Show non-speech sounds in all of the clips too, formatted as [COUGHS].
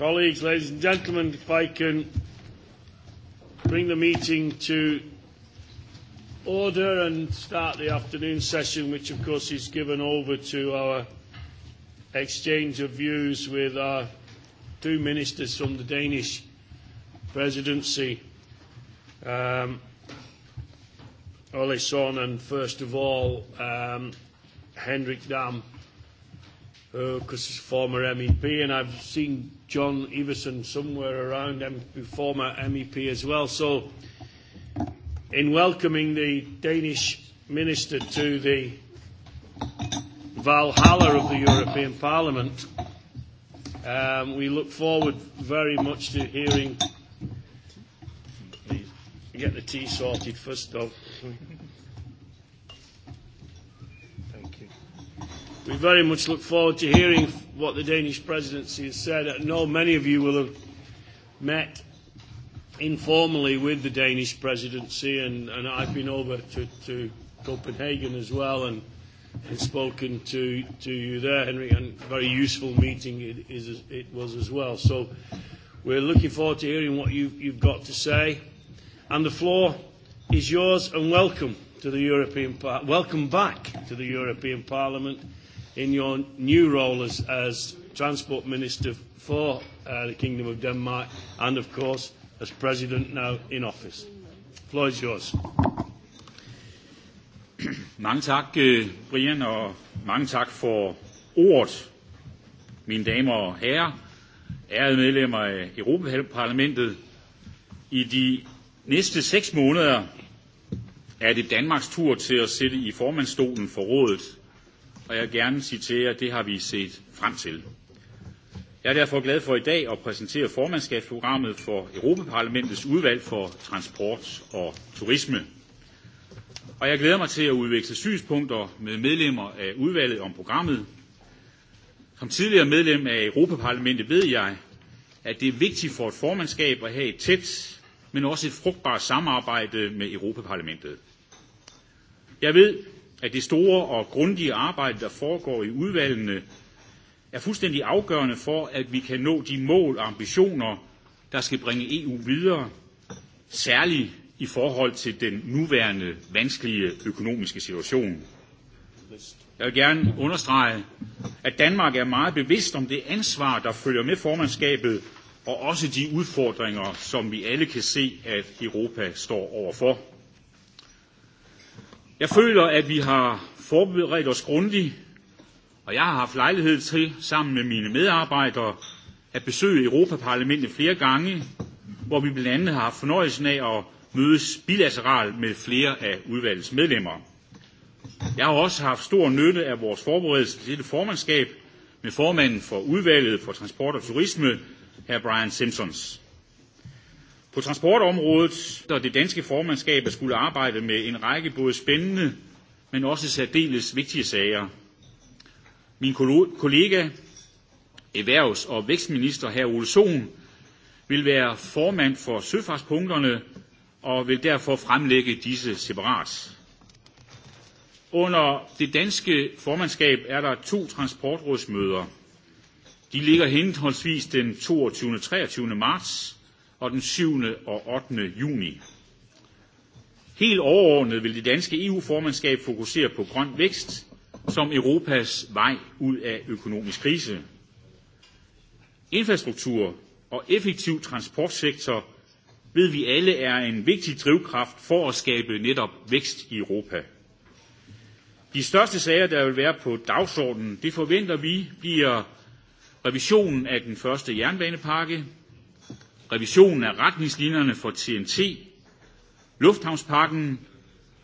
Colleagues, ladies and gentlemen, if I can bring the meeting to order and start the afternoon session, which of course is given over to our exchange of views with our two ministers from the Danish presidency, um, Ole Sohn and first of all um, Henrik Dam because uh, former MEP, and I've seen John Everson somewhere around, former MEP as well. So, in welcoming the Danish minister to the Valhalla of the European Parliament, um, we look forward very much to hearing. Get the tea sorted first, though. We very much look forward to hearing what the Danish presidency has said. I know many of you will have met informally with the Danish presidency, and, and I've been over to, to Copenhagen as well and, and spoken to, to you there, Henry, and very useful meeting it, is, it was as well. So we're looking forward to hearing what you've, you've got to say. And the floor is yours, and welcome to the European Par- welcome back to the European Parliament in your new role as, as Transport Minister for uh, the Kingdom of Denmark and, of course, as President now in office. The floor is yours. [CLEARS THROAT] Mange tak, øh, Brian, og mange tak for ordet, mine damer og herrer, ærede medlemmer af Europaparlamentet. I de næste seks måneder er det Danmarks tur til at sætte i formandstolen for rådet og jeg vil gerne citere, det har vi set frem til. Jeg er derfor glad for i dag at præsentere formandskabsprogrammet for Europaparlamentets udvalg for transport og turisme. Og jeg glæder mig til at udveksle synspunkter med medlemmer af udvalget om programmet. Som tidligere medlem af Europaparlamentet ved jeg, at det er vigtigt for et formandskab at have et tæt, men også et frugtbart samarbejde med Europaparlamentet. Jeg ved, at det store og grundige arbejde, der foregår i udvalgene, er fuldstændig afgørende for, at vi kan nå de mål og ambitioner, der skal bringe EU videre, særligt i forhold til den nuværende vanskelige økonomiske situation. Jeg vil gerne understrege, at Danmark er meget bevidst om det ansvar, der følger med formandskabet, og også de udfordringer, som vi alle kan se, at Europa står overfor. Jeg føler, at vi har forberedt os grundigt, og jeg har haft lejlighed til, sammen med mine medarbejdere, at besøge Europaparlamentet flere gange, hvor vi blandt andet har haft fornøjelsen af at mødes bilateralt med flere af udvalgets medlemmer. Jeg har også haft stor nytte af vores forberedelse til dette formandskab med formanden for udvalget for transport og turisme, hr. Brian Simpsons. På transportområdet, når da det danske formandskab skulle arbejde med en række både spændende, men også særdeles vigtige sager. Min kollega, erhvervs- og vækstminister herr Ole Sohn, vil være formand for søfartspunkterne og vil derfor fremlægge disse separat. Under det danske formandskab er der to transportrådsmøder. De ligger henholdsvis den 22. og 23. marts og den 7. og 8. juni. Helt overordnet vil det danske EU-formandskab fokusere på grøn vækst som Europas vej ud af økonomisk krise. Infrastruktur og effektiv transportsektor ved vi alle er en vigtig drivkraft for at skabe netop vækst i Europa. De største sager, der vil være på dagsordenen, det forventer vi bliver revisionen af den første jernbanepakke, revisionen af retningslinjerne for TNT, lufthavnspakken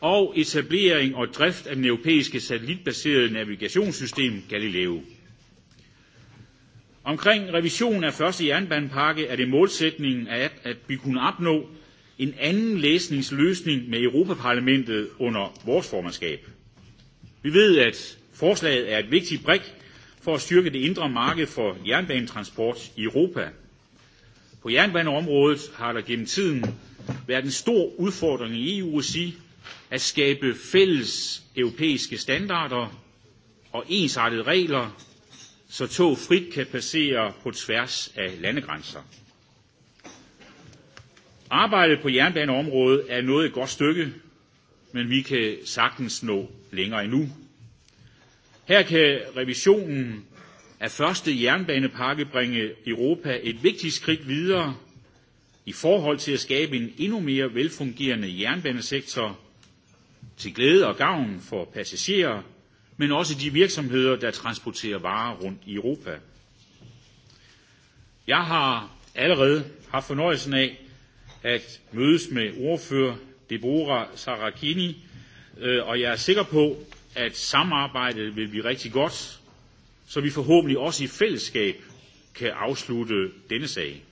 og etablering og drift af den europæiske satellitbaserede navigationssystem Galileo. Omkring revisionen af første jernbanepakke er det målsætningen, at, at vi kunne opnå en anden læsningsløsning med Europaparlamentet under vores formandskab. Vi ved, at forslaget er et vigtigt brik for at styrke det indre marked for jernbanetransport i Europa. På jernbaneområdet har der gennem tiden været en stor udfordring i eu at sige, at skabe fælles europæiske standarder og ensartede regler, så tog frit kan passere på tværs af landegrænser. Arbejdet på jernbaneområdet er nået et godt stykke, men vi kan sagtens nå længere endnu. Her kan revisionen at første jernbanepakke bringe Europa et vigtigt skridt videre i forhold til at skabe en endnu mere velfungerende jernbanesektor til glæde og gavn for passagerer, men også de virksomheder, der transporterer varer rundt i Europa. Jeg har allerede haft fornøjelsen af at mødes med ordfører Deborah Saracini, øh, og jeg er sikker på, at samarbejdet vil blive rigtig godt, så vi forhåbentlig også i fællesskab kan afslutte denne sag.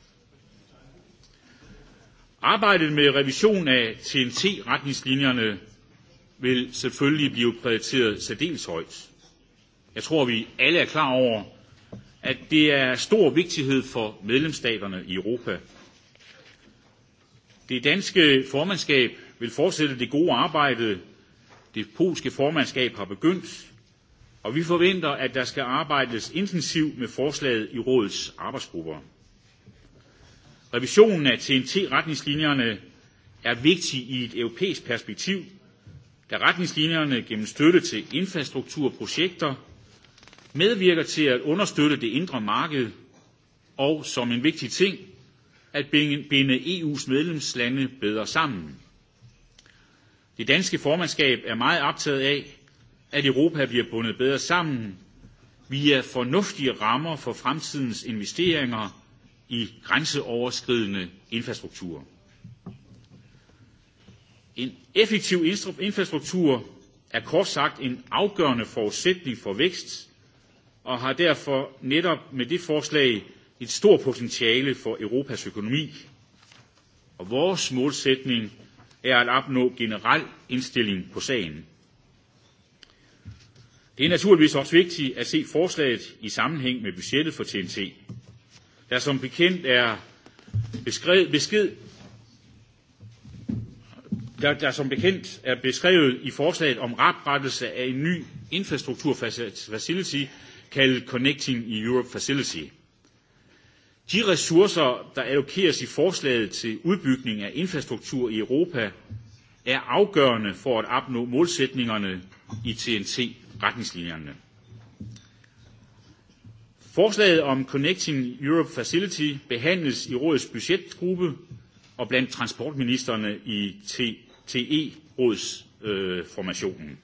Arbejdet med revision af TNT-retningslinjerne vil selvfølgelig blive prioriteret særdeles højt. Jeg tror, vi alle er klar over, at det er stor vigtighed for medlemsstaterne i Europa. Det danske formandskab vil fortsætte det gode arbejde, det polske formandskab har begyndt, og vi forventer, at der skal arbejdes intensivt med forslaget i rådets arbejdsgrupper. Revisionen af TNT-retningslinjerne er vigtig i et europæisk perspektiv, da retningslinjerne gennem støtte til infrastrukturprojekter medvirker til at understøtte det indre marked og, som en vigtig ting, at binde EU's medlemslande bedre sammen. Det danske formandskab er meget optaget af, at Europa bliver bundet bedre sammen via fornuftige rammer for fremtidens investeringer i grænseoverskridende infrastruktur. En effektiv infrastruktur er kort sagt en afgørende forudsætning for vækst og har derfor netop med det forslag et stort potentiale for Europas økonomi. Og vores målsætning er at opnå generel indstilling på sagen. Det er naturligvis også vigtigt at se forslaget i sammenhæng med budgettet for TNT. Der som bekendt er beskrevet, besked, der, der som bekendt er beskrevet i forslaget om oprettelse af en ny infrastrukturfacility kaldet Connecting Europe Facility. De ressourcer, der allokeres i forslaget til udbygning af infrastruktur i Europa, er afgørende for at opnå målsætningerne i TNT retningslinjerne. Forslaget om Connecting Europe Facility behandles i rådets budgetgruppe og blandt transportministerne i TE-rådsformationen.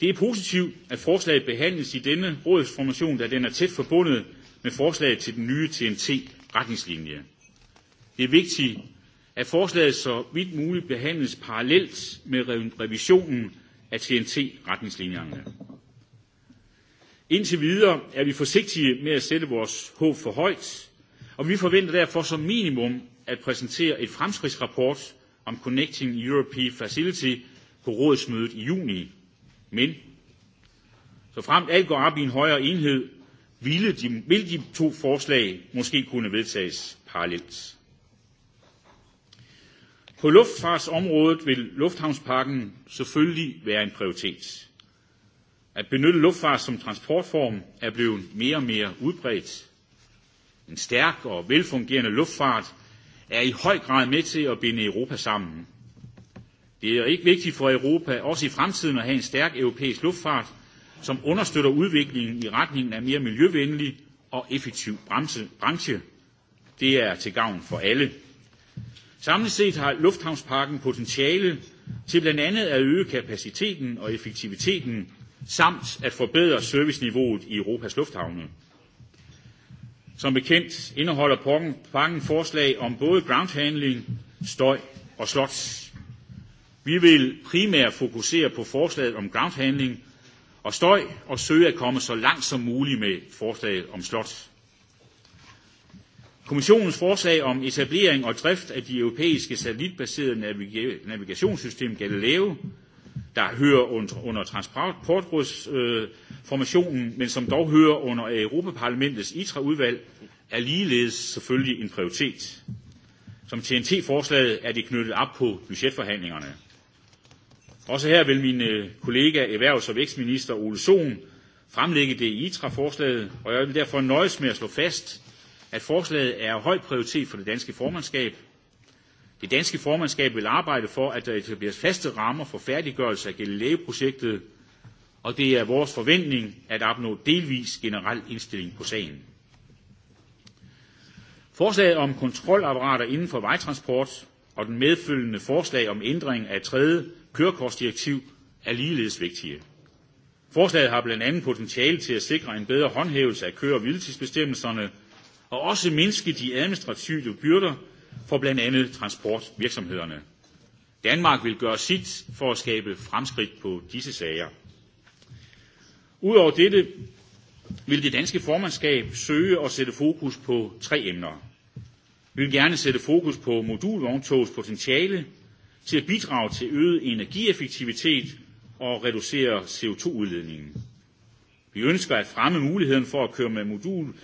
det er positivt, at forslaget behandles i denne rådsformation, da den er tæt forbundet med forslaget til den nye TNT-retningslinje. Det er vigtigt, at forslaget så vidt muligt behandles parallelt med revisionen af TNT-retningslinjerne. Indtil videre er vi forsigtige med at sætte vores håb for højt, og vi forventer derfor som minimum at præsentere et fremskridtsrapport om Connecting European Facility på rådsmødet i juni. Men så frem alt går op i en højere enhed, ville de, vil de to forslag måske kunne vedtages parallelt. På luftfartsområdet vil lufthavnsparken selvfølgelig være en prioritet. At benytte luftfart som transportform er blevet mere og mere udbredt. En stærk og velfungerende luftfart er i høj grad med til at binde Europa sammen. Det er ikke vigtigt for Europa også i fremtiden at have en stærk europæisk luftfart, som understøtter udviklingen i retningen af mere miljøvenlig og effektiv branche. Det er til gavn for alle. Samlet set har lufthavnsparken potentiale til blandt andet at øge kapaciteten og effektiviteten samt at forbedre serviceniveauet i Europas lufthavne. Som bekendt indeholder parken forslag om både ground handling, støj og slots. Vi vil primært fokusere på forslaget om ground handling og støj og søge at komme så langt som muligt med forslaget om slots. Kommissionens forslag om etablering og drift af de europæiske satellitbaserede navigationssystem Galileo, der hører under, under transportrådsformationen, øh, men som dog hører under Europaparlamentets ITRA-udvalg, er ligeledes selvfølgelig en prioritet. Som TNT-forslaget er det knyttet op på budgetforhandlingerne. Også her vil min øh, kollega erhvervs- og vækstminister Ole Sohn fremlægge det i ITRA-forslaget, og jeg vil derfor nøjes med at slå fast, at forslaget er af høj prioritet for det danske formandskab. Det danske formandskab vil arbejde for, at der etableres faste rammer for færdiggørelse af Galileo-projektet, og det er vores forventning at opnå delvis generel indstilling på sagen. Forslaget om kontrolapparater inden for vejtransport og den medfølgende forslag om ændring af tredje kørekortsdirektiv er ligeledes vigtige. Forslaget har blandt andet potentiale til at sikre en bedre håndhævelse af køre- og hviletidsbestemmelserne og også mindske de administrative byrder for blandt andet transportvirksomhederne. Danmark vil gøre sit for at skabe fremskridt på disse sager. Udover dette vil det danske formandskab søge at sætte fokus på tre emner. Vi vil gerne sætte fokus på modulvogntogs potentiale til at bidrage til øget energieffektivitet og reducere CO2-udledningen. Vi ønsker at fremme muligheden for at køre med modul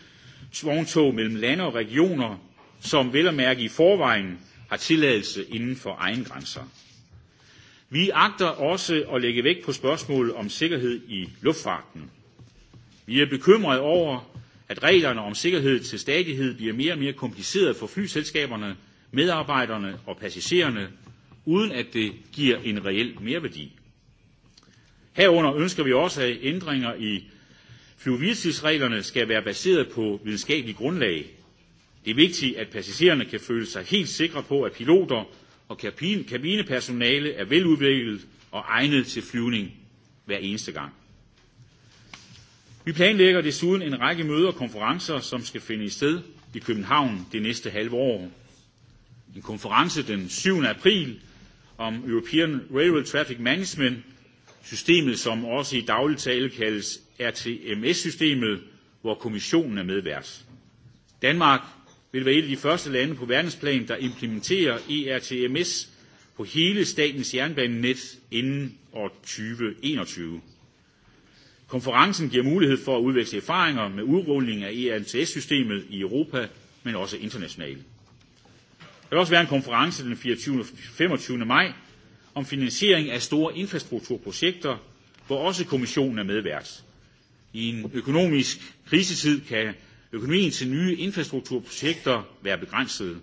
vogntog mellem lande og regioner, som vel at mærke i forvejen har tilladelse inden for egen grænser. Vi agter også at lægge vægt på spørgsmålet om sikkerhed i luftfarten. Vi er bekymrede over, at reglerne om sikkerhed til stadighed bliver mere og mere komplicerede for flyselskaberne, medarbejderne og passagererne, uden at det giver en reel merværdi. Herunder ønsker vi også ændringer i Fluvietidsreglerne skal være baseret på videnskabeligt grundlag. Det er vigtigt, at passagererne kan føle sig helt sikre på, at piloter og kabinepersonale er veludviklet og egnet til flyvning hver eneste gang. Vi planlægger desuden en række møder og konferencer, som skal finde sted i København det næste halve år. En konference den 7. april om European Railroad Traffic Management, systemet som også i daglig tale kaldes RTMS-systemet, er hvor kommissionen er medvært. Danmark vil være et af de første lande på verdensplan, der implementerer ERTMS på hele statens jernbanenet inden år 2021. Konferencen giver mulighed for at udveksle erfaringer med udrulling af ERTMS-systemet i Europa, men også internationalt. Der vil også være en konference den 24. og 25. maj om finansiering af store infrastrukturprojekter, hvor også kommissionen er medvært. I en økonomisk krisetid kan økonomien til nye infrastrukturprojekter være begrænset.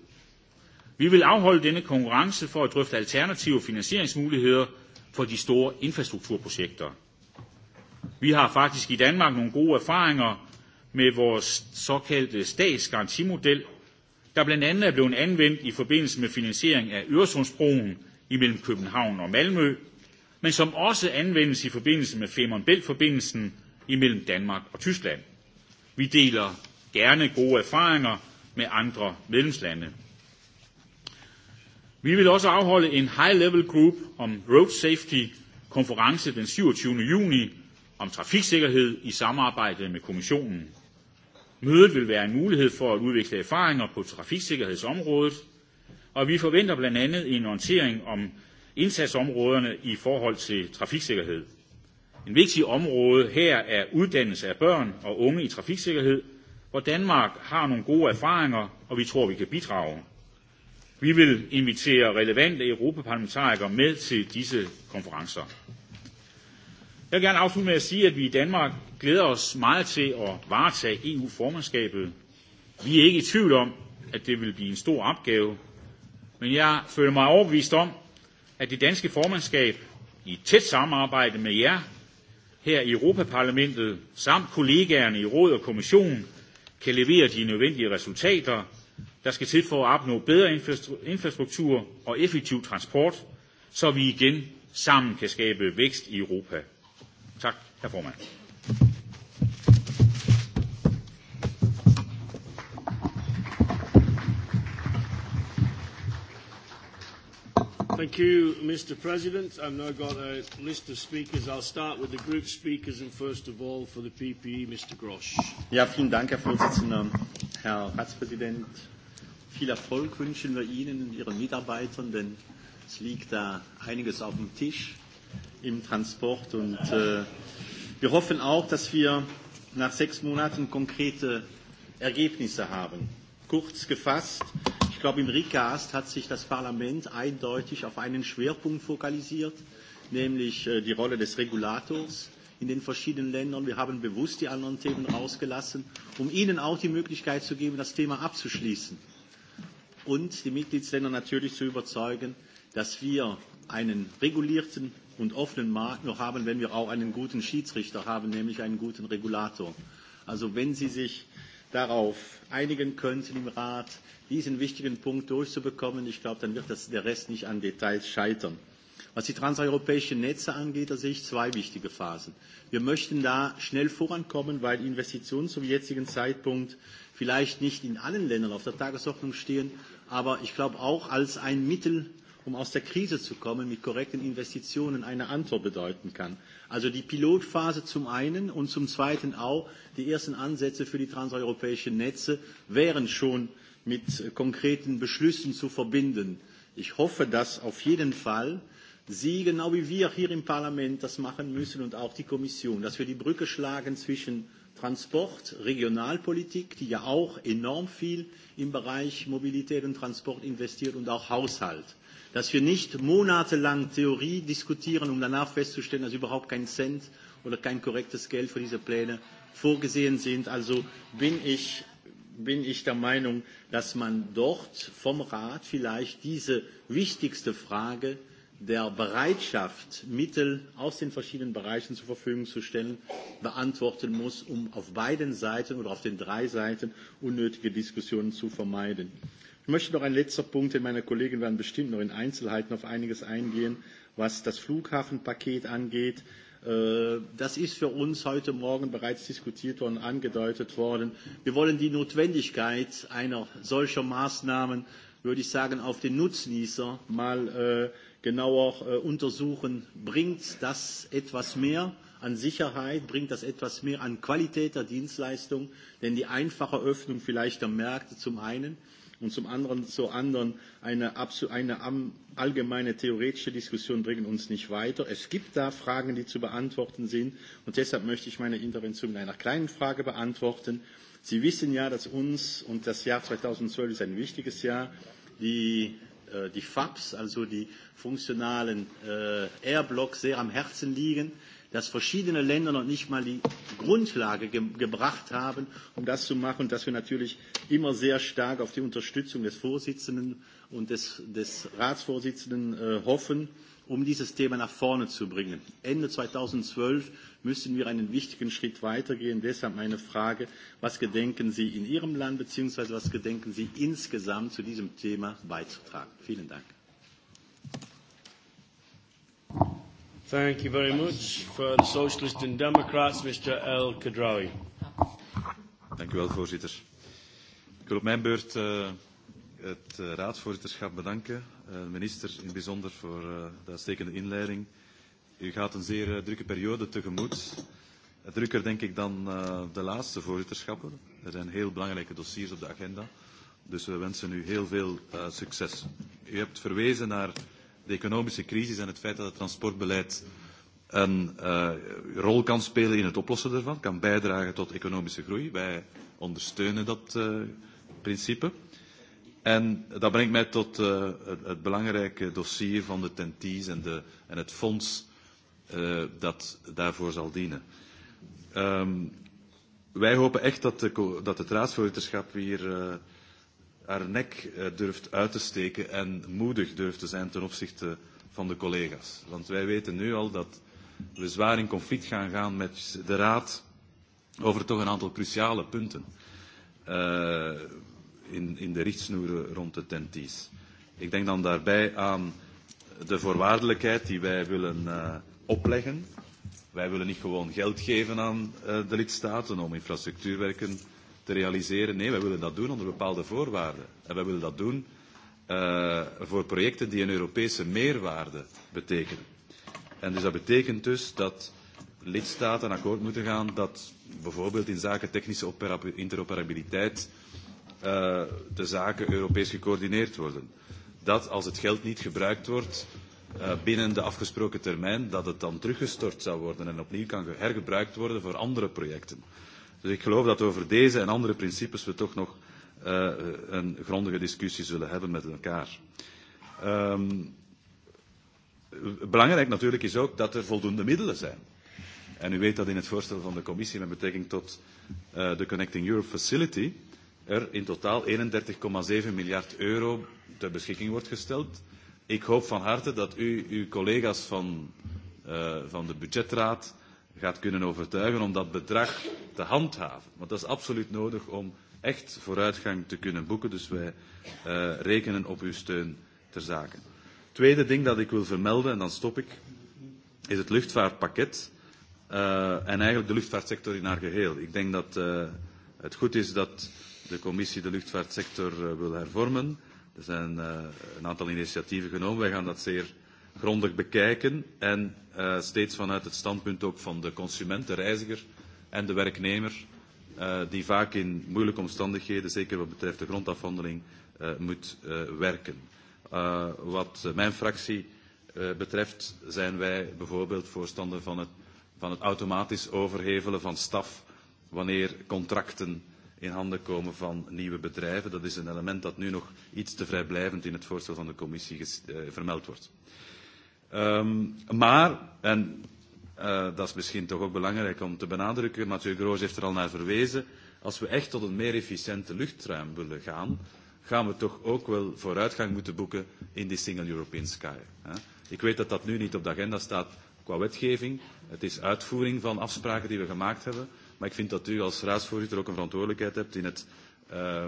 Vi vil afholde denne konkurrence for at drøfte alternative finansieringsmuligheder for de store infrastrukturprojekter. Vi har faktisk i Danmark nogle gode erfaringer med vores såkaldte statsgarantimodel, der blandt andet er blevet anvendt i forbindelse med finansiering af Øresundsbroen imellem København og Malmø, men som også anvendes i forbindelse med Femern Bælt-forbindelsen imellem Danmark og Tyskland. Vi deler gerne gode erfaringer med andre medlemslande. Vi vil også afholde en high-level group om road safety konference den 27. juni om trafiksikkerhed i samarbejde med kommissionen. Mødet vil være en mulighed for at udvikle erfaringer på trafiksikkerhedsområdet, og vi forventer blandt andet en orientering om indsatsområderne i forhold til trafiksikkerhed. En vigtig område her er uddannelse af børn og unge i trafiksikkerhed, hvor Danmark har nogle gode erfaringer, og vi tror, vi kan bidrage. Vi vil invitere relevante europaparlamentarikere med til disse konferencer. Jeg vil gerne afslutte med at sige, at vi i Danmark glæder os meget til at varetage EU-formandskabet. Vi er ikke i tvivl om, at det vil blive en stor opgave, men jeg føler mig overbevist om, at det danske formandskab i tæt samarbejde med jer her i Europaparlamentet samt kollegaerne i råd og kommission kan levere de nødvendige resultater, der skal til for at opnå bedre infrastruktur og effektiv transport, så vi igen sammen kan skabe vækst i Europa. Tak, herr formand. Thank you, Mr. President. I've now got a list of speakers. I'll start with the group speakers and first of all for the PPE, Mr. Grosch. Ja, vielen Dank, Herr Vorsitzender. Herr Ratspräsident, viel Erfolg wünschen wir Ihnen und Ihren Mitarbeitern, denn es liegt da einiges auf dem Tisch im Transport und äh, wir hoffen auch, dass wir nach sechs Monaten konkrete Ergebnisse haben. Kurz gefasst, glaube, im Recast hat sich das Parlament eindeutig auf einen Schwerpunkt fokalisiert, nämlich äh, die Rolle des Regulators in den verschiedenen Ländern. Wir haben bewusst die anderen Themen rausgelassen, um Ihnen auch die Möglichkeit zu geben, das Thema abzuschließen und die Mitgliedsländer natürlich zu überzeugen, dass wir einen regulierten und offenen Markt noch haben, wenn wir auch einen guten Schiedsrichter haben, nämlich einen guten Regulator. Also wenn Sie sich darauf einigen könnten im Rat, diesen wichtigen Punkt durchzubekommen. Ich glaube, dann wird das, der Rest nicht an Details scheitern. Was die transeuropäischen Netze angeht, da sehe ich zwei wichtige Phasen. Wir möchten da schnell vorankommen, weil Investitionen zum jetzigen Zeitpunkt vielleicht nicht in allen Ländern auf der Tagesordnung stehen, aber ich glaube auch als ein Mittel um aus der Krise zu kommen, mit korrekten Investitionen eine Antwort bedeuten kann. Also die Pilotphase zum einen und zum zweiten auch die ersten Ansätze für die transeuropäischen Netze wären schon mit konkreten Beschlüssen zu verbinden. Ich hoffe, dass auf jeden Fall Sie, genau wie wir hier im Parlament, das machen müssen und auch die Kommission, dass wir die Brücke schlagen zwischen Transport, Regionalpolitik, die ja auch enorm viel im Bereich Mobilität und Transport investiert und auch Haushalt dass wir nicht monatelang Theorie diskutieren, um danach festzustellen, dass überhaupt kein Cent oder kein korrektes Geld für diese Pläne vorgesehen sind. Also bin ich, bin ich der Meinung, dass man dort vom Rat vielleicht diese wichtigste Frage der Bereitschaft, Mittel aus den verschiedenen Bereichen zur Verfügung zu stellen, beantworten muss, um auf beiden Seiten oder auf den drei Seiten unnötige Diskussionen zu vermeiden. Ich möchte noch ein letzter Punkt, denn meine Kollegen werden bestimmt noch in Einzelheiten auf einiges eingehen, was das Flughafenpaket angeht. Äh, das ist für uns heute Morgen bereits diskutiert und angedeutet worden. Wir wollen die Notwendigkeit einer solcher Maßnahmen, würde ich sagen, auf den Nutznießer mal äh, genauer äh, untersuchen. Bringt das etwas mehr? an Sicherheit, bringt das etwas mehr an Qualität der Dienstleistung, denn die einfache Öffnung vielleicht der Märkte zum einen, und zum anderen, zur anderen eine, eine allgemeine theoretische Diskussion bringen uns nicht weiter. Es gibt da Fragen, die zu beantworten sind und deshalb möchte ich meine Intervention mit einer kleinen Frage beantworten. Sie wissen ja, dass uns und das Jahr 2012 ist ein wichtiges Jahr, die äh, die FAPs, also die funktionalen äh, Airblocks, sehr am Herzen liegen dass verschiedene Länder noch nicht mal die Grundlage ge gebracht haben, um das zu machen, dass wir natürlich immer sehr stark auf die Unterstützung des Vorsitzenden und des, des Ratsvorsitzenden äh, hoffen, um dieses Thema nach vorne zu bringen. Ende 2012 müssen wir einen wichtigen Schritt weitergehen. Deshalb meine Frage, was gedenken Sie in Ihrem Land bzw. was gedenken Sie insgesamt zu diesem Thema beizutragen? Vielen Dank. Thank you very much. For the Socialists and Democrats, Mr. El Kadrawi. Dank u wel, voorzitter. Ik wil op mijn beurt uh, het uh, raadsvoorzitterschap bedanken. Uh, minister in bijzonder voor uh, de uitstekende inleiding. U gaat een zeer uh, drukke periode tegemoet. Uh, drukker denk ik dan uh, de laatste voorzitterschappen. Er zijn heel belangrijke dossiers op de agenda. Dus we wensen u heel veel uh, succes. U hebt verwezen naar de economische crisis en het feit dat het transportbeleid een uh, rol kan spelen in het oplossen daarvan, kan bijdragen tot economische groei. Wij ondersteunen dat uh, principe. En dat brengt mij tot uh, het, het belangrijke dossier van de TENTI's en, de, en het fonds uh, dat daarvoor zal dienen. Um, wij hopen echt dat, de, dat het raadsvoorzitterschap hier uh, haar nek eh, durft uit te steken en moedig durft te zijn ten opzichte van de collega's. Want wij weten nu al dat we zwaar in conflict gaan gaan met de Raad over toch een aantal cruciale punten uh, in, in de richtsnoeren rond de tenties. Ik denk dan daarbij aan de voorwaardelijkheid die wij willen uh, opleggen. Wij willen niet gewoon geld geven aan uh, de lidstaten om infrastructuurwerken te realiseren. Nee, wij willen dat doen onder bepaalde voorwaarden. En wij willen dat doen uh, voor projecten die een Europese meerwaarde betekenen. En dus dat betekent dus dat lidstaten een akkoord moeten gaan dat bijvoorbeeld in zaken technische interoperabiliteit uh, de zaken Europees gecoördineerd worden. Dat als het geld niet gebruikt wordt uh, binnen de afgesproken termijn, dat het dan teruggestort zou worden en opnieuw kan hergebruikt worden voor andere projecten. Dus ik geloof dat over deze en andere principes we toch nog uh, een grondige discussie zullen hebben met elkaar. Um, belangrijk natuurlijk is ook dat er voldoende middelen zijn. En u weet dat in het voorstel van de commissie met betrekking tot uh, de Connecting Europe Facility er in totaal 31,7 miljard euro ter beschikking wordt gesteld. Ik hoop van harte dat u uw collega's van, uh, van de budgetraad gaat kunnen overtuigen om dat bedrag te handhaven. Want dat is absoluut nodig om echt vooruitgang te kunnen boeken. Dus wij uh, rekenen op uw steun ter zake. Tweede ding dat ik wil vermelden, en dan stop ik, is het luchtvaartpakket. Uh, en eigenlijk de luchtvaartsector in haar geheel. Ik denk dat uh, het goed is dat de commissie de luchtvaartsector uh, wil hervormen. Er zijn uh, een aantal initiatieven genomen. Wij gaan dat zeer grondig bekijken en uh, steeds vanuit het standpunt ook van de consument, de reiziger en de werknemer, uh, die vaak in moeilijke omstandigheden, zeker wat betreft de grondafhandeling, uh, moet uh, werken. Uh, wat mijn fractie uh, betreft zijn wij bijvoorbeeld voorstander van het, van het automatisch overhevelen van staf wanneer contracten in handen komen van nieuwe bedrijven. Dat is een element dat nu nog iets te vrijblijvend in het voorstel van de commissie vermeld wordt. Uh, Um, maar, en uh, dat is misschien toch ook belangrijk om te benadrukken, Mathieu Groos heeft er al naar verwezen, als we echt tot een meer efficiënte luchtruim willen gaan, gaan we toch ook wel vooruitgang moeten boeken in die Single European Sky. Hè? Ik weet dat dat nu niet op de agenda staat qua wetgeving. Het is uitvoering van afspraken die we gemaakt hebben. Maar ik vind dat u als raadsvoorzitter ook een verantwoordelijkheid hebt in het uh,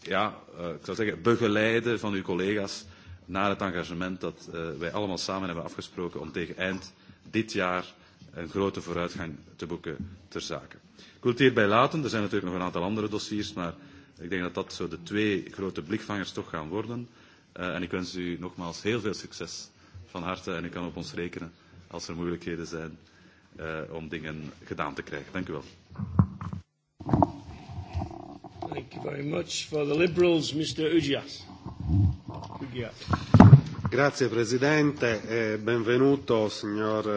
ja, uh, ik zou zeggen, begeleiden van uw collega's naar het engagement dat uh, wij allemaal samen hebben afgesproken om tegen eind dit jaar een grote vooruitgang te boeken ter zake. Ik wil het hierbij laten. Er zijn natuurlijk nog een aantal andere dossiers, maar ik denk dat dat zo de twee grote blikvangers toch gaan worden. Uh, en ik wens u nogmaals heel veel succes van harte en u kan op ons rekenen als er moeilijkheden zijn uh, om dingen gedaan te krijgen. Dank u wel. Thank you very much for the Liberals, Mr. Ujias. Grazie Presidente e benvenuto signor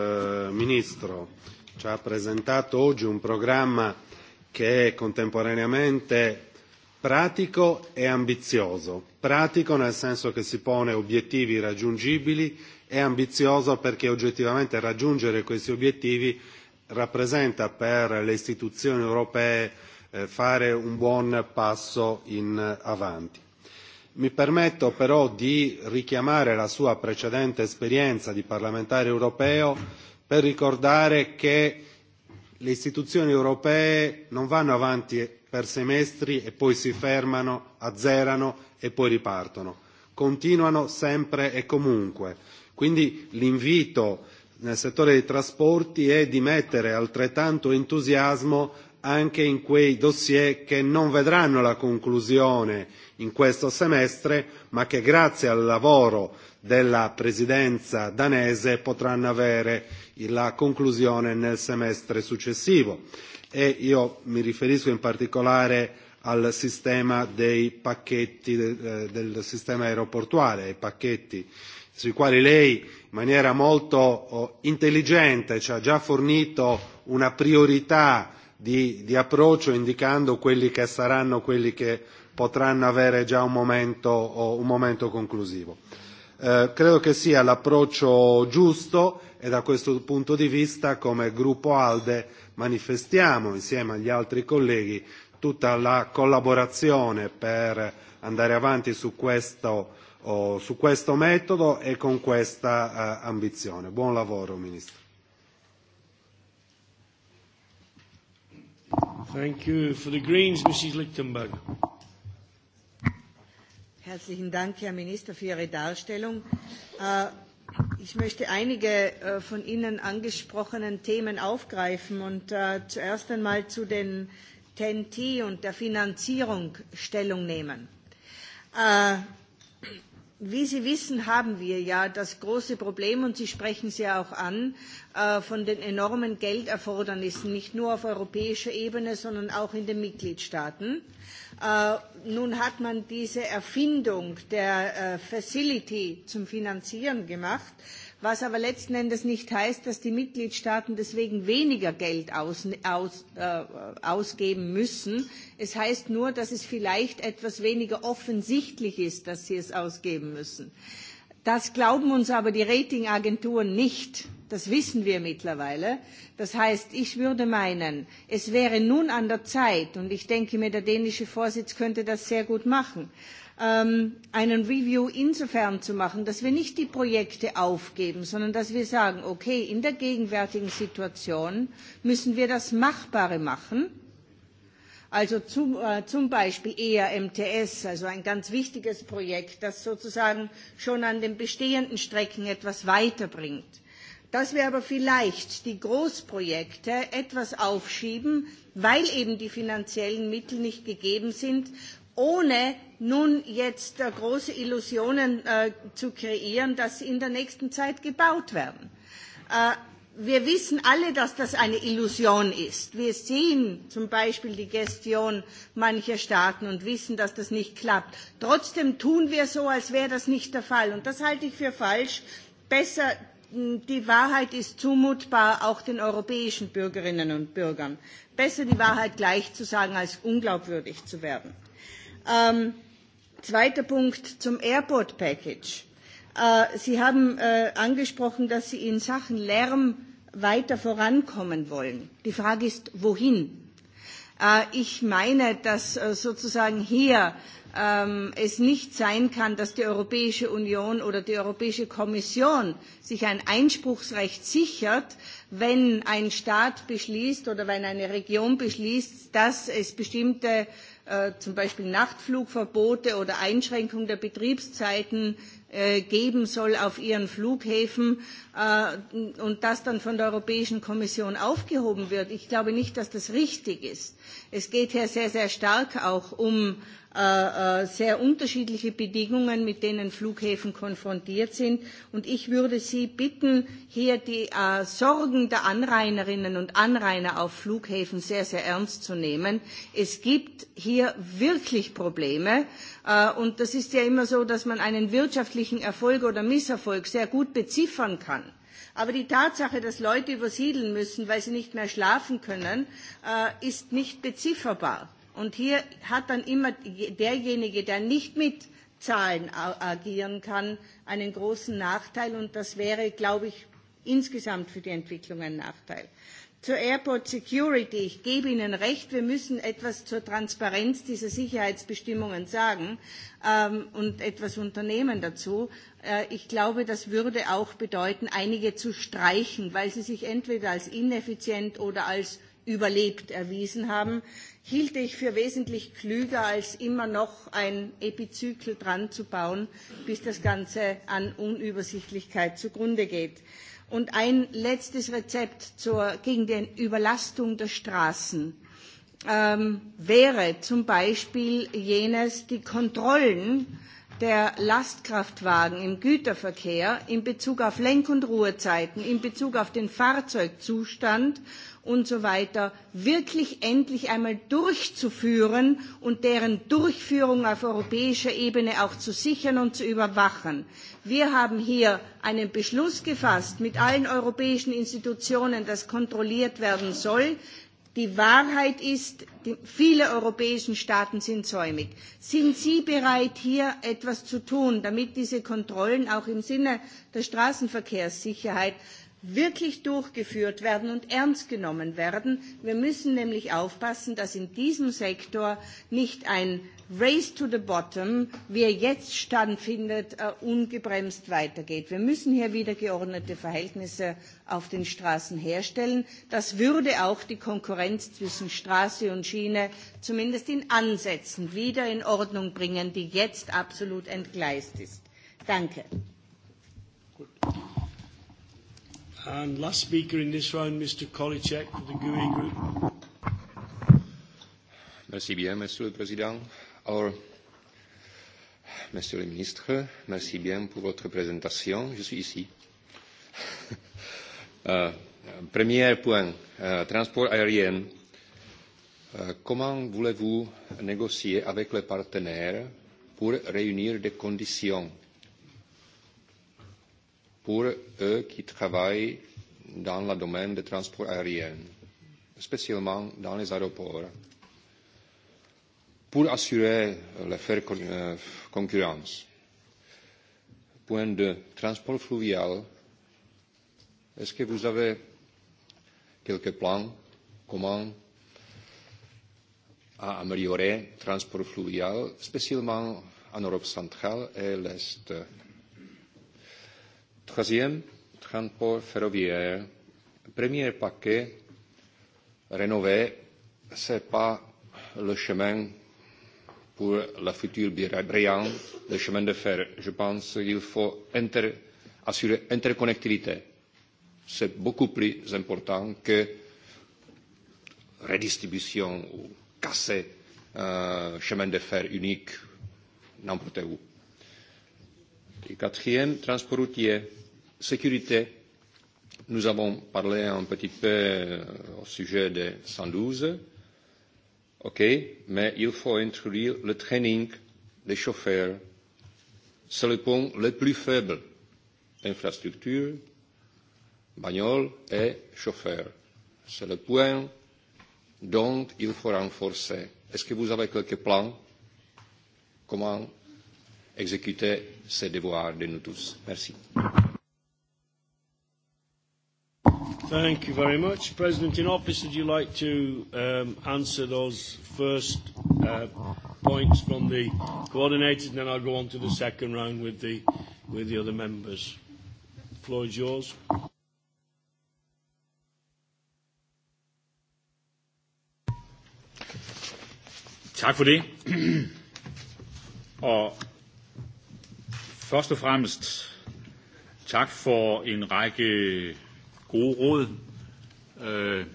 eh, Ministro. Ci ha presentato oggi un programma che è contemporaneamente pratico e ambizioso. Pratico nel senso che si pone obiettivi raggiungibili e ambizioso perché oggettivamente raggiungere questi obiettivi rappresenta per le istituzioni europee eh, fare un buon passo in avanti. Mi permetto però di richiamare la sua precedente esperienza di parlamentare europeo per ricordare che le istituzioni europee non vanno avanti per semestri e poi si fermano, azzerano e poi ripartono. Continuano sempre e comunque. Quindi l'invito nel settore dei trasporti è di mettere altrettanto entusiasmo anche in quei dossier che non vedranno la conclusione in questo semestre, ma che grazie al lavoro della presidenza danese potranno avere la conclusione nel semestre successivo. E io mi riferisco in particolare al sistema dei pacchetti eh, del sistema aeroportuale, ai pacchetti sui quali lei in maniera molto oh, intelligente ci ha già fornito una priorità di, di approccio indicando quelli che saranno quelli che potranno avere già un momento, o un momento conclusivo. Eh, credo che sia l'approccio giusto e da questo punto di vista come gruppo ALDE manifestiamo insieme agli altri colleghi tutta la collaborazione per andare avanti su questo, oh, su questo metodo e con questa eh, ambizione. Buon lavoro Ministro. Thank you. For the Greens, Mrs. Lichtenberg. Herzlichen Dank, Herr Minister, für Ihre Darstellung. Äh, ich möchte einige äh, von Ihnen angesprochenen Themen aufgreifen und äh, zuerst einmal zu den TEN-T und der Finanzierung Stellung nehmen. Wie Sie wissen, haben wir ja das große Problem, und Sie sprechen es ja auch an, äh, von den enormen Gelderfordernissen, nicht nur auf europäischer Ebene, sondern auch in den Mitgliedstaaten. Äh, nun hat man diese Erfindung der äh, Facility zum Finanzieren gemacht was aber letzten Endes nicht heißt, dass die Mitgliedstaaten deswegen weniger Geld aus, aus, äh, ausgeben müssen. Es heißt nur, dass es vielleicht etwas weniger offensichtlich ist, dass sie es ausgeben müssen. Das glauben uns aber die Ratingagenturen nicht. Das wissen wir mittlerweile. Das heißt, ich würde meinen, es wäre nun an der Zeit, und ich denke mir, der dänische Vorsitz könnte das sehr gut machen, ähm, einen Review insofern zu machen, dass wir nicht die Projekte aufgeben, sondern dass wir sagen, okay, in der gegenwärtigen Situation müssen wir das Machbare machen. Also zum, äh, zum Beispiel ERMTS, also ein ganz wichtiges Projekt, das sozusagen schon an den bestehenden Strecken etwas weiterbringt. Dass wir aber vielleicht die Großprojekte etwas aufschieben, weil eben die finanziellen Mittel nicht gegeben sind, ohne nun jetzt äh, große Illusionen äh, zu kreieren, dass sie in der nächsten Zeit gebaut werden. Äh, wir wissen alle, dass das eine Illusion ist. Wir sehen zum Beispiel die Gestion mancher Staaten und wissen, dass das nicht klappt. Trotzdem tun wir so, als wäre das nicht der Fall. Und das halte ich für falsch. Besser, hm, die Wahrheit ist zumutbar, auch den europäischen Bürgerinnen und Bürgern. Besser die Wahrheit gleich zu sagen, als unglaubwürdig zu werden. Ähm, zweiter Punkt zum Airport Package. Äh, Sie haben äh, angesprochen, dass Sie in Sachen Lärm weiter vorankommen wollen. Die Frage ist, wohin? Äh, ich meine, dass äh, sozusagen hier ähm, es nicht sein kann, dass die Europäische Union oder die Europäische Kommission sich ein Einspruchsrecht sichert, wenn ein Staat beschließt oder wenn eine Region beschließt, dass es bestimmte Äh, zum Beispiel Nachtflugverbote oder Einschränkung der Betriebszeiten Äh, geben soll auf ihren Flughäfen äh, und das dann von der Europäischen Kommission aufgehoben wird. Ich glaube nicht, dass das richtig ist. Es geht hier sehr, sehr stark auch um äh, äh, sehr unterschiedliche Bedingungen, mit denen Flughäfen konfrontiert sind. Und ich würde Sie bitten, hier die äh, Sorgen der Anrainerinnen und Anrainer auf Flughäfen sehr, sehr ernst zu nehmen. Es gibt hier wirklich Probleme. Äh, und das ist ja immer so, dass man einen wirtschaftlichen Erfolg oder Misserfolg sehr gut beziffern kann. Aber die Tatsache, dass Leute übersiedeln müssen, weil sie nicht mehr schlafen können, äh, ist nicht bezifferbar. Und hier hat dann immer derjenige, der nicht mit Zahlen agieren kann, einen großen Nachteil. Und das wäre, glaube ich, insgesamt für die Entwicklung ein Nachteil. Zur Airport Security. Ich gebe Ihnen recht, wir müssen etwas zur Transparenz dieser Sicherheitsbestimmungen sagen ähm, und etwas unternehmen dazu. Äh, ich glaube, das würde auch bedeuten, einige zu streichen, weil sie sich entweder als ineffizient oder als überlebt erwiesen haben, hielte ich für wesentlich klüger, als immer noch ein Epizykel dran zu bauen, bis das Ganze an Unübersichtlichkeit zugrunde geht. Und ein letztes Rezept zur, gegen die Überlastung der Straßen ähm, wäre zum Beispiel jenes, die Kontrollen der Lastkraftwagen im Güterverkehr in Bezug auf Lenk- und Ruhezeiten, in Bezug auf den Fahrzeugzustand und so weiter wirklich endlich einmal durchzuführen und deren Durchführung auf europäischer Ebene auch zu sichern und zu überwachen. Wir haben hier einen Beschluss gefasst mit allen europäischen Institutionen, dass kontrolliert werden soll. Die Wahrheit ist, die, viele europäischen Staaten sind säumig. Sind Sie bereit, hier etwas zu tun, damit diese Kontrollen auch im Sinne der Straßenverkehrssicherheit wirklich durchgeführt werden und ernst genommen werden. Wir müssen nämlich aufpassen, dass in diesem Sektor nicht ein Race to the Bottom, wie er jetzt stattfindet, äh, ungebremst weitergeht. Wir müssen hier wieder geordnete Verhältnisse auf den Straßen herstellen. Das würde auch die Konkurrenz zwischen Straße und Schiene zumindest in Ansätzen wieder in Ordnung bringen, die jetzt absolut entgleist ist. Danke. Gut. And last speaker in this round, Mr. Kolicek for the GUI Group. Merci bien, Monsieur le Président. Or, Monsieur le Ministre, merci bien pour votre présentation. Je suis ici. [LAUGHS] euh, premier point, euh, transport aérien. Euh, comment voulez-vous négocier avec les partenaires pour réunir des conditions pour eux qui travaillent dans le domaine du transport aérien, spécialement dans les aéroports, pour assurer euh, la faire euh, concurrence. Point de transport fluvial, est-ce que vous avez quelques plans comment à améliorer le transport fluvial, spécialement en Europe centrale et l'Est? Troisième, transport ferroviaire. Premier paquet rénové, ce n'est pas le chemin pour la future brillante, le chemin de fer. Je pense qu'il faut inter, assurer interconnectivité. C'est beaucoup plus important que redistribution ou casser un chemin de fer unique n'importe où. Et quatrième, transport routier, sécurité. Nous avons parlé un petit peu euh, au sujet de 112. OK, mais il faut introduire le training des chauffeurs. sur le point le plus faible. Infrastructure, bagnole et chauffeur. C'est le point dont il faut renforcer. Est-ce que vous avez quelques plans Comment exécuter ses devoirs de nous tous. Merci. Thank you very much. President in office, would you like to um, answer those first uh, points from the coordinators, and then I'll go on to the second round with the, with the other members. The floor is yours. Tak for det. [CLEARS THROAT] Og Først og fremmest tak for en række gode råd, øh,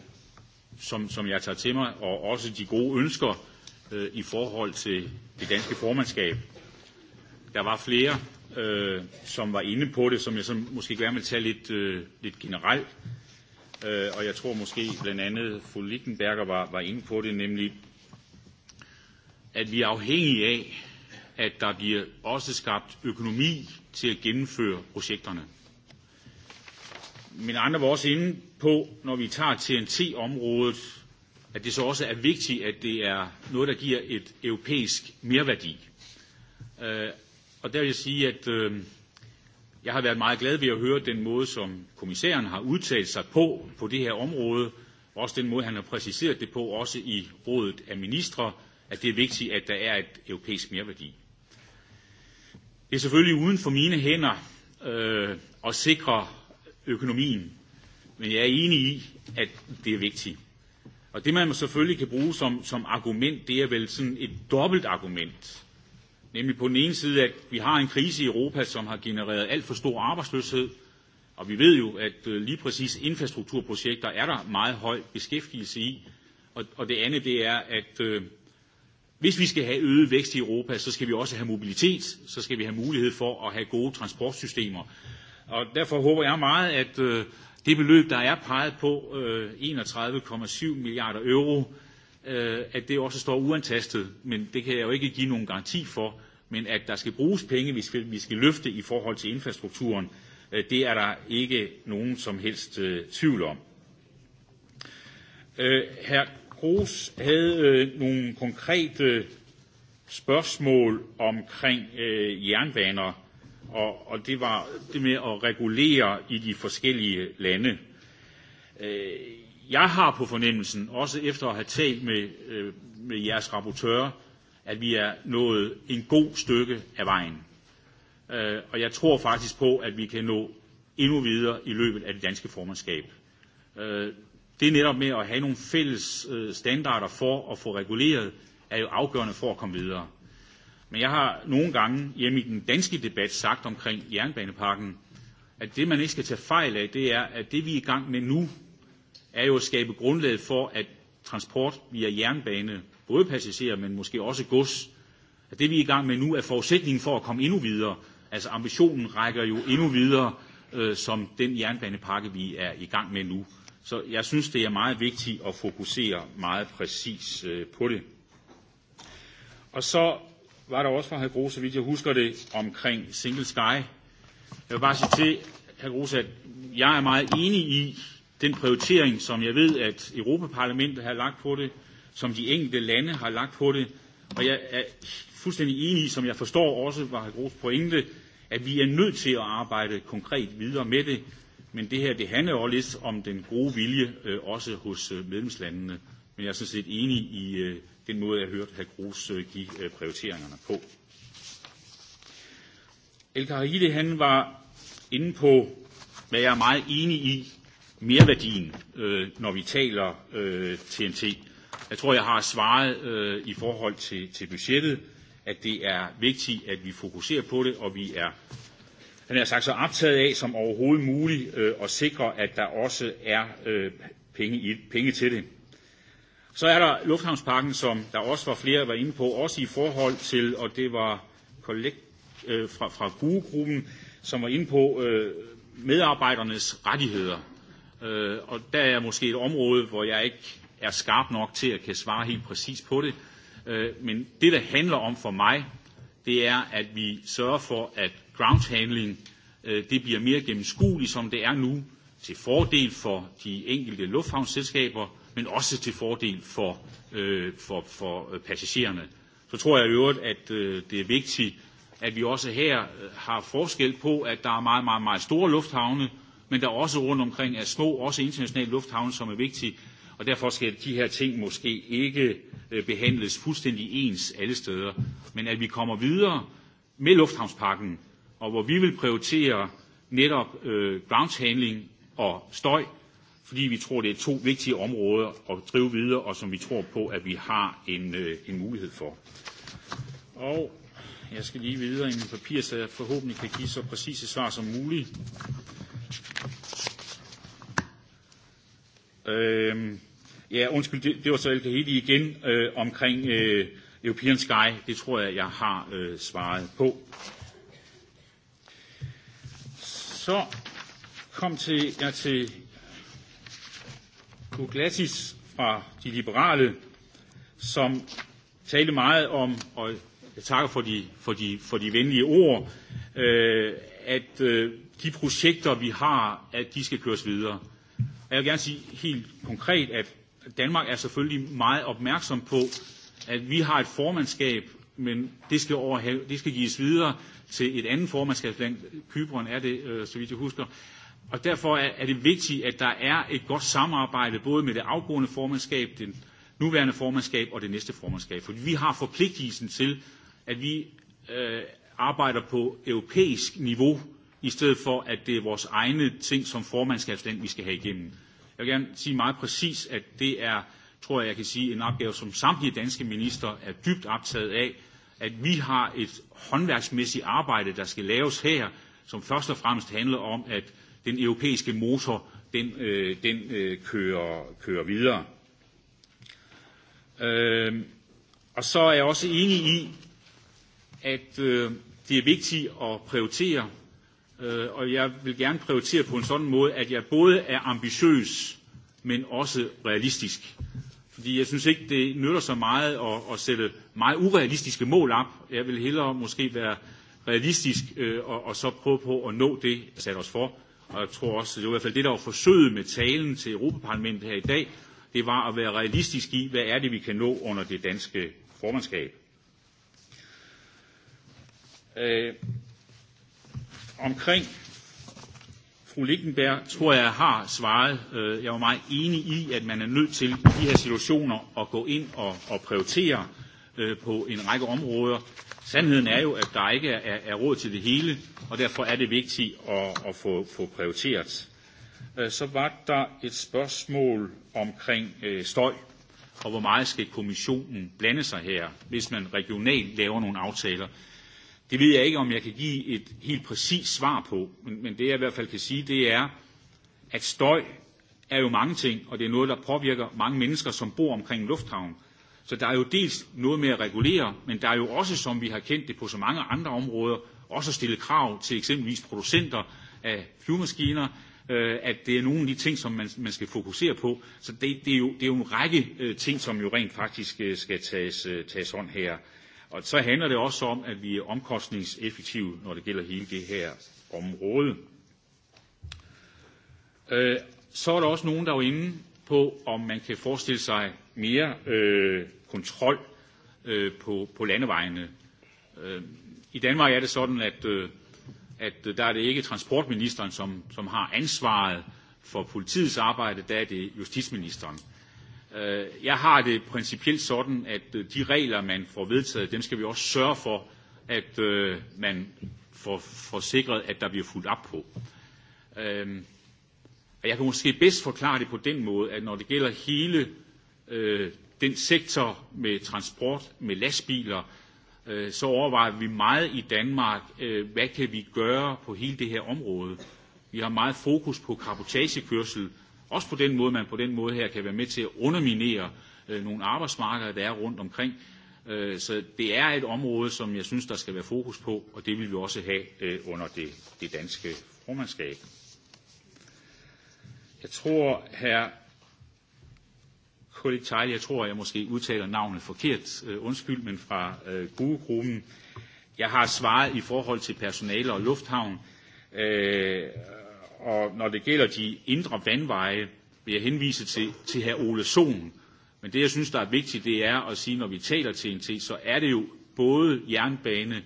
som, som jeg tager til mig, og også de gode ønsker øh, i forhold til det danske formandskab. Der var flere, øh, som var inde på det, som jeg så måske gerne vil tage lidt, øh, lidt generelt. Øh, og jeg tror måske blandt andet fru Lichtenberger var, var inde på det, nemlig at vi er afhængige af, at der bliver også skabt økonomi til at gennemføre projekterne. Men andre var også inde på, når vi tager TNT-området, at det så også er vigtigt, at det er noget, der giver et europæisk mereværdi. Øh, og der vil jeg sige, at øh, jeg har været meget glad ved at høre den måde, som kommissæren har udtalt sig på på det her område, også den måde, han har præciseret det på, også i rådet af ministre, at det er vigtigt, at der er et europæisk mereværdi. Det er selvfølgelig uden for mine hænder øh, at sikre økonomien, men jeg er enig i, at det er vigtigt. Og det man selvfølgelig kan bruge som, som argument, det er vel sådan et dobbelt argument. Nemlig på den ene side, at vi har en krise i Europa, som har genereret alt for stor arbejdsløshed, og vi ved jo, at øh, lige præcis infrastrukturprojekter er der meget høj beskæftigelse i. Og, og det andet, det er, at øh, Hvis vi skal have øget vækst i Europa, så skal vi også have mobilitet, så skal vi have mulighed for at have gode transportsystemer. Og derfor håber jeg meget, at øh, det beløb, der er peget på, øh, 31,7 milliarder euro, øh, at det også står uantastet. Men det kan jeg jo ikke give nogen garanti for. Men at der skal bruges penge, hvis vi skal løfte i forhold til infrastrukturen, øh, det er der ikke nogen som helst øh, tvivl om. Øh, Herr Kroos havde øh, nogle konkrete spørgsmål omkring øh, jernbaner, og, og det var det med at regulere i de forskellige lande. Øh, jeg har på fornemmelsen, også efter at have talt med, øh, med jeres rapportører, at vi er nået en god stykke af vejen. Øh, og jeg tror faktisk på, at vi kan nå endnu videre i løbet af det danske formandskab. Øh, det er netop med at have nogle fælles øh, standarder for at få reguleret, er jo afgørende for at komme videre. Men jeg har nogle gange hjemme i den danske debat sagt omkring jernbanepakken, at det man ikke skal tage fejl af, det er, at det vi er i gang med nu, er jo at skabe grundlaget for, at transport via jernbane, både passagerer, men måske også gods, at det vi er i gang med nu er forudsætningen for at komme endnu videre. Altså ambitionen rækker jo endnu videre, øh, som den jernbanepakke vi er i gang med nu. Så jeg synes, det er meget vigtigt at fokusere meget præcis øh, på det. Og så var der også fra herr Grose, hvis jeg husker det, omkring Single Sky. Jeg vil bare sige til herr Grose, at jeg er meget enig i den prioritering, som jeg ved, at Europaparlamentet har lagt på det, som de enkelte lande har lagt på det. Og jeg er fuldstændig enig i, som jeg forstår også var herr Grose pointe, at vi er nødt til at arbejde konkret videre med det, Men det her det handler jo lidt om den gode vilje, øh, også hos øh, medlemslandene. Men jeg er sådan set enig i øh, den måde, jeg hørte herr Grus øh, give øh, prioriteringerne på. El Karide, han var inde på, hvad jeg er meget enig i, merværdien, øh, når vi taler øh, TNT. Jeg tror, jeg har svaret øh, i forhold til, til budgettet, at det er vigtigt, at vi fokuserer på det, og vi er den er sagt, så optaget af som overhovedet muligt øh, at sikre, at der også er øh, penge, i, penge til det. Så er der Lufthavnsparken, som der også var flere, der var inde på, også i forhold til, og det var kollekt, øh, fra, fra GUE-gruppen, som var inde på øh, medarbejdernes rettigheder. Øh, og der er måske et område, hvor jeg ikke er skarp nok til at kan svare helt præcis på det. Øh, men det, der handler om for mig, det er, at vi sørger for, at groundhandling øh, det bliver mere gennemskueligt, som det er nu, til fordel for de enkelte lufthavnsselskaber, men også til fordel for, øh, for, for øh, passagererne. Så tror jeg i øvrigt, at øh, det er vigtigt, at vi også her øh, har forskel på, at der er meget, meget, meget store lufthavne, men der er også rundt omkring er små, også internationale lufthavne, som er vigtige. Og derfor skal de her ting måske ikke øh, behandles fuldstændig ens alle steder, men at vi kommer videre med lufthavnspakken og hvor vi vil prioritere netop øh, groundhandling og støj, fordi vi tror, det er to vigtige områder at drive videre, og som vi tror på, at vi har en, øh, en mulighed for. Og jeg skal lige videre i min papir, så jeg forhåbentlig kan give så præcise svar som muligt. Øhm, ja, undskyld, det, det var så alt det hele igen øh, omkring øh, European Sky. Det tror jeg, jeg har øh, svaret på. Så kom til jeg til Kuglatis fra De Liberale, som talte meget om, og jeg takker for de, for de, for de venlige ord, øh, at øh, de projekter, vi har, at de skal køres videre. Og jeg vil gerne sige helt konkret, at Danmark er selvfølgelig meget opmærksom på, at vi har et formandskab men det skal, overhave, det skal gives videre til et andet formandskabsland. Kyberen er det, øh, så vidt jeg husker. Og derfor er, er det vigtigt, at der er et godt samarbejde både med det afgående formandskab, den nuværende formandskab og det næste formandskab. Fordi vi har forpligtelsen til, at vi øh, arbejder på europæisk niveau, i stedet for, at det er vores egne ting som formandskabsland, vi skal have igennem. Jeg vil gerne sige meget præcis, at det er øh, tror jeg, jeg kan sige, en opgave, som samtlige danske minister er dybt optaget af, at vi har et håndværksmæssigt arbejde, der skal laves her, som først og fremmest handler om, at den europæiske motor, den, øh, den øh, kører, kører videre. Øh, og så er jeg også enig i, at øh, det er vigtigt at prioritere, øh, og jeg vil gerne prioritere på en sådan måde, at jeg både er ambitiøs, men også realistisk. Fordi jeg synes ikke, det nytter så meget at, at sætte meget urealistiske mål op. Jeg vil hellere måske være realistisk øh, og, og så prøve på at nå det, jeg satte os for. Og jeg tror også, det var i hvert fald det, der var forsøget med talen til Europaparlamentet her i dag, det var at være realistisk i, hvad er det, vi kan nå under det danske formandskab. Øh, omkring fru Liggenberg, tror jeg har svaret. Øh, jeg var meget enig i, at man er nødt til i de her situationer at gå ind og, og prioritere øh, på en række områder. Sandheden er jo, at der ikke er, er, er råd til det hele, og derfor er det vigtigt at, at få, få prioriteret. Øh, så var der et spørgsmål omkring støj, og hvor meget skal kommissionen blande sig her, hvis man regionalt laver nogle aftaler. Det ved jeg ikke, om jeg kan give et helt præcist svar på, men, men det jeg i hvert fald kan sige, det er, at støj er jo mange ting, og det er noget, der påvirker mange mennesker, som bor omkring lufthavnen. Så der er jo dels noget med at regulere, men der er jo også, som vi har kendt det på så mange andre områder, også at stille krav til eksempelvis producenter af flyvemaskiner, øh, at det er nogle af de ting, som man, man skal fokusere på. Så det, det, er jo, det er jo en række øh, ting, som jo rent faktisk øh, skal tages, øh, tages hånd her. Og så handler det også om, at vi er omkostningseffektive, når det gælder hele det her område. Øh, så er der også nogen, der er inde på, om man kan forestille sig mere øh, kontrol øh, på, på landevejene. Øh, I Danmark er det sådan, at, øh, at der er det ikke transportministeren, som, som har ansvaret for politiets arbejde, der er det justitsministeren. Øh, jeg har det principielt sådan, at øh, de regler, man får vedtaget, dem skal vi også sørge for, at øh, man får, får sikret, at der bliver fuldt op på. Og jeg kan måske bedst forklare det på den måde, at når det gælder hele den sektor med transport, med lastbiler, så overvejer vi meget i Danmark, hvad kan vi gøre på hele det her område. Vi har meget fokus på kapotagekørsel, også på den måde, man på den måde her kan være med til at underminere øh, nogle arbejdsmarkeder, der er rundt omkring. Øh, så det er et område, som jeg synes, der skal være fokus på, og det vil vi også have øh, under det, det danske formandskab. Jeg tror, her. Kolitejl, jeg tror, jeg måske udtaler navnet forkert, øh, undskyld, men fra øh, GUE-gruppen. Jeg har svaret i forhold til personale og lufthavn, øh, og når det gælder de indre vandveje, vil jeg henvise til, til hr. Ole Sohn. Men det, jeg synes, der er vigtigt, det er at sige, når vi taler TNT, så er det jo både jernbane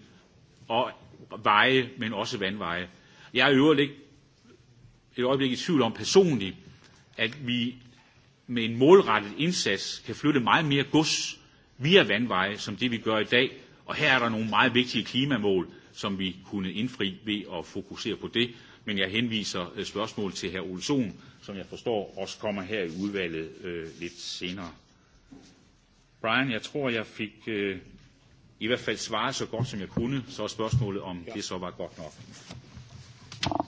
og veje, men også vandveje. Jeg er i øvrigt ikke et øjeblik i tvivl om personligt, at vi med en målrettet indsats kan flytte meget mere gods via vandveje, som det vi gør i dag. Og her er der nogle meget vigtige klimamål, som vi kunne indfri ved at fokusere på det men jeg henviser øh, spørgsmål til herr Ole Sohn, som jeg forstår også kommer her i udvalget øh, lidt senere. Brian, jeg tror, jeg fik øh, i hvert fald svaret så godt, som jeg kunne. Så er spørgsmålet, om ja. det så var godt nok.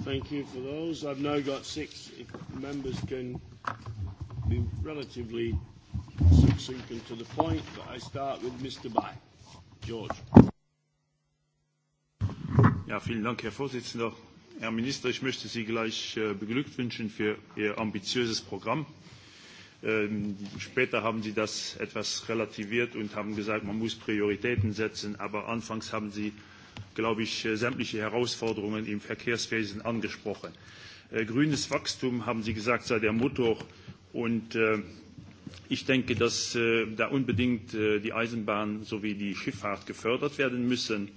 Thank you for those. I've now got six if members can be relatively succinct and to the point, but I start with Mr. George. Ja, vielen Dank, Herr Vorsitzender. Herr Minister, ich möchte Sie gleich äh, beglückwünschen für Ihr ambitiöses Programm. Ähm, später haben Sie das etwas relativiert und haben gesagt, man muss Prioritäten setzen. Aber anfangs haben Sie, glaube ich, äh, sämtliche Herausforderungen im Verkehrswesen angesprochen. Äh, grünes Wachstum, haben Sie gesagt, sei der Motor. Und ich denke, dass da unbedingt die Eisenbahn sowie die Schifffahrt gefördert werden müssen.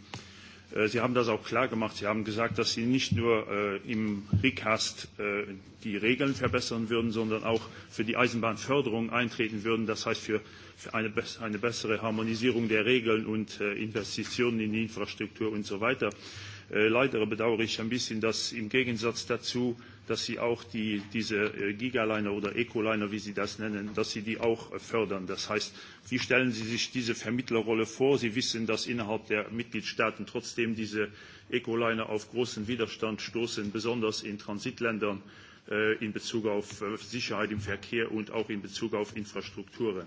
Äh, Sie haben das auch klar gemacht. Sie haben gesagt, dass Sie nicht nur äh, im Recast äh, die Regeln verbessern würden, sondern auch für die Eisenbahnförderung eintreten würden. Das heißt für, für eine, eine bessere Harmonisierung der Regeln und äh, Investitionen in die Infrastruktur und so weiter. Äh, leider bedauere ich ein bisschen, dass im Gegensatz dazu äh, dass sie auch die, diese äh, Gigaliner oder Ecoliner, wie Sie das nennen, dass sie die auch äh, fördern. Das heißt, wie stellen Sie sich diese Vermittlerrolle vor? Sie wissen, dass innerhalb der Mitgliedstaaten trotzdem diese Ecoliner auf großen Widerstand stoßen, besonders in Transitländern. Äh, in Bezug auf äh, Sicherheit im Verkehr und auch in Bezug auf Infrastrukturen.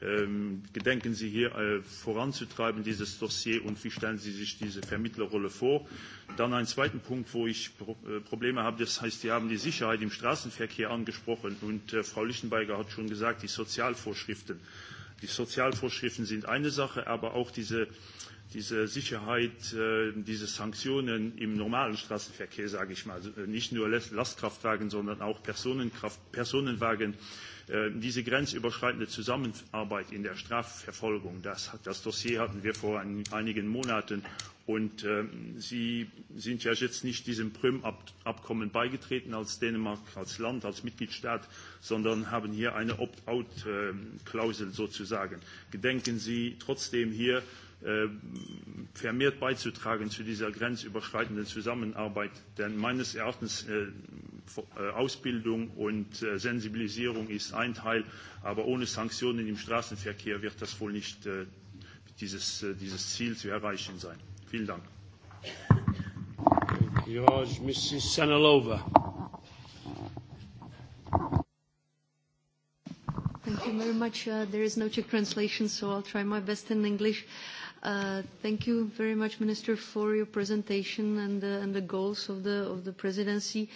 Ähm, gedenken Sie hier äh, voranzutreiben, dieses Dossier, und wie stellen Sie sich diese Vermittlerrolle vor? Dann einen zweiten Punkt, wo ich Probleme habe, das heißt, Sie haben die Sicherheit im Straßenverkehr angesprochen und Frau Lichtenberger hat schon gesagt, die Sozialvorschriften. Die Sozialvorschriften sind eine Sache, aber auch diese diese Sicherheit, äh, diese Sanktionen im normalen Straßenverkehr, sage ich mal, äh, nicht nur Lastkraftwagen, sondern auch Personenkraft, Personenwagen, äh, diese grenzüberschreitende Zusammenarbeit in der Strafverfolgung, das, das Dossier hatten wir vor einigen Monaten und äh, Sie sind ja jetzt nicht diesem Prüm-Abkommen beigetreten als Dänemark, als Land, als Mitgliedstaat, sondern haben hier eine Opt-out-Klausel sozusagen. Gedenken Sie trotzdem hier Äh, vermehrt beizutragen zu dieser grenzüberschreitenden Zusammenarbeit. Denn meines Erachtens äh, äh, Ausbildung und Sensibilisierung ist ein Teil, aber ohne Sanktionen im Straßenverkehr wird das wohl nicht dieses, dieses Ziel zu erreichen sein. Vielen Dank. Yours, Mrs. Sanalova. Thank you very much. Uh, there is no Czech translation, so I'll try my best in English. Uh, thank you very much, Minister, for your presentation and the, and the goals of the, of the presidency.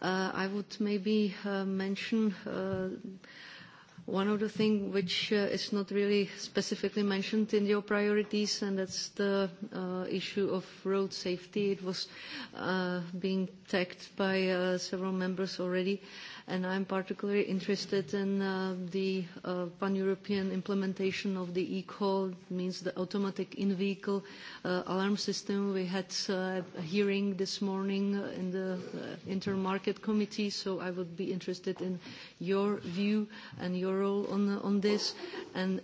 Uh, I would maybe uh, mention uh, one of the things which uh, is not really specifically mentioned in your priorities, and that's the uh, issue of road safety. It was uh, being tagged by uh, several members already. Uh, And I'm particularly interested in uh, the uh, pan-European implementation of the ECOL, means the automatic in-vehicle uh, alarm system. We had uh, a hearing this morning uh, in the uh, intermarket committee, so I would be interested in your view and your role on, on this. And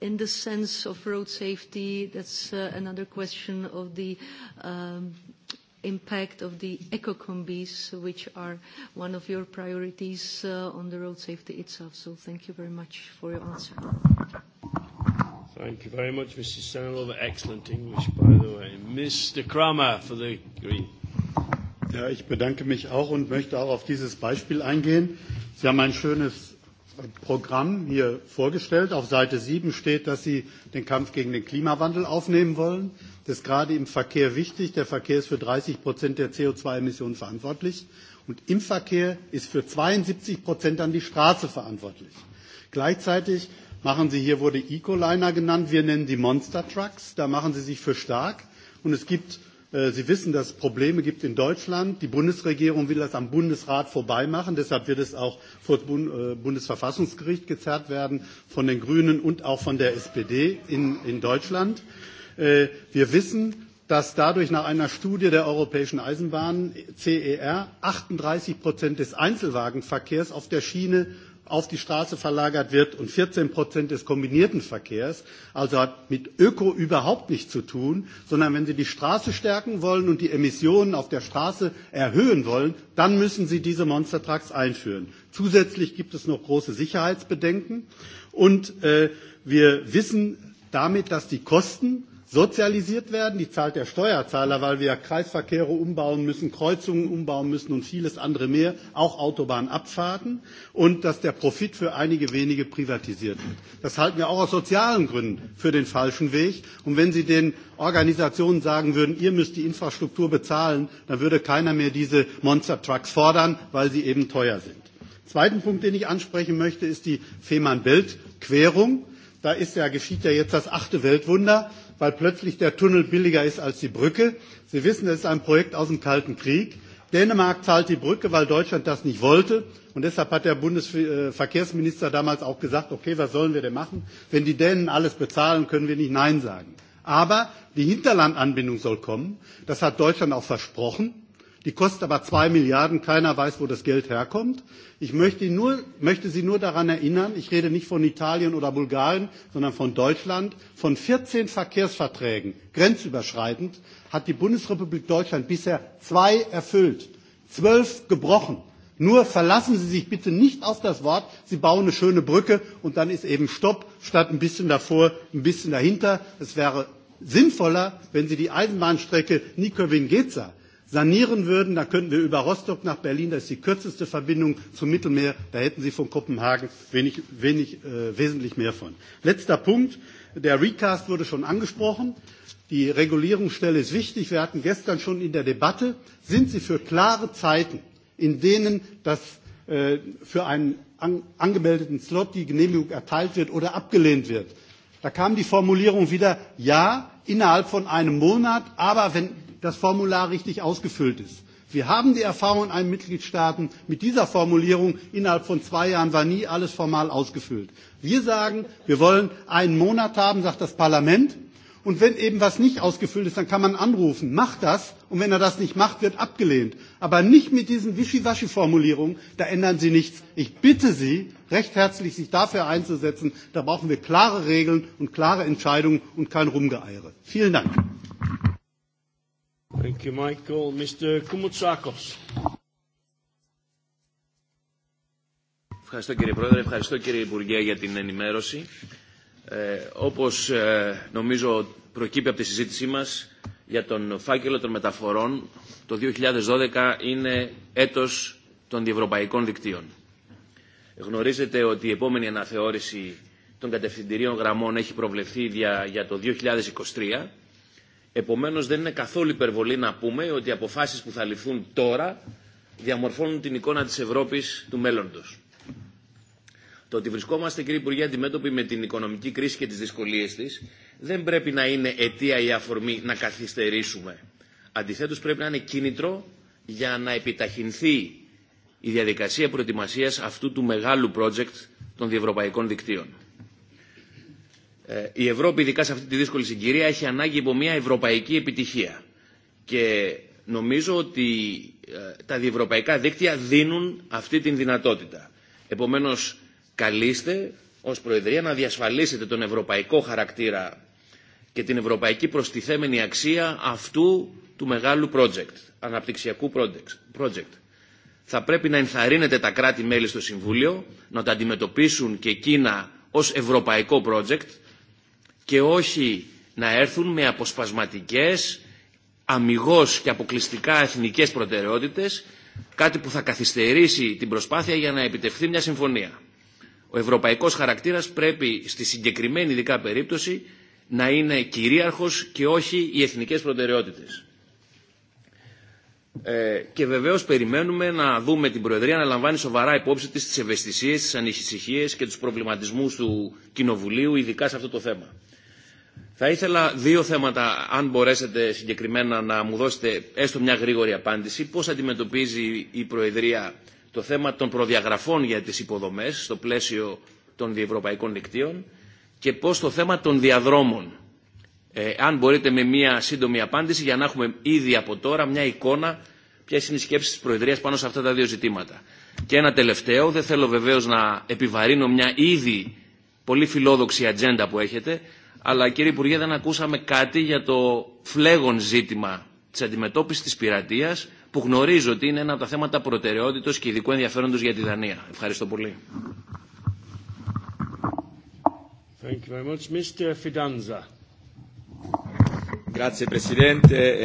in the sense of road safety, that's uh, another question of the um, impact of the eco-combis, which are one of your priorities uh, on the road safety itself. So thank you very much for your answer. Thank you very much, Mrs. Sanilova. Excellent English, by the way. Mr. Kramer for the Green. Ja, ich bedanke mich auch und möchte auch auf dieses Beispiel eingehen. Sie haben ein schönes Programm hier vorgestellt. Auf Seite 7 steht, dass Sie den Kampf gegen den Klimawandel aufnehmen wollen. Das ist gerade im Verkehr wichtig. Der Verkehr ist für 30 Prozent der CO2-Emissionen verantwortlich. Und im Verkehr ist für 72 Prozent dann die Straße verantwortlich. Gleichzeitig machen Sie, hier wurde Ecoliner genannt, wir nennen die Monster Trucks. Da machen Sie sich für stark. Und es gibt, äh, Sie wissen, dass es Probleme gibt in Deutschland. Die Bundesregierung will das am Bundesrat vorbeimachen. Deshalb wird es auch vor das Bund, äh, Bundesverfassungsgericht gezerrt werden von den Grünen und auch von der SPD in, in Deutschland. Äh, wir wissen, dass dadurch nach einer Studie der Europäischen Eisenbahnen CER 38 Prozent des Einzelwagenverkehrs auf der Schiene auf die Straße verlagert wird und 14 Prozent des kombinierten Verkehrs. Also hat mit Öko überhaupt nichts zu tun, sondern wenn Sie die Straße stärken wollen und die Emissionen auf der Straße erhöhen wollen, dann müssen Sie diese Monstertrucks einführen. Zusätzlich gibt es noch große Sicherheitsbedenken und äh, wir wissen damit, dass die Kosten sozialisiert werden, die zahlt der Steuerzahler, weil wir Kreisverkehre umbauen müssen, Kreuzungen umbauen müssen und vieles andere mehr, auch Autobahnabfahrten und dass der Profit für einige wenige privatisiert wird. Das halten wir auch aus sozialen Gründen für den falschen Weg. Und wenn Sie den Organisationen sagen würden, ihr müsst die Infrastruktur bezahlen, dann würde keiner mehr diese Monster Trucks fordern, weil sie eben teuer sind. Zweiten Punkt, den ich ansprechen möchte, ist die Fehmarn-Belt-Querung. Da ist ja, geschieht ja jetzt das achte Weltwunder weil plötzlich der Tunnel billiger ist als die Brücke. Sie wissen, das ist ein Projekt aus dem Kalten Krieg. Dänemark zahlt die Brücke, weil Deutschland das nicht wollte. Und deshalb hat der Bundesverkehrsminister damals auch gesagt, okay, was sollen wir denn machen? Wenn die Dänen alles bezahlen, können wir nicht Nein sagen. Aber die Hinterlandanbindung soll kommen. Das hat Deutschland auch versprochen die kostet aber zwei Milliarden, keiner weiß, wo das Geld herkommt. Ich möchte, nur, möchte Sie nur daran erinnern, ich rede nicht von Italien oder Bulgarien, sondern von Deutschland, von 14 Verkehrsverträgen, grenzüberschreitend, hat die Bundesrepublik Deutschland bisher zwei erfüllt, zwölf gebrochen. Nur verlassen Sie sich bitte nicht auf das Wort, Sie bauen eine schöne Brücke und dann ist eben Stopp statt ein bisschen davor, ein bisschen dahinter. Es wäre sinnvoller, wenn Sie die Eisenbahnstrecke Nikowin-Geza sanieren würden, da könnten wir über Rostock nach Berlin, das ist die kürzeste Verbindung zum Mittelmeer, da hätten Sie von Kopenhagen wenig, wenig, äh, wesentlich mehr von. Letzter Punkt, der Recast wurde schon angesprochen. Die Regulierungsstelle ist wichtig. Wir hatten gestern schon in der Debatte, sind Sie für klare Zeiten, in denen das äh, für einen an, angemeldeten Slot die Genehmigung erteilt wird oder abgelehnt wird? Da kam die Formulierung wieder, ja, innerhalb von einem Monat, aber wenn das Formular richtig ausgefüllt ist. Wir haben die Erfahrung in einem Mitgliedstaaten mit dieser Formulierung, innerhalb von zwei Jahren war nie alles formal ausgefüllt. Wir sagen, wir wollen einen Monat haben, sagt das Parlament. Und wenn eben was nicht ausgefüllt ist, dann kann man anrufen, macht das. Und wenn er das nicht macht, wird abgelehnt. Aber nicht mit diesen Wischiwaschi-Formulierungen, da ändern Sie nichts. Ich bitte Sie recht herzlich, sich dafür einzusetzen. Da brauchen wir klare Regeln und klare Entscheidungen und kein Rumgeeire. Vielen Dank. Thank you, Michael. Mr. Koumoutsakos. Ευχαριστώ κύριε Πρόεδρε, ευχαριστώ κύριε Υπουργέ για την ενημέρωση. Ε, όπως ε, νομίζω προκύπτει από τη συζήτησή μας για τον φάκελο των μεταφορών, το 2012 είναι έτος των διευρωπαϊκών δικτύων. Γνωρίζετε ότι η επόμενη αναθεώρηση των κατευθυντηρίων γραμμών έχει προβλεφθεί για, για το 2023 Επομένως δεν είναι καθόλου υπερβολή να πούμε ότι οι αποφάσεις που θα ληφθούν τώρα διαμορφώνουν την εικόνα της Ευρώπης του μέλλοντος. Το ότι βρισκόμαστε, κύριε Υπουργέ, αντιμέτωποι με την οικονομική κρίση και τις δυσκολίες της, δεν πρέπει να είναι αιτία ή αφορμή να καθυστερήσουμε. Αντιθέτως πρέπει να είναι κίνητρο για να επιταχυνθεί η διαδικασία προετοιμασίας αυτού του μεγάλου project των διευρωπαϊκών δικτύων η Ευρώπη ειδικά σε αυτή τη δύσκολη συγκυρία έχει ανάγκη από μια ευρωπαϊκή επιτυχία. Και νομίζω ότι τα διευρωπαϊκά δίκτυα δίνουν αυτή την δυνατότητα. Επομένως, καλείστε ως Προεδρία να διασφαλίσετε τον ευρωπαϊκό χαρακτήρα και την ευρωπαϊκή προστιθέμενη αξία αυτού του μεγάλου project, αναπτυξιακού project. Θα πρέπει να ενθαρρύνετε τα κράτη-μέλη στο Συμβούλιο, να τα αντιμετωπίσουν και εκείνα ως ευρωπαϊκό project, και όχι να έρθουν με αποσπασματικές, αμυγός και αποκλειστικά εθνικές προτεραιότητες, κάτι που θα καθυστερήσει την προσπάθεια για να επιτευχθεί μια συμφωνία. Ο ευρωπαϊκός χαρακτήρας πρέπει στη συγκεκριμένη ειδικά περίπτωση να είναι κυρίαρχος και όχι οι εθνικές προτεραιότητες. Ε, και βεβαίως περιμένουμε να δούμε την Προεδρία να λαμβάνει σοβαρά υπόψη της τις ευαισθησίες, τις ανησυχίες και τους προβληματισμούς του Κοινοβουλίου, ειδικά σε αυτό το θέμα. Θα ήθελα δύο θέματα, αν μπορέσετε συγκεκριμένα να μου δώσετε έστω μια γρήγορη απάντηση. Πώς αντιμετωπίζει η Προεδρία το θέμα των προδιαγραφών για τις υποδομές στο πλαίσιο των διευρωπαϊκών δικτύων και πώς το θέμα των διαδρόμων. Ε, αν μπορείτε με μια σύντομη απάντηση για να έχουμε ήδη από τώρα μια εικόνα ποιε είναι οι σκέψει τη Προεδρία πάνω σε αυτά τα δύο ζητήματα. Και ένα τελευταίο, δεν θέλω βεβαίω να επιβαρύνω μια ήδη πολύ φιλόδοξη ατζέντα που έχετε, αλλά κύριε Υπουργέ δεν ακούσαμε κάτι για το φλέγον ζήτημα της αντιμετώπισης της πειρατείας που γνωρίζω ότι είναι ένα από τα θέματα προτεραιότητος και ειδικού ενδιαφέροντος για τη Δανία. Ευχαριστώ πολύ. Thank you very much. Mr. Fidanza. Grazie Presidente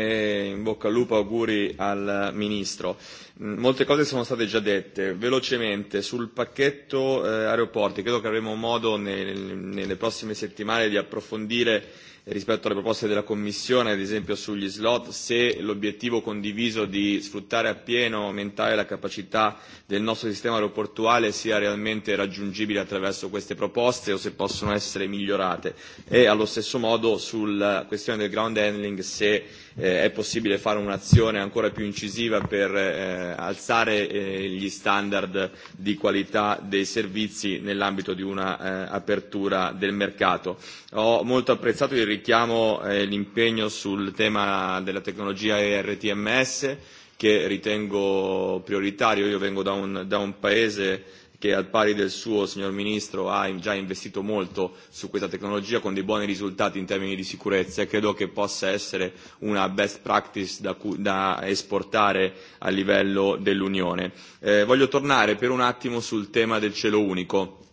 e in bocca al lupo auguri al Ministro. Mm, molte cose sono state già dette. Velocemente, sul pacchetto eh, aeroporti, credo che avremo modo nel, nelle prossime settimane di approfondire rispetto alle proposte della Commissione, ad esempio sugli slot, se l'obiettivo condiviso di sfruttare appieno, aumentare la capacità del nostro sistema aeroportuale sia realmente raggiungibile attraverso queste proposte o se possono essere migliorate e allo stesso modo sulla questione del ground handling se eh, è possibile fare un'azione ancora più incisiva per eh, alzare eh, gli standard di qualità dei servizi nell'ambito di un'apertura eh, del mercato. Ho molto apprezzato il richiamo e eh, l'impegno sul tema della tecnologia ERTMS che ritengo prioritario. Io vengo da un, da un paese che al pari del suo, signor Ministro, ha già investito molto su questa tecnologia con dei buoni risultati in termini di sicurezza e credo che possa essere una best practice da, da esportare a livello dell'Unione. Eh, voglio tornare per un attimo sul tema del cielo unico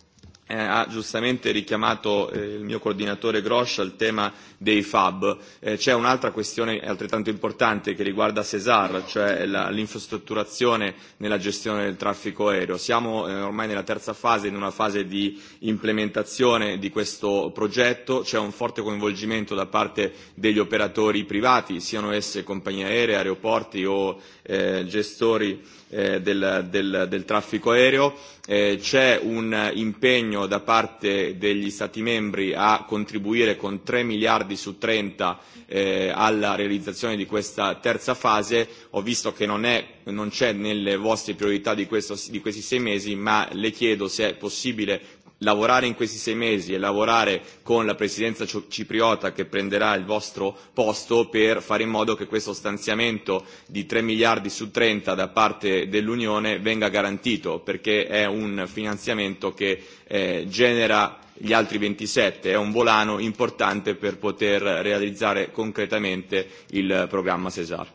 eh, ha giustamente richiamato eh, il mio coordinatore Grosch al tema dei FAB. Eh, c'è un'altra questione altrettanto importante che riguarda Cesar, cioè la, l'infrastrutturazione nella gestione del traffico aereo. Siamo eh, ormai nella terza fase, in una fase di implementazione di questo progetto, c'è un forte coinvolgimento da parte degli operatori privati, siano esse compagnie aeree, aeroporti o eh, gestori eh, del, del, del traffico aereo, eh, c'è un impegno da parte degli Stati membri a contribuire con 3 miliardi su 30 eh, alla realizzazione di questa terza fase. Ho visto che non, è, non c'è nelle vostre priorità di, questo, di questi sei mesi, ma le chiedo se è possibile lavorare in questi sei mesi e lavorare con la presidenza cipriota che prenderà il vostro posto per fare in modo che questo stanziamento di 3 miliardi su 30 da parte dell'Unione venga garantito, perché è un finanziamento che eh, genera gli altri 27, è un volano importante per poter realizzare concretamente il programma Cesar.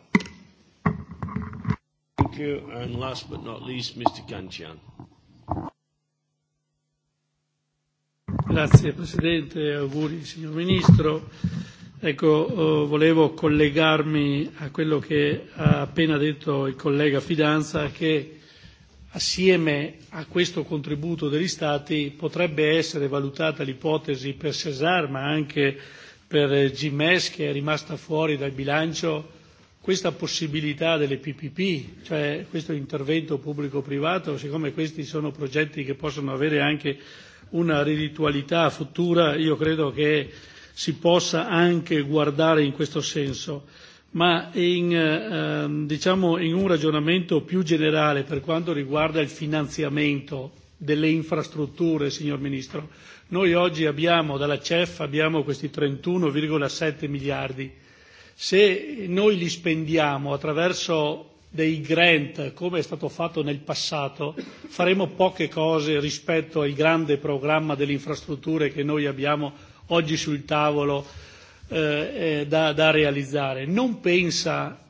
Thank you. And last but not least, Mr. Grazie Presidente, auguri signor Ministro. Ecco, oh, volevo collegarmi a quello che ha appena detto il collega Fidanza che assieme a questo contributo degli Stati potrebbe essere valutata l'ipotesi per Cesar ma anche per GMES che è rimasta fuori dal bilancio questa possibilità delle PPP, cioè questo intervento pubblico-privato, siccome questi sono progetti che possono avere anche una redditualità futura, io credo che si possa anche guardare in questo senso, ma in, eh, diciamo in un ragionamento più generale per quanto riguarda il finanziamento delle infrastrutture, signor Ministro. Noi oggi abbiamo dalla CEF abbiamo questi 31,7 miliardi. Se noi li spendiamo attraverso dei grant, come è stato fatto nel passato, faremo poche cose rispetto al grande programma delle infrastrutture che noi abbiamo oggi sul tavolo eh, eh, da, da realizzare. Non pensa,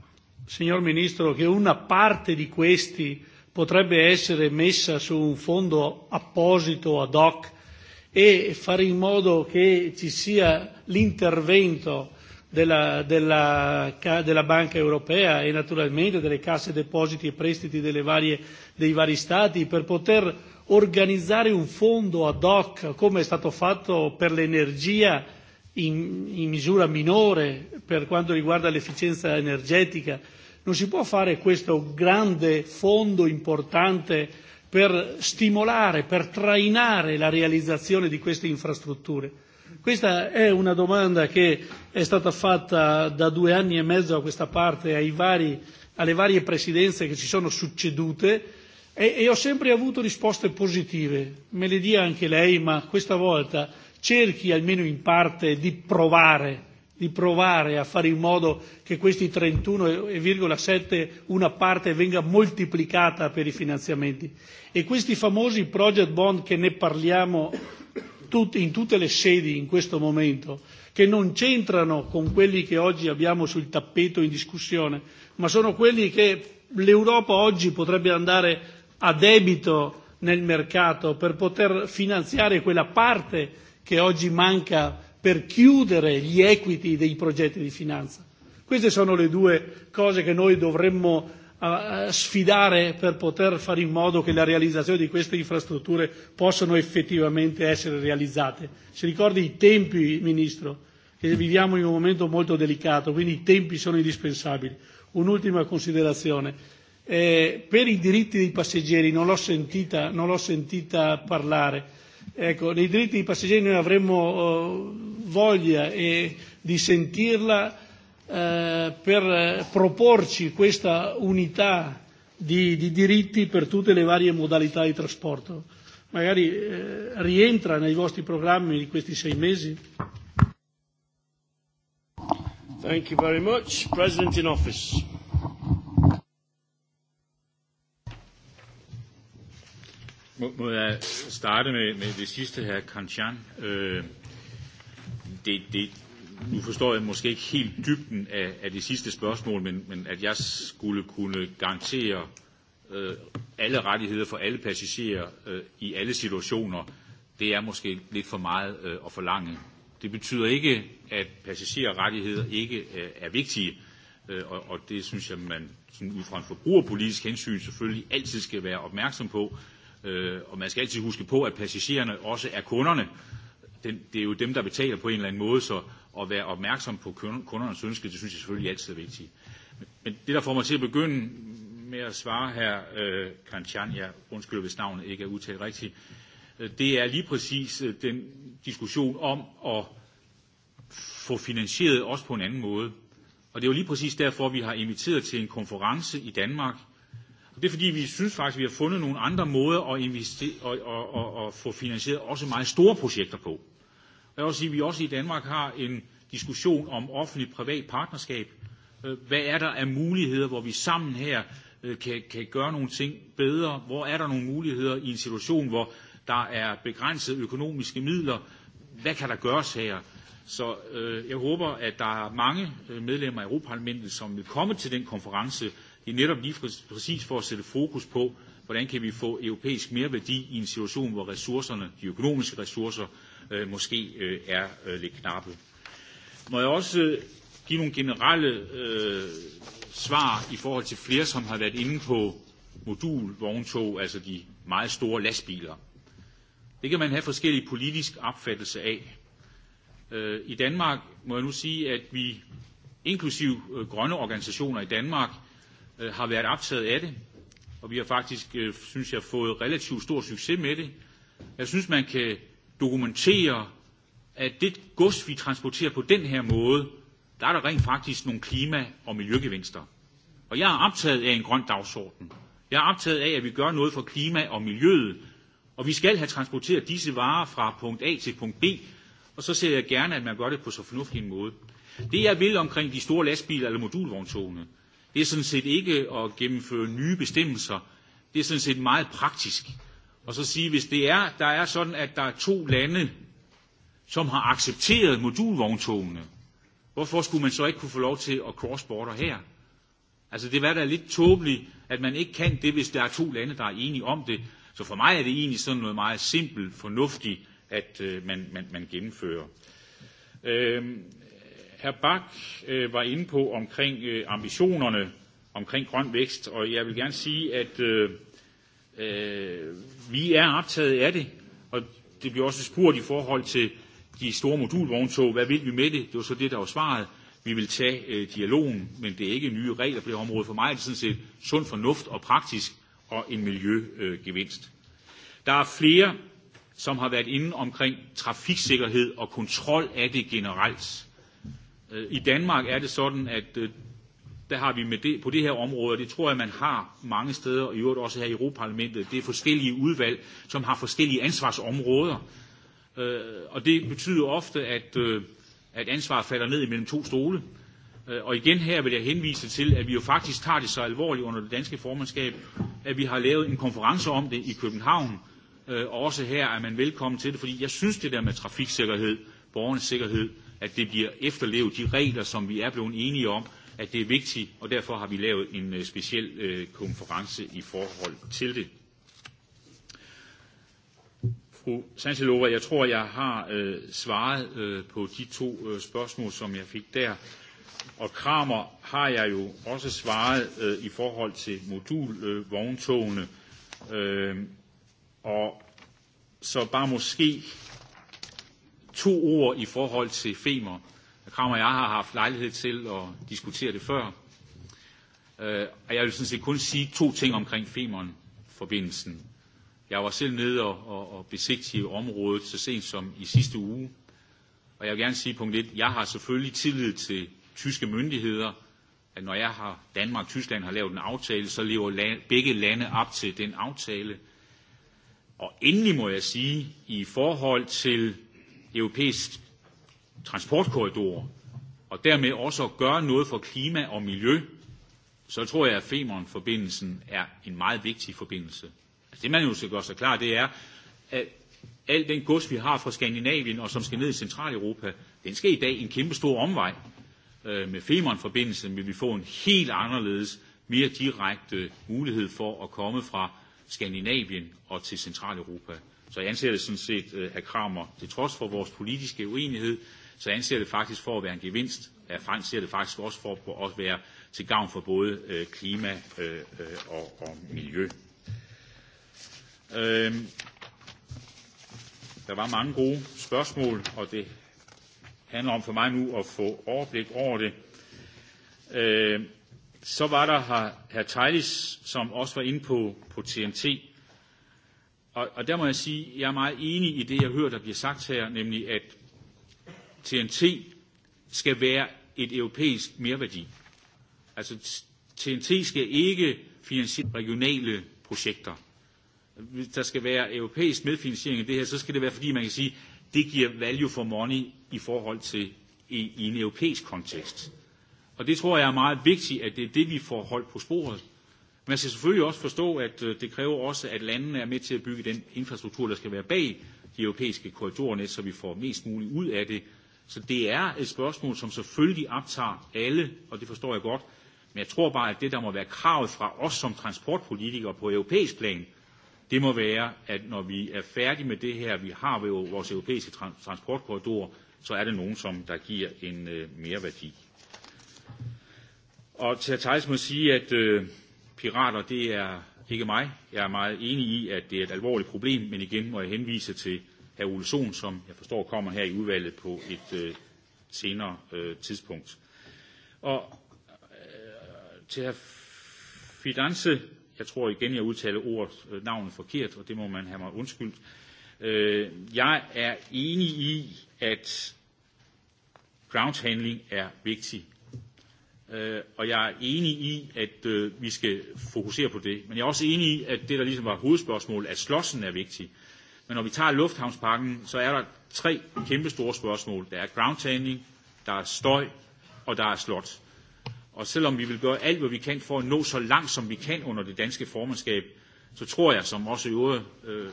signor Ministro, che una parte di questi potrebbe essere messa su un fondo apposito ad hoc e fare in modo che ci sia l'intervento della, della, della Banca Europea e naturalmente delle casse depositi e prestiti delle varie, dei vari Stati per poter organizzare un fondo ad hoc come è stato fatto per l'energia in, in misura minore per quanto riguarda l'efficienza energetica. Non si può fare questo grande fondo importante per stimolare, per trainare la realizzazione di queste infrastrutture Questa è una domanda che è stata fatta da due anni e mezzo a questa parte ai vari, alle varie presidenze che ci sono succedute e, e ho sempre avuto risposte positive. Me le dia anche lei, ma questa volta cerchi almeno in parte di provare di provare a fare in modo che questi 31,7 una parte venga moltiplicata per i finanziamenti. E questi famosi project bond che ne parliamo tut- in tutte le sedi in questo momento, che non c'entrano con quelli che oggi abbiamo sul tappeto in discussione, ma sono quelli che l'Europa oggi potrebbe andare a debito nel mercato per poter finanziare quella parte che oggi manca per chiudere gli equity dei progetti di finanza. Queste sono le due cose che noi dovremmo a sfidare per poter fare in modo che la realizzazione di queste infrastrutture possano effettivamente essere realizzate. Si ricordi i tempi, Ministro, che viviamo in un momento molto delicato, quindi i tempi sono indispensabili. Un'ultima considerazione. Eh, per i diritti dei passeggeri non l'ho sentita, non l'ho sentita parlare. Ecco, nei diritti dei passeggeri noi avremmo eh, voglia eh, di sentirla Eh, per proporci questa unità di, di diritti per tutte le varie modalità di trasporto. Magari eh, rientra nei vostri programmi di questi sei mesi? Thank you very much. President in office. Må, må jeg starte med, med det sidste her, Kanchan? Øh, det, det, nu forstår jeg måske ikke helt dybden af, af det sidste spørgsmål, men, men at jeg skulle kunne garantere øh, alle rettigheder for alle passagerer øh, i alle situationer, det er måske lidt for meget øh, at forlange. Det betyder ikke, at passagerrettigheder ikke øh, er vigtige, øh, og, og det synes jeg, man sådan ud fra en forbrugerpolitisk hensyn selvfølgelig altid skal være opmærksom på. Øh, og man skal altid huske på, at passagererne også er kunderne den, det er jo dem, der betaler på en eller anden måde, så at være opmærksom på kundernes ønske, det synes jeg selvfølgelig altid er vigtigt. Men det, der får mig til at begynde med at svare her, øh, Kanchan, jeg undskylder, hvis navnet ikke er udtalt rigtigt, øh, det er lige præcis øh, den diskussion om at få finansieret også på en anden måde. Og det er jo lige præcis derfor, vi har inviteret til en konference i Danmark. Og det er fordi, vi synes faktisk, at vi har fundet nogle andre måder at, investere, og, og, og, at få finansieret også meget store projekter på. Jeg vil også sige, at vi også i Danmark har en diskussion om offentlig-privat partnerskab. Øh, hvad er der af muligheder, hvor vi sammen her øh, kan, kan gøre nogle ting bedre? Hvor er der nogle muligheder i en situation, hvor der er begrænsede økonomiske midler? Hvad kan der gøres her? Så øh, jeg håber, at der er mange øh, medlemmer af Europaparlamentet, som vil komme til den konference. i er netop lige præcis for at sætte fokus på, hvordan kan vi få europæisk mere værdi i en situation, hvor ressourcerne, de økonomiske ressourcer, øh, måske øh, er øh, lidt knappe. Må jeg også øh, give nogle generelle øh, svar i forhold til flere, som har været inde på modulvogntog, altså de meget store lastbiler. Det kan man have forskellige politisk opfattelse af. Øh, I Danmark må jeg nu sige, at vi inklusiv øh, grønne organisationer i Danmark øh, har været optaget af det, og vi har faktisk, øh, synes jeg, fået relativt stor succes med det. Jeg synes, man kan dokumentere, at det gods, vi transporterer på den her måde, der er der rent faktisk nogle klima- og miljøgevinster. Og jeg er optaget af en grøn dagsorden. Jeg er optaget af, at vi gør noget for klima og miljøet, og vi skal have transporteret disse varer fra punkt A til punkt B, og så ser jeg gerne, at man gør det på så fornuftig en måde. Det jeg vil omkring de store lastbiler eller modulvogntogene, det er sådan set ikke at gennemføre nye bestemmelser. Det er sådan set meget praktisk og så sige, hvis det er, der er sådan, at der er to lande, som har accepteret modulvogntogene, hvorfor skulle man så ikke kunne få lov til at crossborder her? Altså det var da lidt tåbeligt, at man ikke kan det, hvis der er to lande, der er enige om det. Så for mig er det egentlig sådan noget meget simpelt, fornuftigt, at øh, man, man, man gennemfører. Øhm, Herr Bak øh, var inde på omkring øh, ambitionerne omkring grøn vækst, og jeg vil gerne sige, at øh, Øh, vi er optaget af det, og det bliver også spurgt i forhold til de store modulvogntog. Hvad vil vi med det? Det var så det, der var svaret. Vi vil tage øh, dialogen, men det er ikke nye regler på det område. For mig er det sådan set sund fornuft og praktisk og en miljøgevinst. Øh, der er flere, som har været inde omkring trafiksikkerhed og kontrol af det generelt. Øh, I Danmark er det sådan, at øh, der har vi med det, på det her område, og det tror jeg, man har mange steder, og i øvrigt også her i Europaparlamentet, det er forskellige udvalg, som har forskellige ansvarsområder. Øh, og det betyder ofte, at, øh, at ansvaret falder ned imellem to stole. Øh, og igen her vil jeg henvise til, at vi jo faktisk tager det så alvorligt under det danske formandskab, at vi har lavet en konference om det i København, øh, og også her er man velkommen til det, fordi jeg synes det der med trafiksikkerhed, borgernes sikkerhed, at det bliver efterlevet de regler, som vi er blevet enige om, at det er vigtigt, og derfor har vi lavet en øh, speciel øh, konference i forhold til det. Fru Sanselova, jeg tror, jeg har øh, svaret på de to spørgsmål, som jeg fik der. Og Kramer har jeg jo også svaret i forhold til modulvogntogene. og så bare måske to ord i forhold til Femer. Kramer og jeg har haft lejlighed til at diskutere det før. Øh, og jeg vil sådan set kun sige to ting omkring Femern-forbindelsen. Jeg var selv nede og, og, og besigtige området så sent som i sidste uge. Og jeg vil gerne sige punkt 1. Jeg har selvfølgelig tillid til tyske myndigheder, at når jeg har Danmark og Tyskland har lavet en aftale, så lever begge lande op til den aftale. Og endelig må jeg sige, i forhold til europæisk transportkorridorer, og dermed også at gøre noget for klima og miljø, så tror jeg, at Femern-forbindelsen er en meget vigtig forbindelse. Altså det man jo skal gøre sig klar, det er, at al den gods, vi har fra Skandinavien og som skal ned i Centraleuropa, den skal i dag en kæmpe stor omvej. Øh, med Femern-forbindelsen vil vi få en helt anderledes, mere direkte mulighed for at komme fra Skandinavien og til Centraleuropa. Så jeg anser det sådan set, øh, at Kramer, det trods for vores politiske uenighed, så anser det faktisk for at være en gevinst. Jeg anser det faktisk også for at være til gavn for både øh, klima øh, øh, og, miljø. der var mange gode spørgsmål, og det handler om for mig nu at få overblik over det. så var der herr Tejlis, som også var inde på, på TNT. Og, og der må jeg sige, at jeg er meget enig i det, jeg hører, der bliver sagt her, nemlig at TNT skal være et europæisk merværdi. Altså TNT skal ikke finansiere regionale projekter. Hvis der skal være europæisk medfinansiering af det her, så skal det være, fordi man kan sige, det giver value for money i forhold til i, i en europæisk kontekst. Og det tror jeg er meget vigtigt, at det er det, vi får holdt på sporet. Man skal selvfølgelig også forstå, at øh, det kræver også, at landene er med til at bygge den infrastruktur, der skal være bag de europæiske korridornet, så vi får mest muligt ud af det, Så det er et spørgsmål, som selvfølgelig optager alle, og det forstår jeg godt. Men jeg tror bare, at det, der må være kravet fra os som transportpolitikere på europæisk plan, det må være, at når vi er færdige med det her, vi har ved vores europæiske transportkorridor, så er det nogen, som der giver en øh, mere værdi. Og til at Thijs må sige, at øh, pirater, det er ikke mig. Jeg er meget enig i, at det er et alvorligt problem, men igen må jeg henvise til herr Ole Sohn, som jeg forstår kommer her i udvalget på et øh, senere øh, tidspunkt. Og øh, til herr Fidanse, jeg tror igen, jeg udtaler ordet, øh, navnet forkert, og det må man have mig undskyldt. Øh, jeg er enig i, at groundhandling er vigtig. Øh, og jeg er enig i, at øh, vi skal fokusere på det. Men jeg er også enig i, at det, der ligesom var hovedspørgsmålet, at slåssen er vigtig. Men når vi tager lufthavnspakken, så er der tre kæmpe store spørgsmål. Der er groundtanding, der er støj, og der er slot. Og selvom vi vil gøre alt, hvad vi kan for at nå så langt, som vi kan under det danske formandskab, så tror jeg, som også øvrige øh,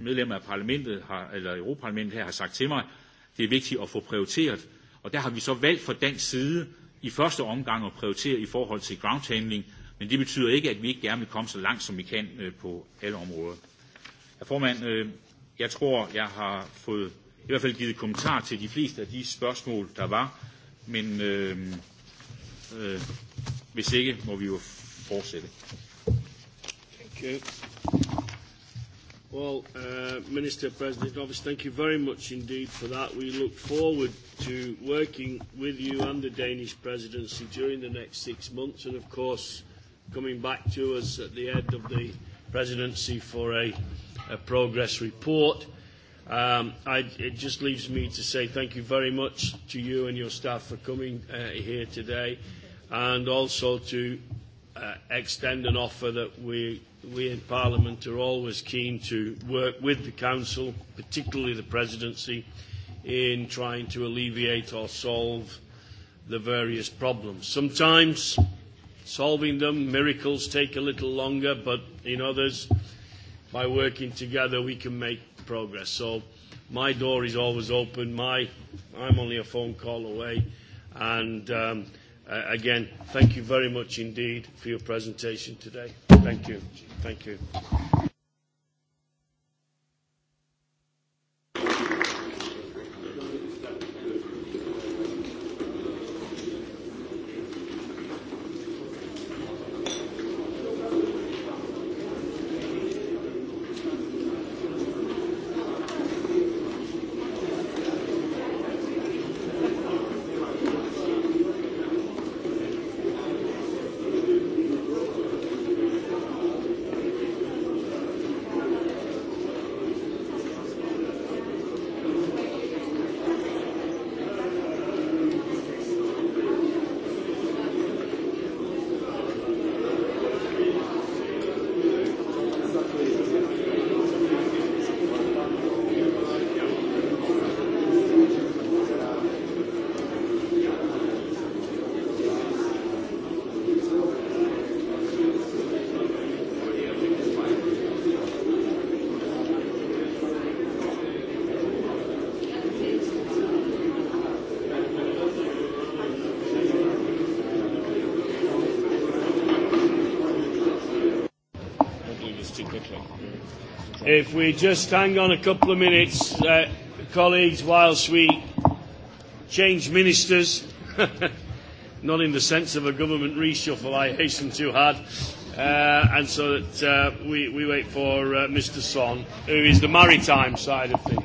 medlemmer af parlamentet har, eller Europaparlamentet her har sagt til mig, det er vigtigt at få prioriteret. Og der har vi så valgt fra dansk side i første omgang at prioritere i forhold til groundhandling, men det betyder ikke, at vi ikke gerne vil komme så langt, som vi kan øh, på alle områder. Herre formand, øh, jeg tror, jeg har fået i hvert fald givet kommentar til de fleste af de spørgsmål, der var, men øh, øh, hvis ikke, må vi jo fortsætte. Well, uh, Minister President, obviously, thank you very much indeed for that. We look forward to working with you and the Danish presidency during the next six months, and of course, coming back to us at the end of the presidency for a a progress report. Um, I, it just leaves me to say thank you very much to you and your staff for coming uh, here today and also to uh, extend an offer that we, we in Parliament are always keen to work with the Council, particularly the Presidency, in trying to alleviate or solve the various problems. Sometimes solving them, miracles take a little longer, but in others, by working together, we can make progress. So my door is always open. My, I'm only a phone call away. And um, uh, again, thank you very much indeed for your presentation today. Thank you. Thank you. If we just hang on a couple of minutes, uh, colleagues, whilst we change ministers, [LAUGHS] not in the sense of a government reshuffle, I hasten to add, uh, and so that uh, we, we wait for uh, Mr. Song, who is the maritime side of things.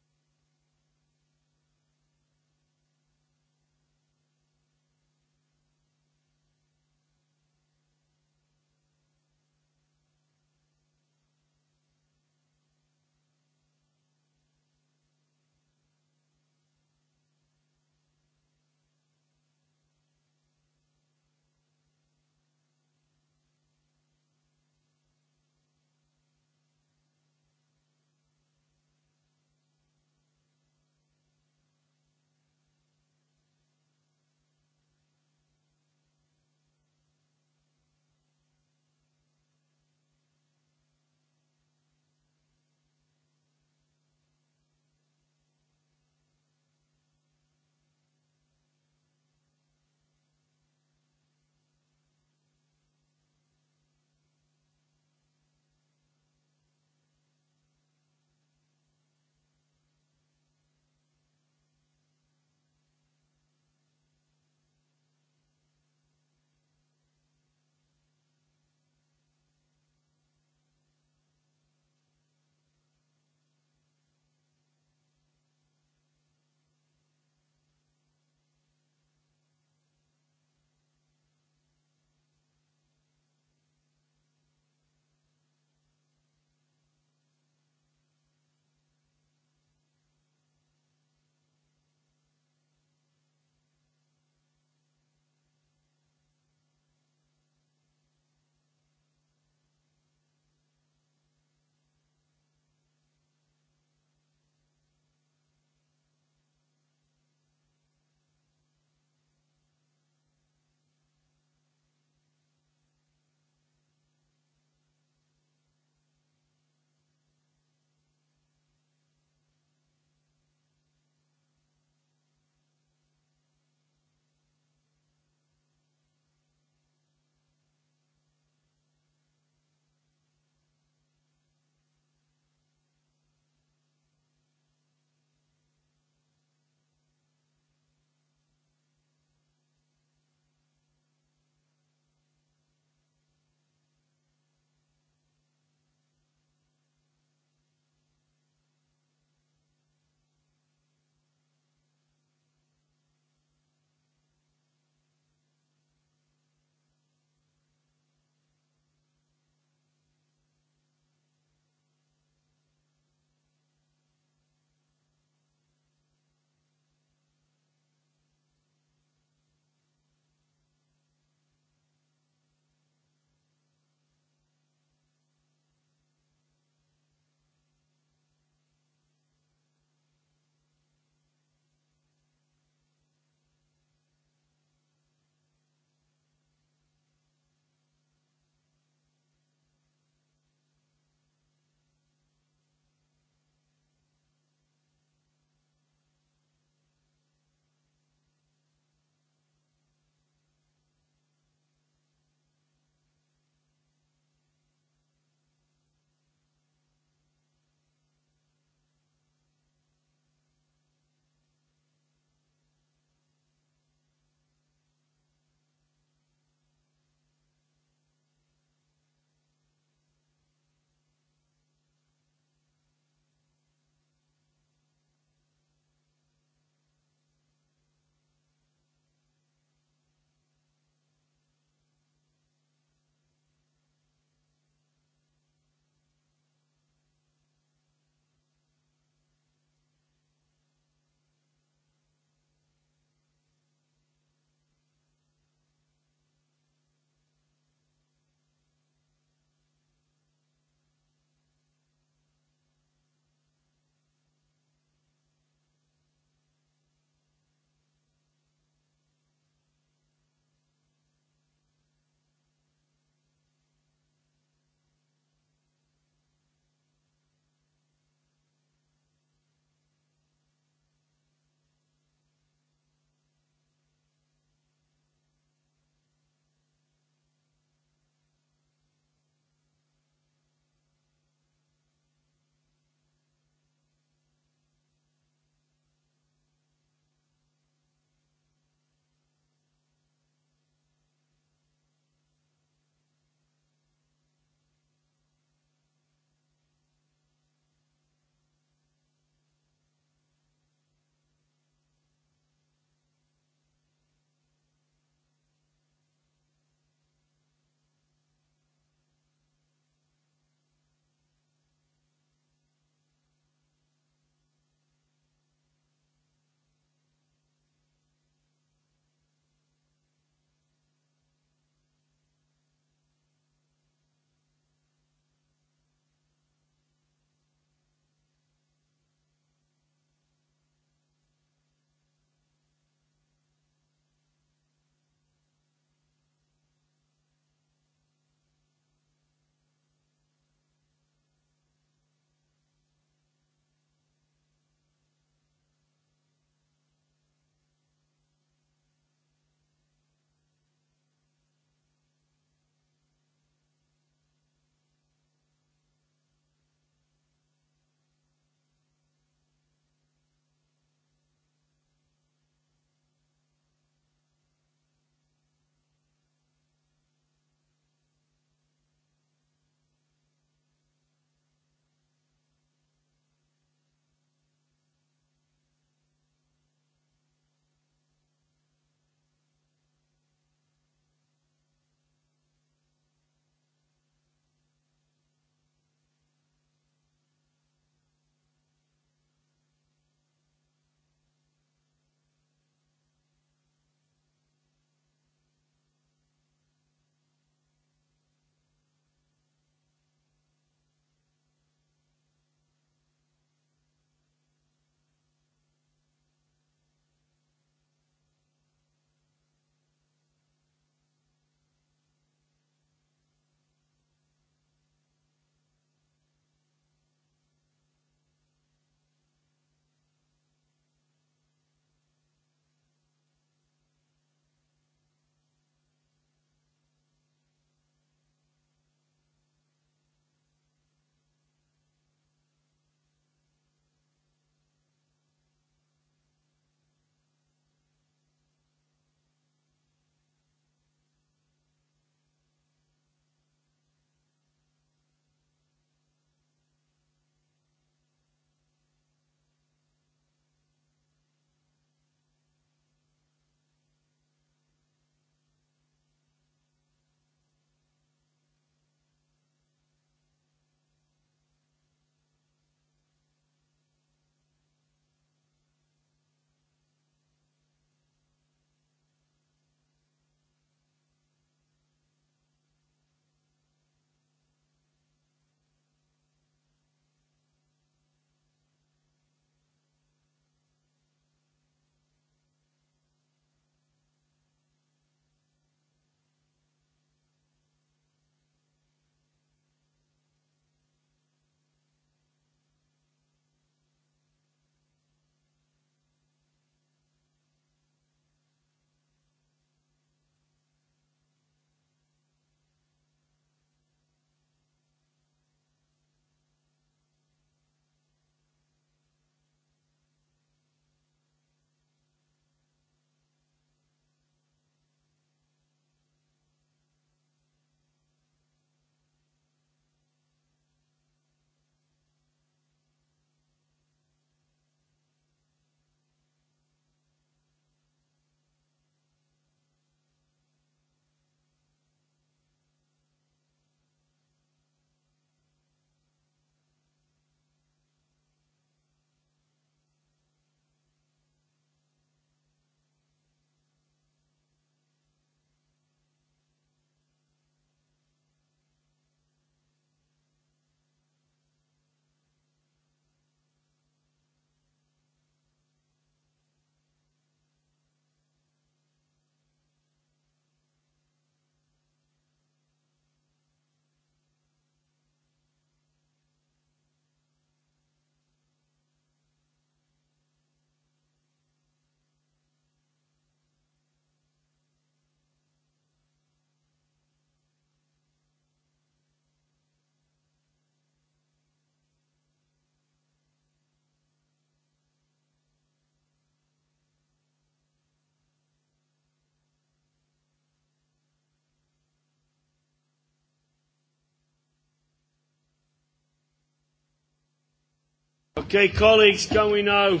Okay, colleagues, can we now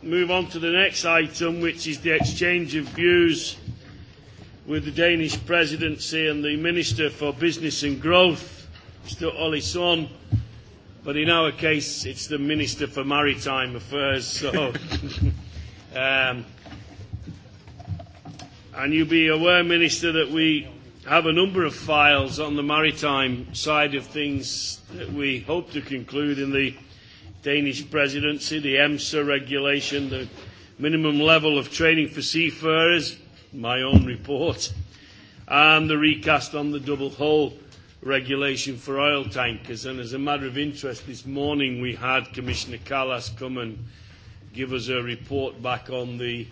move on to the next item, which is the exchange of views with the Danish presidency and the Minister for Business and Growth, Mr. Olison. But in our case, it's the Minister for Maritime Affairs, so. [LAUGHS] um, and you'll be aware, Minister, that we have a number of files on the maritime side of things that we hope to conclude in the Danish presidency, the EMSA regulation, the minimum level of training for seafarers, my own report, and the recast on the double hull regulation for oil tankers. And as a matter of interest, this morning we had Commissioner Callas come and give us a report back on the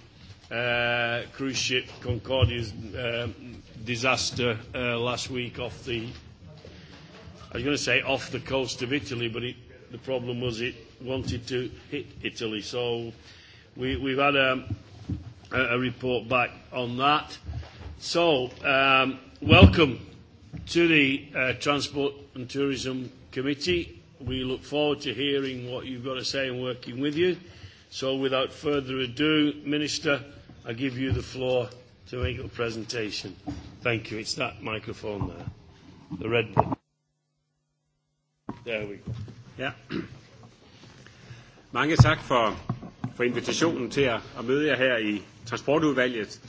uh, cruise ship Concordia's uh, disaster uh, last week off the, I was going to say off the coast of Italy, but it The problem was it wanted to hit Italy, so we, we've had a, a report back on that. So, um, welcome to the uh, Transport and Tourism Committee. We look forward to hearing what you've got to say and working with you. So, without further ado, Minister, I give you the floor to make your presentation. Thank you. It's that microphone there, the red one. There we go. Ja. [CLEARS THROAT] Mange tak for, for invitationen til at, at møde jer her i transportudvalget.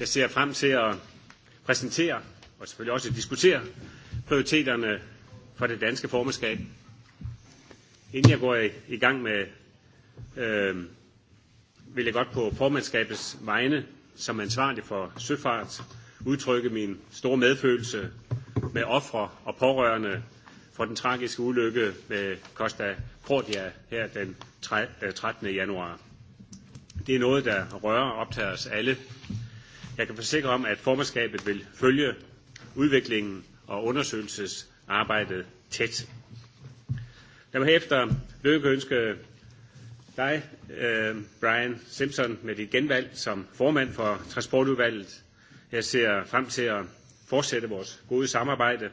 Jeg ser frem til at præsentere og selvfølgelig også diskutere prioriteterne for det danske formandskab. Inden jeg går i, i gang med, øh, vil jeg godt på formandskabets vegne som ansvarlig for søfart udtrykke min store medfølelse med ofre og pårørende for den tragiske ulykke med Costa Cordia her den 13. Øh, januar. Det er noget, der rører og optager os alle. Jeg kan forsikre om, at formandskabet vil følge udviklingen og undersøgelsesarbejdet tæt. Lad mig efter lykke ønske dig, øh, Brian Simpson, med dit genvalg som formand for transportudvalget. Jeg ser frem til at fortsætte vores gode samarbejde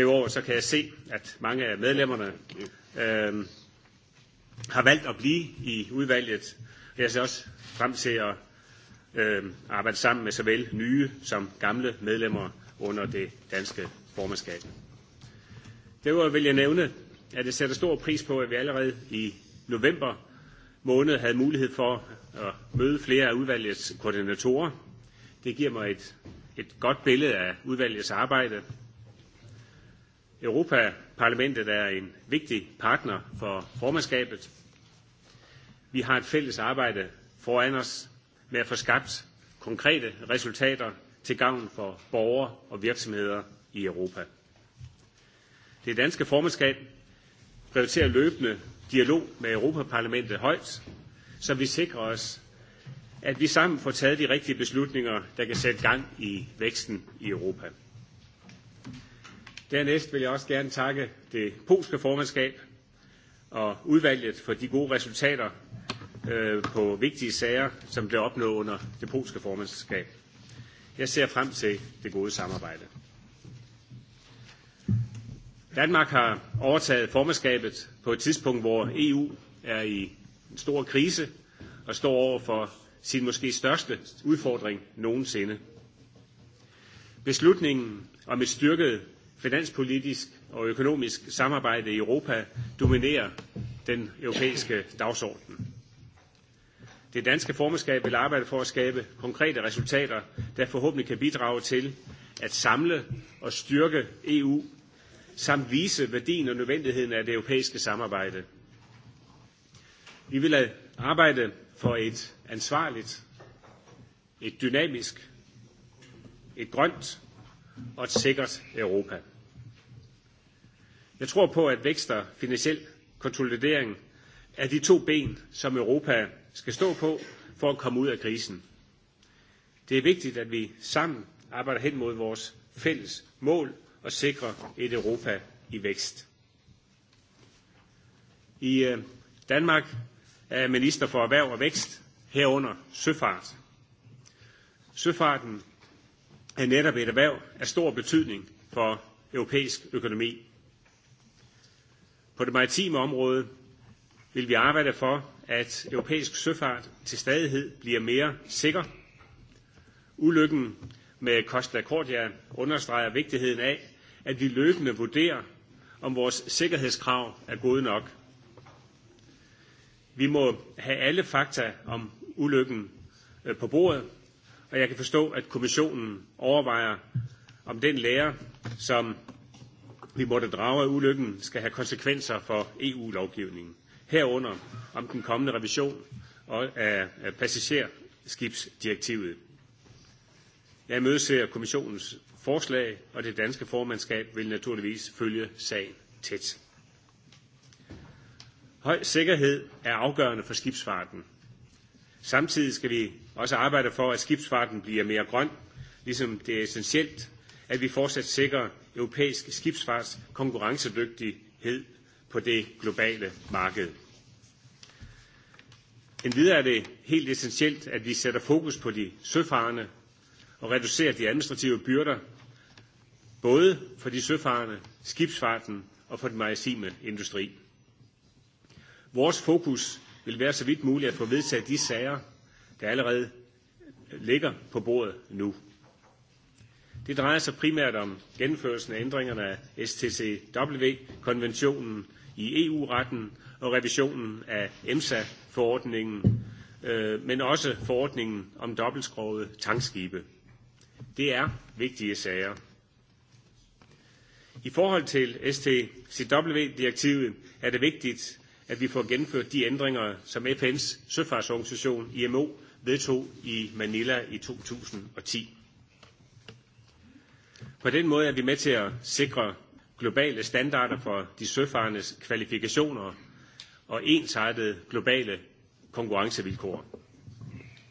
skrive over, så kan jeg se, at mange af medlemmerne øh, har valgt at blive i udvalget. Jeg ser også frem til at øh, arbejde sammen med såvel nye som gamle medlemmer under det danske formandskab. Derudover vil jeg nævne, at det sætter stor pris på, at vi allerede i november måned havde mulighed for at møde flere af udvalgets koordinatorer. Det giver mig et, et godt billede af udvalgets arbejde, Europaparlamentet er en vigtig partner for formandskabet. Vi har et fælles arbejde foran os med at få skabt konkrete resultater til gavn for borgere og virksomheder i Europa. Det danske formandskab prioriterer løbende dialog med Europaparlamentet højt, så vi sikrer os, at vi sammen får taget de rigtige beslutninger, der kan sætte gang i væksten i Europa. Dernæst vil jeg også gerne takke det polske formandskab og udvalget for de gode resultater øh, på vigtige sager, som blev opnået under det polske formandskab. Jeg ser frem til det gode samarbejde. Danmark har overtaget formandskabet på et tidspunkt, hvor EU er i en stor krise og står over for sin måske største udfordring nogensinde. Beslutningen om et styrket finanspolitisk og økonomisk samarbejde i Europa dominerer den europæiske dagsorden. Det danske formandskab vil arbejde for at skabe konkrete resultater, der forhåbentlig kan bidrage til at samle og styrke EU, samt vise værdien og nødvendigheden af det europæiske samarbejde. Vi vil arbejde for et ansvarligt, et dynamisk, et grønt og et sikkert Europa. Jeg tror på, at vækst og finansiel konsolidering er de to ben, som Europa skal stå på for at komme ud af krisen. Det er vigtigt, at vi sammen arbejder hen mod vores fælles mål og sikrer et Europa i vækst. I øh, Danmark er jeg minister for erhverv og vækst, herunder søfart. Søfarten er netop et erhverv af stor betydning for europæisk økonomi. På det maritime område vil vi arbejde for, at europæisk søfart til stadighed bliver mere sikker. Ulykken med Costa Concordia understreger vigtigheden af, at vi løbende vurderer, om vores sikkerhedskrav er gode nok. Vi må have alle fakta om ulykken øh, på bordet, og jeg kan forstå, at kommissionen overvejer, om den lære, som vi måtte drage af ulykken skal have konsekvenser for EU-lovgivningen, herunder om den kommende revision af passagerskibsdirektivet. Jeg imødeser kommissionens forslag, og det danske formandskab vil naturligvis følge sagen tæt. Høj sikkerhed er afgørende for skibsfarten. Samtidig skal vi også arbejde for, at skibsfarten bliver mere grøn, ligesom det er essentielt, at vi fortsat sikrer europæisk skibsfarts konkurrencedygtighed på det globale marked. Endvidere er det helt essentielt, at vi sætter fokus på de søfarende og reducerer de administrative byrder, både for de søfarende, skibsfarten og for den maritime industri. Vores fokus vil være så vidt muligt at få vedtaget de sager, der allerede ligger på bordet nu. Det drejer sig primært om gennemførelsen af ændringerne af STCW-konventionen i EU-retten og revisionen af EMSA-forordningen, øh, men også forordningen om dobbeltskrogede tankskibe. Det er vigtige sager. I forhold til STCW-direktivet er det vigtigt, at vi får gennemført de ændringer, som FN's søfartsorganisation IMO vedtog i Manila i 2010. På den måde er vi med til at sikre globale standarder for de søfarendes kvalifikationer og ensartede globale konkurrencevilkår.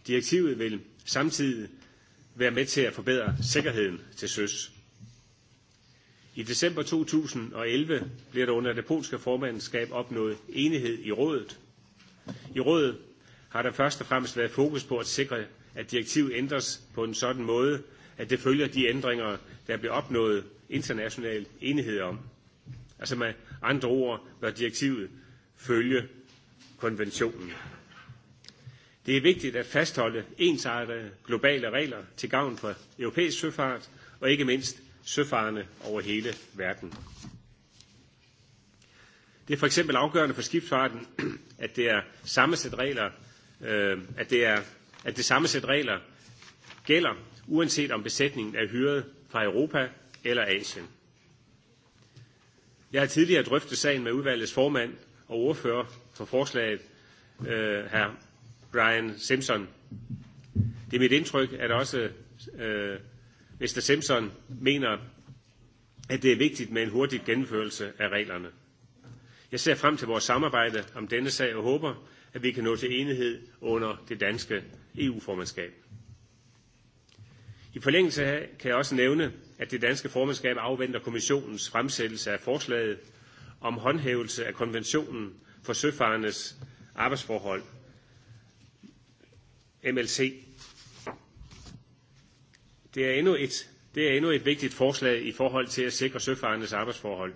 Direktivet vil samtidig være med til at forbedre sikkerheden til søs. I december 2011 blev der under det polske formandskab opnået enighed i rådet. I rådet har der først og fremmest været fokus på at sikre, at direktivet ændres på en sådan måde, at det følger de ændringer, der bliver opnået international enighed om. Altså med andre ord bør direktivet følge konventionen. Det er vigtigt at fastholde ensartede globale regler til gavn for europæisk søfart og ikke mindst søfarende over hele verden. Det er for eksempel afgørende for skibsfarten, at det er samme sæt regler, øh, at det er at det samme sæt regler gælder uanset om besætningen er hyret fra Europa eller Asien. Jeg har tidligere drøftet sagen med udvalgets formand og ordfører for forslaget, øh, hr. Brian Simpson. Det er mit indtryk, at også øh, Mr. Simpson mener, at det er vigtigt med en hurtig gennemførelse af reglerne. Jeg ser frem til vores samarbejde om denne sag og håber, at vi kan nå til enighed under det danske EU-formandskab. I forlængelse af kan jeg også nævne, at det danske formandskab afventer kommissionens fremsættelse af forslaget om håndhævelse af konventionen for søfarendes arbejdsforhold, MLC. Det er endnu et, det er endnu et vigtigt forslag i forhold til at sikre søfarendes arbejdsforhold.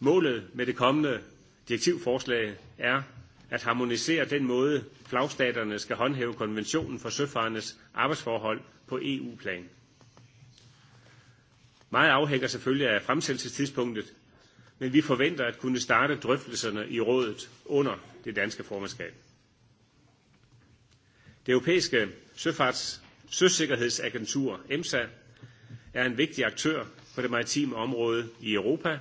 Målet med det kommende direktivforslag er at harmonisere den måde, flagstaterne skal håndhæve konventionen for søfarendes arbejdsforhold på EU-plan. Meget afhænger selvfølgelig af fremsættelsestidspunktet, men vi forventer at kunne starte drøftelserne i rådet under det danske formandskab. Det europæiske søfarts søsikkerhedsagentur EMSA er en vigtig aktør på det maritime område i Europa,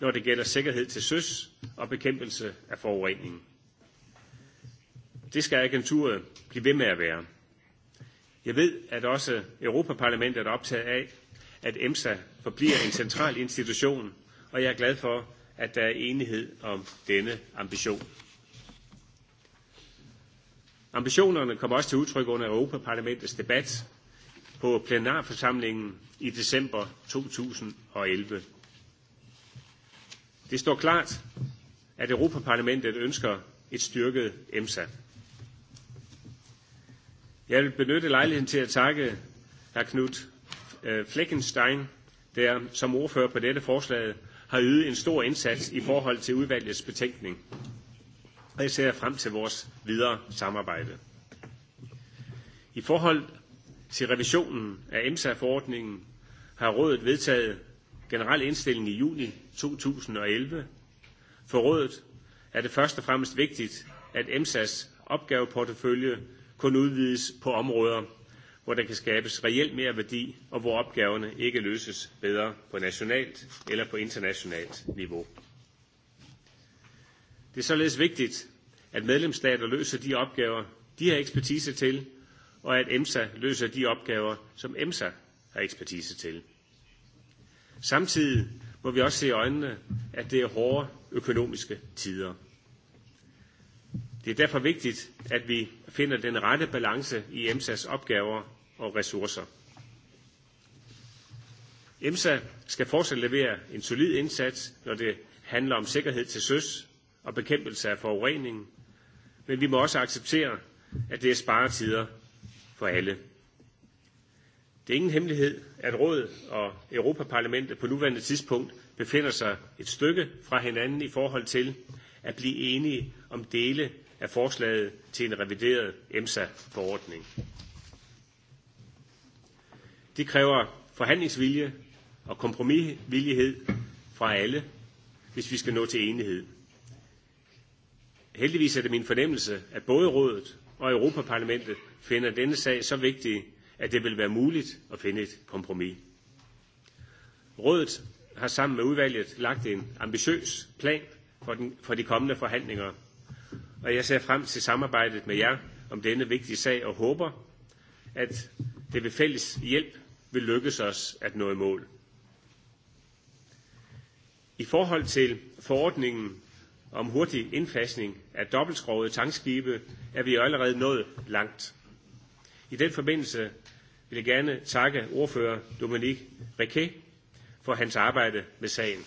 når det gælder sikkerhed til søs og bekæmpelse af forurening. Det skal agenturet blive ved med at være. Jeg ved, at også Europaparlamentet er optaget af, at EMSA forbliver en central institution, og jeg er glad for, at der er enighed om denne ambition. Ambitionerne kom også til udtryk under Europaparlamentets debat på plenarforsamlingen i december 2011. Det står klart, at Europaparlamentet ønsker et styrket EMSA. Jeg vil benytte lejligheden til at takke hr. Knud øh, Fleckenstein, der som ordfører på dette forslag har ydet en stor indsats i forhold til udvalgets betænkning. Og jeg ser frem til vores videre samarbejde. I forhold til revisionen af EMSA-forordningen har rådet vedtaget generel indstilling i juni 2011. For rådet er det først og fremmest vigtigt, at EMSAs opgaveportefølje kun udvides på områder, hvor der kan skabes reelt mere værdi, og hvor opgaverne ikke løses bedre på nationalt eller på internationalt niveau. Det er således vigtigt, at medlemsstater løser de opgaver, de har ekspertise til, og at EMSA løser de opgaver, som EMSA har ekspertise til. Samtidig må vi også se i øjnene, at det er hårde økonomiske tider. Det er derfor vigtigt, at vi finder den rette balance i EMSAs opgaver og ressourcer. EMSA skal fortsat levere en solid indsats, når det handler om sikkerhed til søs og bekæmpelse af forurening, men vi må også acceptere, at det er sparetider for alle. Det er ingen hemmelighed, at Rådet og Europaparlamentet på nuværende tidspunkt befinder sig et stykke fra hinanden i forhold til at blive enige om dele af forslaget til en revideret EMSA-forordning. Det kræver forhandlingsvilje og kompromisvillighed fra alle, hvis vi skal nå til enighed. Heldigvis er det min fornemmelse, at både rådet og Europaparlamentet finder denne sag så vigtig, at det vil være muligt at finde et kompromis. Rådet har sammen med udvalget lagt en ambitiøs plan for, den, for de kommende forhandlinger Og jeg ser frem til samarbejdet med jer om denne vigtige sag og håber, at det ved fælles hjælp vil lykkes os at nå i mål. I forhold til forordningen om hurtig indfasning af dobbeltskrogede tankskibe er vi allerede nået langt. I den forbindelse vil jeg gerne takke ordfører Dominique Riquet for hans arbejde med sagen.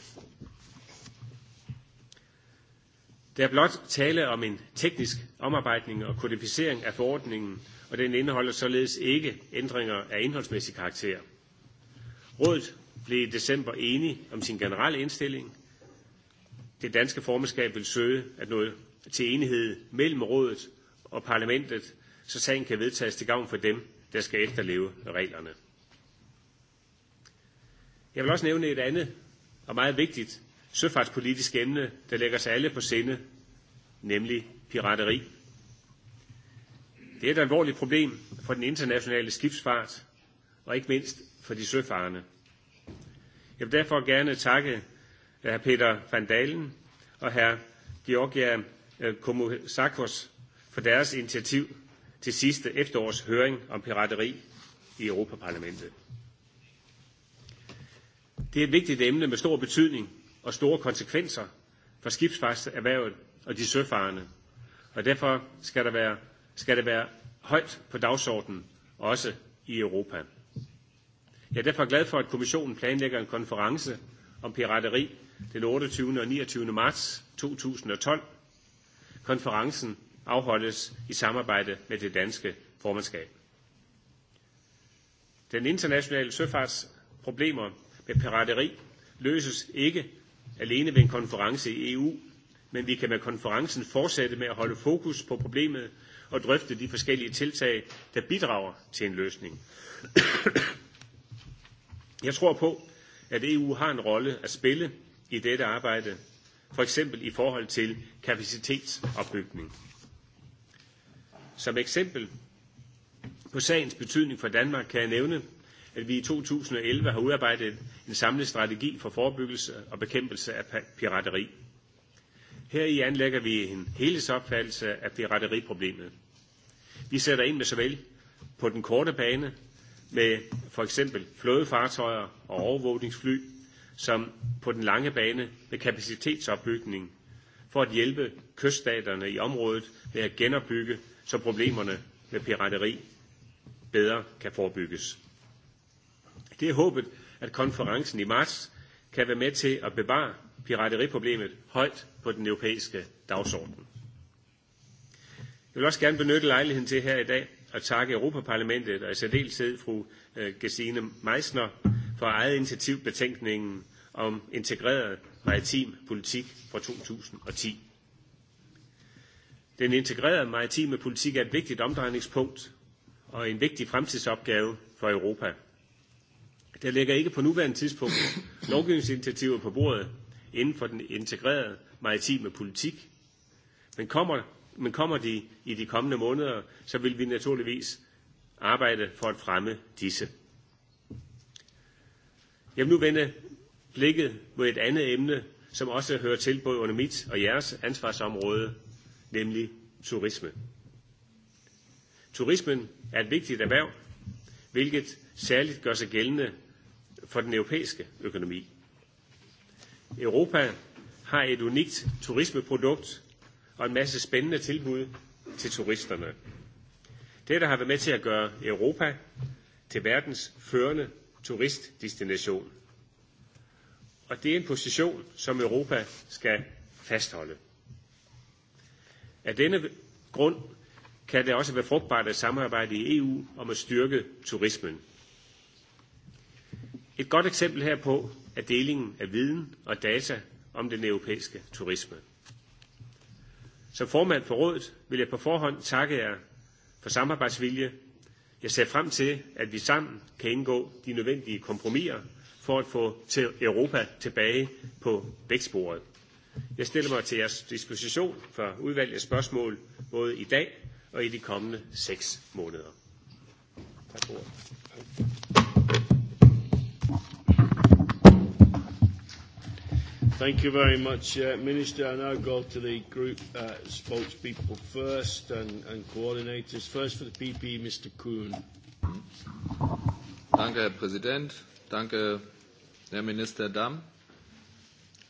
Der er blot tale om en teknisk omarbejdning og kodificering af forordningen, og den indeholder således ikke ændringer af indholdsmæssig karakter. Rådet blev i december enige om sin generelle indstilling. Det danske formandskab vil søge at nå til enighed mellem rådet og parlamentet, så sagen kan vedtages til gavn for dem, der skal efterleve reglerne. Jeg vil også nævne et andet og meget vigtigt søfartspolitisk emne, der lægger sig alle på sinde, nemlig pirateri. Det er et alvorligt problem for den internationale skibsfart, og ikke mindst for de søfarende. Jeg vil derfor gerne takke eh, hr. Peter van Dalen og hr. Georgia eh, Komosakos for deres initiativ til sidste efterårs høring om pirateri i Europaparlamentet. Det er et vigtigt emne med stor betydning og store konsekvenser for skibsfartserhvervet og de søfarende. Og derfor skal, der være, skal det være højt på dagsordenen, også i Europa. Jeg er derfor glad for, at kommissionen planlægger en konference om pirateri den 28. og 29. marts 2012. Konferencen afholdes i samarbejde med det danske formandskab. Den internationale søfartsproblemer med pirateri løses ikke alene ved en konference i EU, men vi kan med konferencen fortsætte med at holde fokus på problemet og drøfte de forskellige tiltag, der bidrager til en løsning. [CLEARS THROAT] Jeg tror på, at EU har en rolle at spille i dette arbejde, for eksempel i forhold til kapacitetsopbygning. Som eksempel på sagens betydning for Danmark kan jeg nævne, at vi i 2011 har udarbejdet en samlet strategi for forebyggelse og bekæmpelse af pirateri. Her i anlægger vi en helhedsopfattelse af pirateriproblemet. Vi sætter ind med såvel på den korte bane med for eksempel flådefartøjer og overvågningsfly, som på den lange bane med kapacitetsopbygning for at hjælpe kyststaterne i området med at genopbygge, så problemerne med pirateri bedre kan forebygges. Det er håbet, at konferencen i marts kan være med til at bevare pirateriproblemet højt på den europæiske dagsorden. Jeg vil også gerne benytte lejligheden til her i dag at takke Europaparlamentet og i særdeleshed fru øh, Gesine Meissner for eget initiativ betænkningen om integreret maritim politik fra 2010. Den integrerede maritime politik er et vigtigt omdrejningspunkt og en vigtig fremtidsopgave for Europa. Der ligger ikke på nuværende tidspunkt lovgivningsinitiativer på bordet inden for den integrerede maritime politik. Men kommer, men kommer de i de kommende måneder, så vil vi naturligvis arbejde for at fremme disse. Jeg vil nu vende blikket mod et andet emne, som også hører til både under mit og jeres ansvarsområde, nemlig turisme. Turismen er et vigtigt erhverv, hvilket særligt gør sig gældende for den europæiske økonomi. Europa har et unikt turismeprodukt og en masse spændende tilbud til turisterne. Dette har været med til at gøre Europa til verdens førende turistdestination. Og det er en position, som Europa skal fastholde. Af denne grund kan det også være frugtbart at samarbejde i EU om at styrke turismen. Et godt eksempel herpå er delingen af viden og data om den europæiske turisme. Som formand for rådet vil jeg på forhånd takke jer for samarbejdsvilje. Jeg ser frem til, at vi sammen kan indgå de nødvendige kompromiser for at få til Europa tilbage på vækstbordet. Jeg stiller mig til jeres disposition for udvalgets spørgsmål både i dag og i de kommende seks måneder. Tak for ordet. Thank you very much, uh, Minister. I now go to the group uh, spokespeople first and, and coordinators. First for the PP, Mr. Kuhn. Danke, Herr Präsident. Danke, Herr Minister Damm,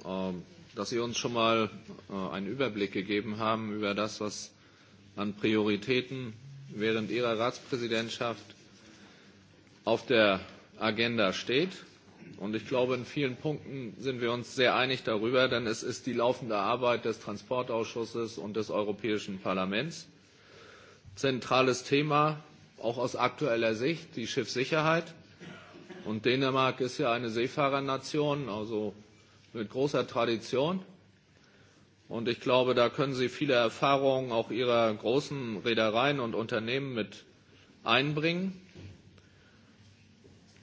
ähm, dass Sie uns schon mal äh, einen Überblick gegeben haben über das, was an Prioritäten während Ihrer Ratspräsidentschaft auf der Agenda steht. Und ich glaube, in vielen Punkten sind wir uns sehr einig darüber, denn es ist die laufende Arbeit des Transportausschusses und des Europäischen Parlaments. Zentrales Thema, auch aus aktueller Sicht, die Schiffssicherheit. Und Dänemark ist ja eine Seefahrernation, also mit großer Tradition. Und ich glaube, da können Sie viele Erfahrungen auch Ihrer großen Reedereien und Unternehmen mit einbringen.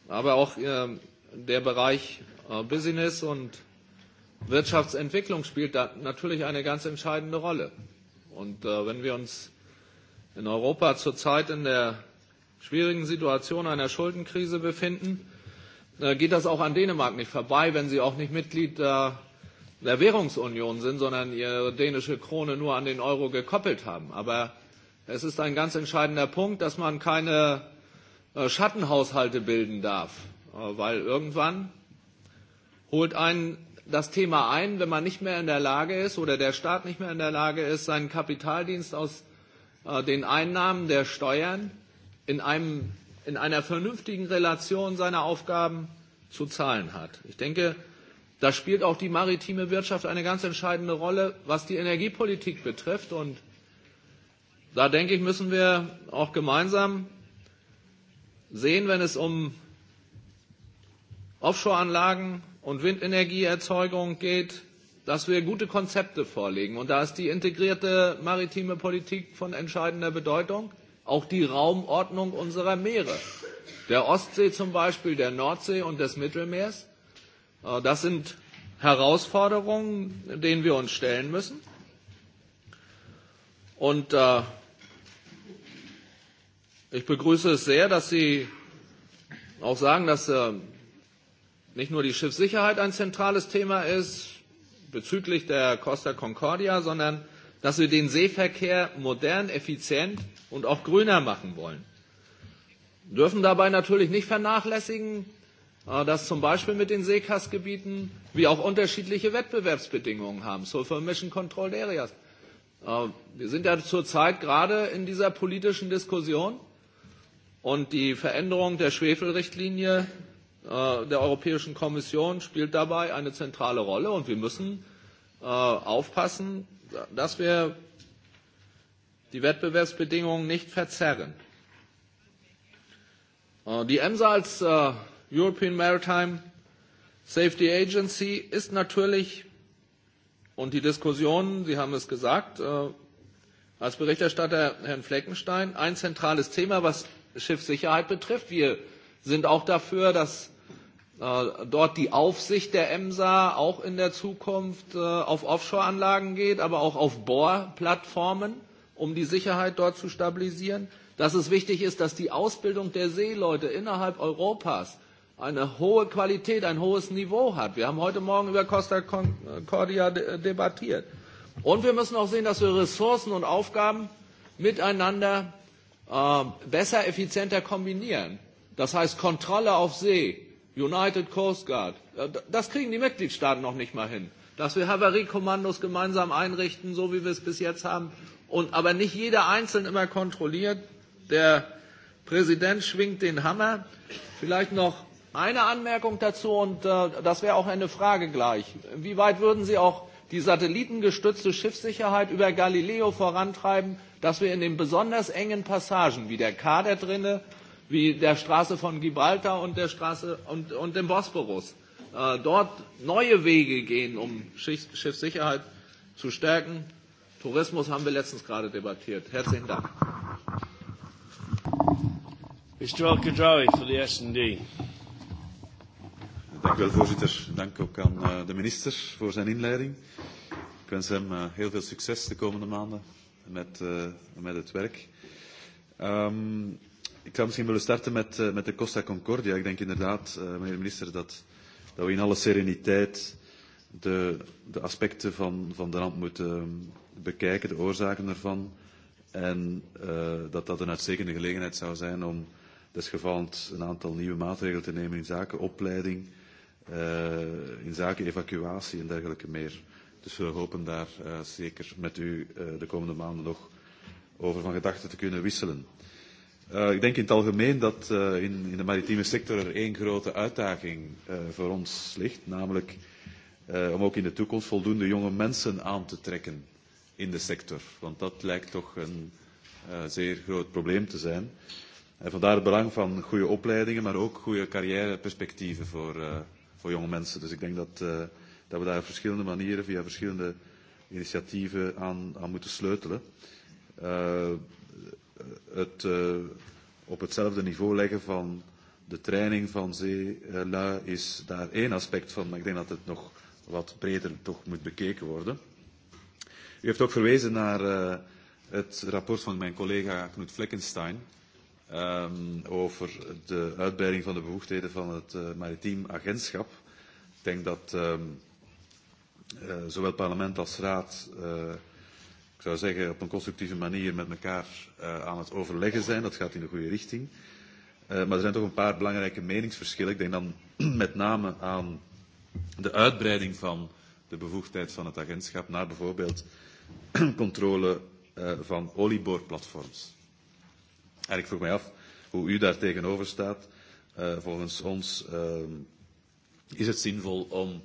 Aber auch äh, der Bereich äh, Business und Wirtschaftsentwicklung spielt da natürlich eine ganz entscheidende Rolle. Und äh, wenn wir uns in Europa zurzeit in der schwierigen Situation einer Schuldenkrise befinden, äh, geht das auch an Dänemark nicht vorbei, wenn sie auch nicht Mitglied der Währungsunion sind, sondern ihre dänische Krone nur an den Euro gekoppelt haben. Aber es ist ein ganz entscheidender Punkt, dass man keine Schattenhaushalte bilden darf. Äh, weil irgendwann holt einen das Thema ein, wenn man nicht mehr in der Lage ist oder der Staat nicht mehr in der Lage ist, seinen Kapitaldienst aus äh, den Einnahmen der Steuern in, einem, in einer vernünftigen Relation seiner Aufgaben zu zahlen hat. Ich denke, da spielt auch die maritime Wirtschaft eine ganz entscheidende Rolle, was die Energiepolitik betrifft. Und da denke ich, müssen wir auch gemeinsam sehen, wenn es um Offshore-Anlagen und Windenergieerzeugung geht, dass wir gute Konzepte vorlegen. Und da ist die integrierte maritime Politik von entscheidender Bedeutung, auch die Raumordnung unserer Meere, der Ostsee zum Beispiel, der Nordsee und des Mittelmeers. Äh, das sind Herausforderungen, denen wir uns stellen müssen. Und äh, ich begrüße es sehr, dass Sie auch sagen, dass äh, nicht nur die Schiffssicherheit ein zentrales Thema ist bezüglich der Costa Concordia, sondern dass wir den Seeverkehr modern, effizient und auch grüner machen wollen. Wir dürfen dabei natürlich nicht vernachlässigen, äh, dass zum Beispiel mit den Seekastgebieten wir auch unterschiedliche Wettbewerbsbedingungen haben, Sulfur Emission Control Areas. Äh, wir sind ja zurzeit gerade in dieser politischen Diskussion und die Veränderung der Schwefelrichtlinie Äh, der Europäischen Kommission spielt dabei eine zentrale Rolle. Und wir müssen äh, aufpassen, dass wir die Wettbewerbsbedingungen nicht verzerren. Äh, die EMSA als European Maritime Safety Agency ist natürlich und die Diskussionen, Sie haben es gesagt, als Berichterstatter Herrn Fleckenstein, ein zentrales Thema, was Schiffssicherheit betrifft. Wir sind auch dafür, dass Äh, dort die Aufsicht der EMSA auch in der Zukunft äh, auf Offshore-Anlagen geht, aber auch auf Bohrplattformen, um die Sicherheit dort zu stabilisieren. Dass es wichtig ist, dass die Ausbildung der Seeleute innerhalb Europas eine hohe Qualität, ein hohes Niveau hat. Wir haben heute Morgen über Costa Concordia debattiert. Und wir müssen auch sehen, dass wir Ressourcen und Aufgaben miteinander äh, besser, effizienter kombinieren. Das heißt Kontrolle auf See, United Coast Guard. Äh, das kriegen die Mitgliedstaaten noch nicht mal hin. Dass wir Havariekommandos gemeinsam einrichten, so wie wir es bis jetzt haben, und aber nicht jeder einzeln immer kontrolliert. Der Präsident schwingt den Hammer. Vielleicht noch eine Anmerkung dazu und äh, das wäre auch eine Frage gleich. Wie weit würden Sie auch die satellitengestützte Schiffssicherheit über Galileo vorantreiben, dass wir in den besonders engen Passagen wie der Kader drinne wie der Straße von Gibraltar und der Straße und, und dem Bosporus. Äh, dort neue Wege gehen, um Schiff, Schiffssicherheit zu stärken. Tourismus haben wir letztens gerade debattiert. Herzlichen Dank. Mr. Al-Kadrawi for the S&D. Dank u wel, voorzitter. Dank ook aan uh, de minister voor zijn inleiding. Ik wens hem uh, heel veel succes de komende maanden met, uh, met het werk. Um, Ik zou misschien willen starten met, uh, met de Costa Concordia. Ik denk inderdaad, uh, meneer de minister, dat, dat we in alle sereniteit de, de aspecten van, van de ramp moeten ehm, bekijken, de oorzaken ervan. En uh, dat dat een uitstekende gelegenheid zou zijn om desgevallend een aantal nieuwe maatregelen te nemen in zaken opleiding, uh, in zaken evacuatie en dergelijke meer. Dus we hopen daar uh, zeker met u uh, de komende maanden nog over van gedachten te kunnen wisselen. Uh, Uh, ik denk in het algemeen dat uh, in, in de maritieme sector er één grote uitdaging uh, voor ons ligt, namelijk uh, om ook in de toekomst voldoende jonge mensen aan te trekken in de sector. Want dat lijkt toch een uh, zeer groot probleem te zijn. En vandaar het belang van goede opleidingen, maar ook goede carrièreperspectieven voor, uh, voor jonge mensen. Dus ik denk dat, uh, dat we daar op verschillende manieren, via verschillende initiatieven aan, aan moeten sleutelen. Uh, het uh, op hetzelfde niveau leggen van de training van zeelui eh, is daar één aspect van, maar ik denk dat het nog wat breder toch moet bekeken worden. U heeft ook verwezen naar uh, het rapport van mijn collega Knut Fleckenstein um, over de uitbreiding van de bevoegdheden van het uh, maritiem agentschap. Ik denk dat um, uh, zowel parlement als raad uh, ik zou zeggen, op een constructieve manier met elkaar uh, aan het overleggen zijn. Dat gaat in de goede richting. Uh, maar er zijn toch een paar belangrijke meningsverschillen. Ik denk dan [CLEARS THROAT] met name aan de uitbreiding van de bevoegdheid van het agentschap naar bijvoorbeeld [CLEARS THROAT] controle uh, van olieboorplatforms. En ik vroeg mij af hoe u daar tegenover staat. Uh, volgens ons uh, is het zinvol om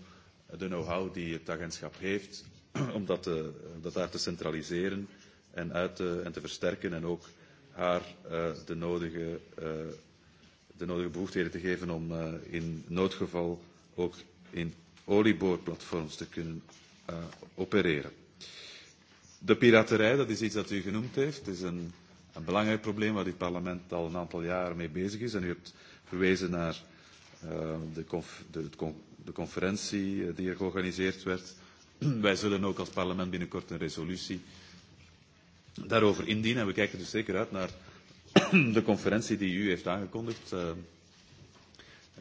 de know-how die het agentschap heeft [CLEARS THROAT] om dat, uh, dat daar te centraliseren en, uit te, en te versterken en ook haar uh, de, nodige, uh, de nodige bevoegdheden te geven om uh, in noodgeval ook in olieboorplatforms te kunnen uh, opereren. De piraterij, dat is iets dat u genoemd heeft. Het is een, een belangrijk probleem waar dit parlement al een aantal jaren mee bezig is. En u hebt verwezen naar uh, de, conf, de, de, de conferentie die er georganiseerd werd [CLEARS THROAT] Wij zullen ook als parlement binnenkort een resolutie daarover indienen. En we kijken dus er zeker uit naar [CLEARS THROAT] de conferentie die u heeft aangekondigd uh,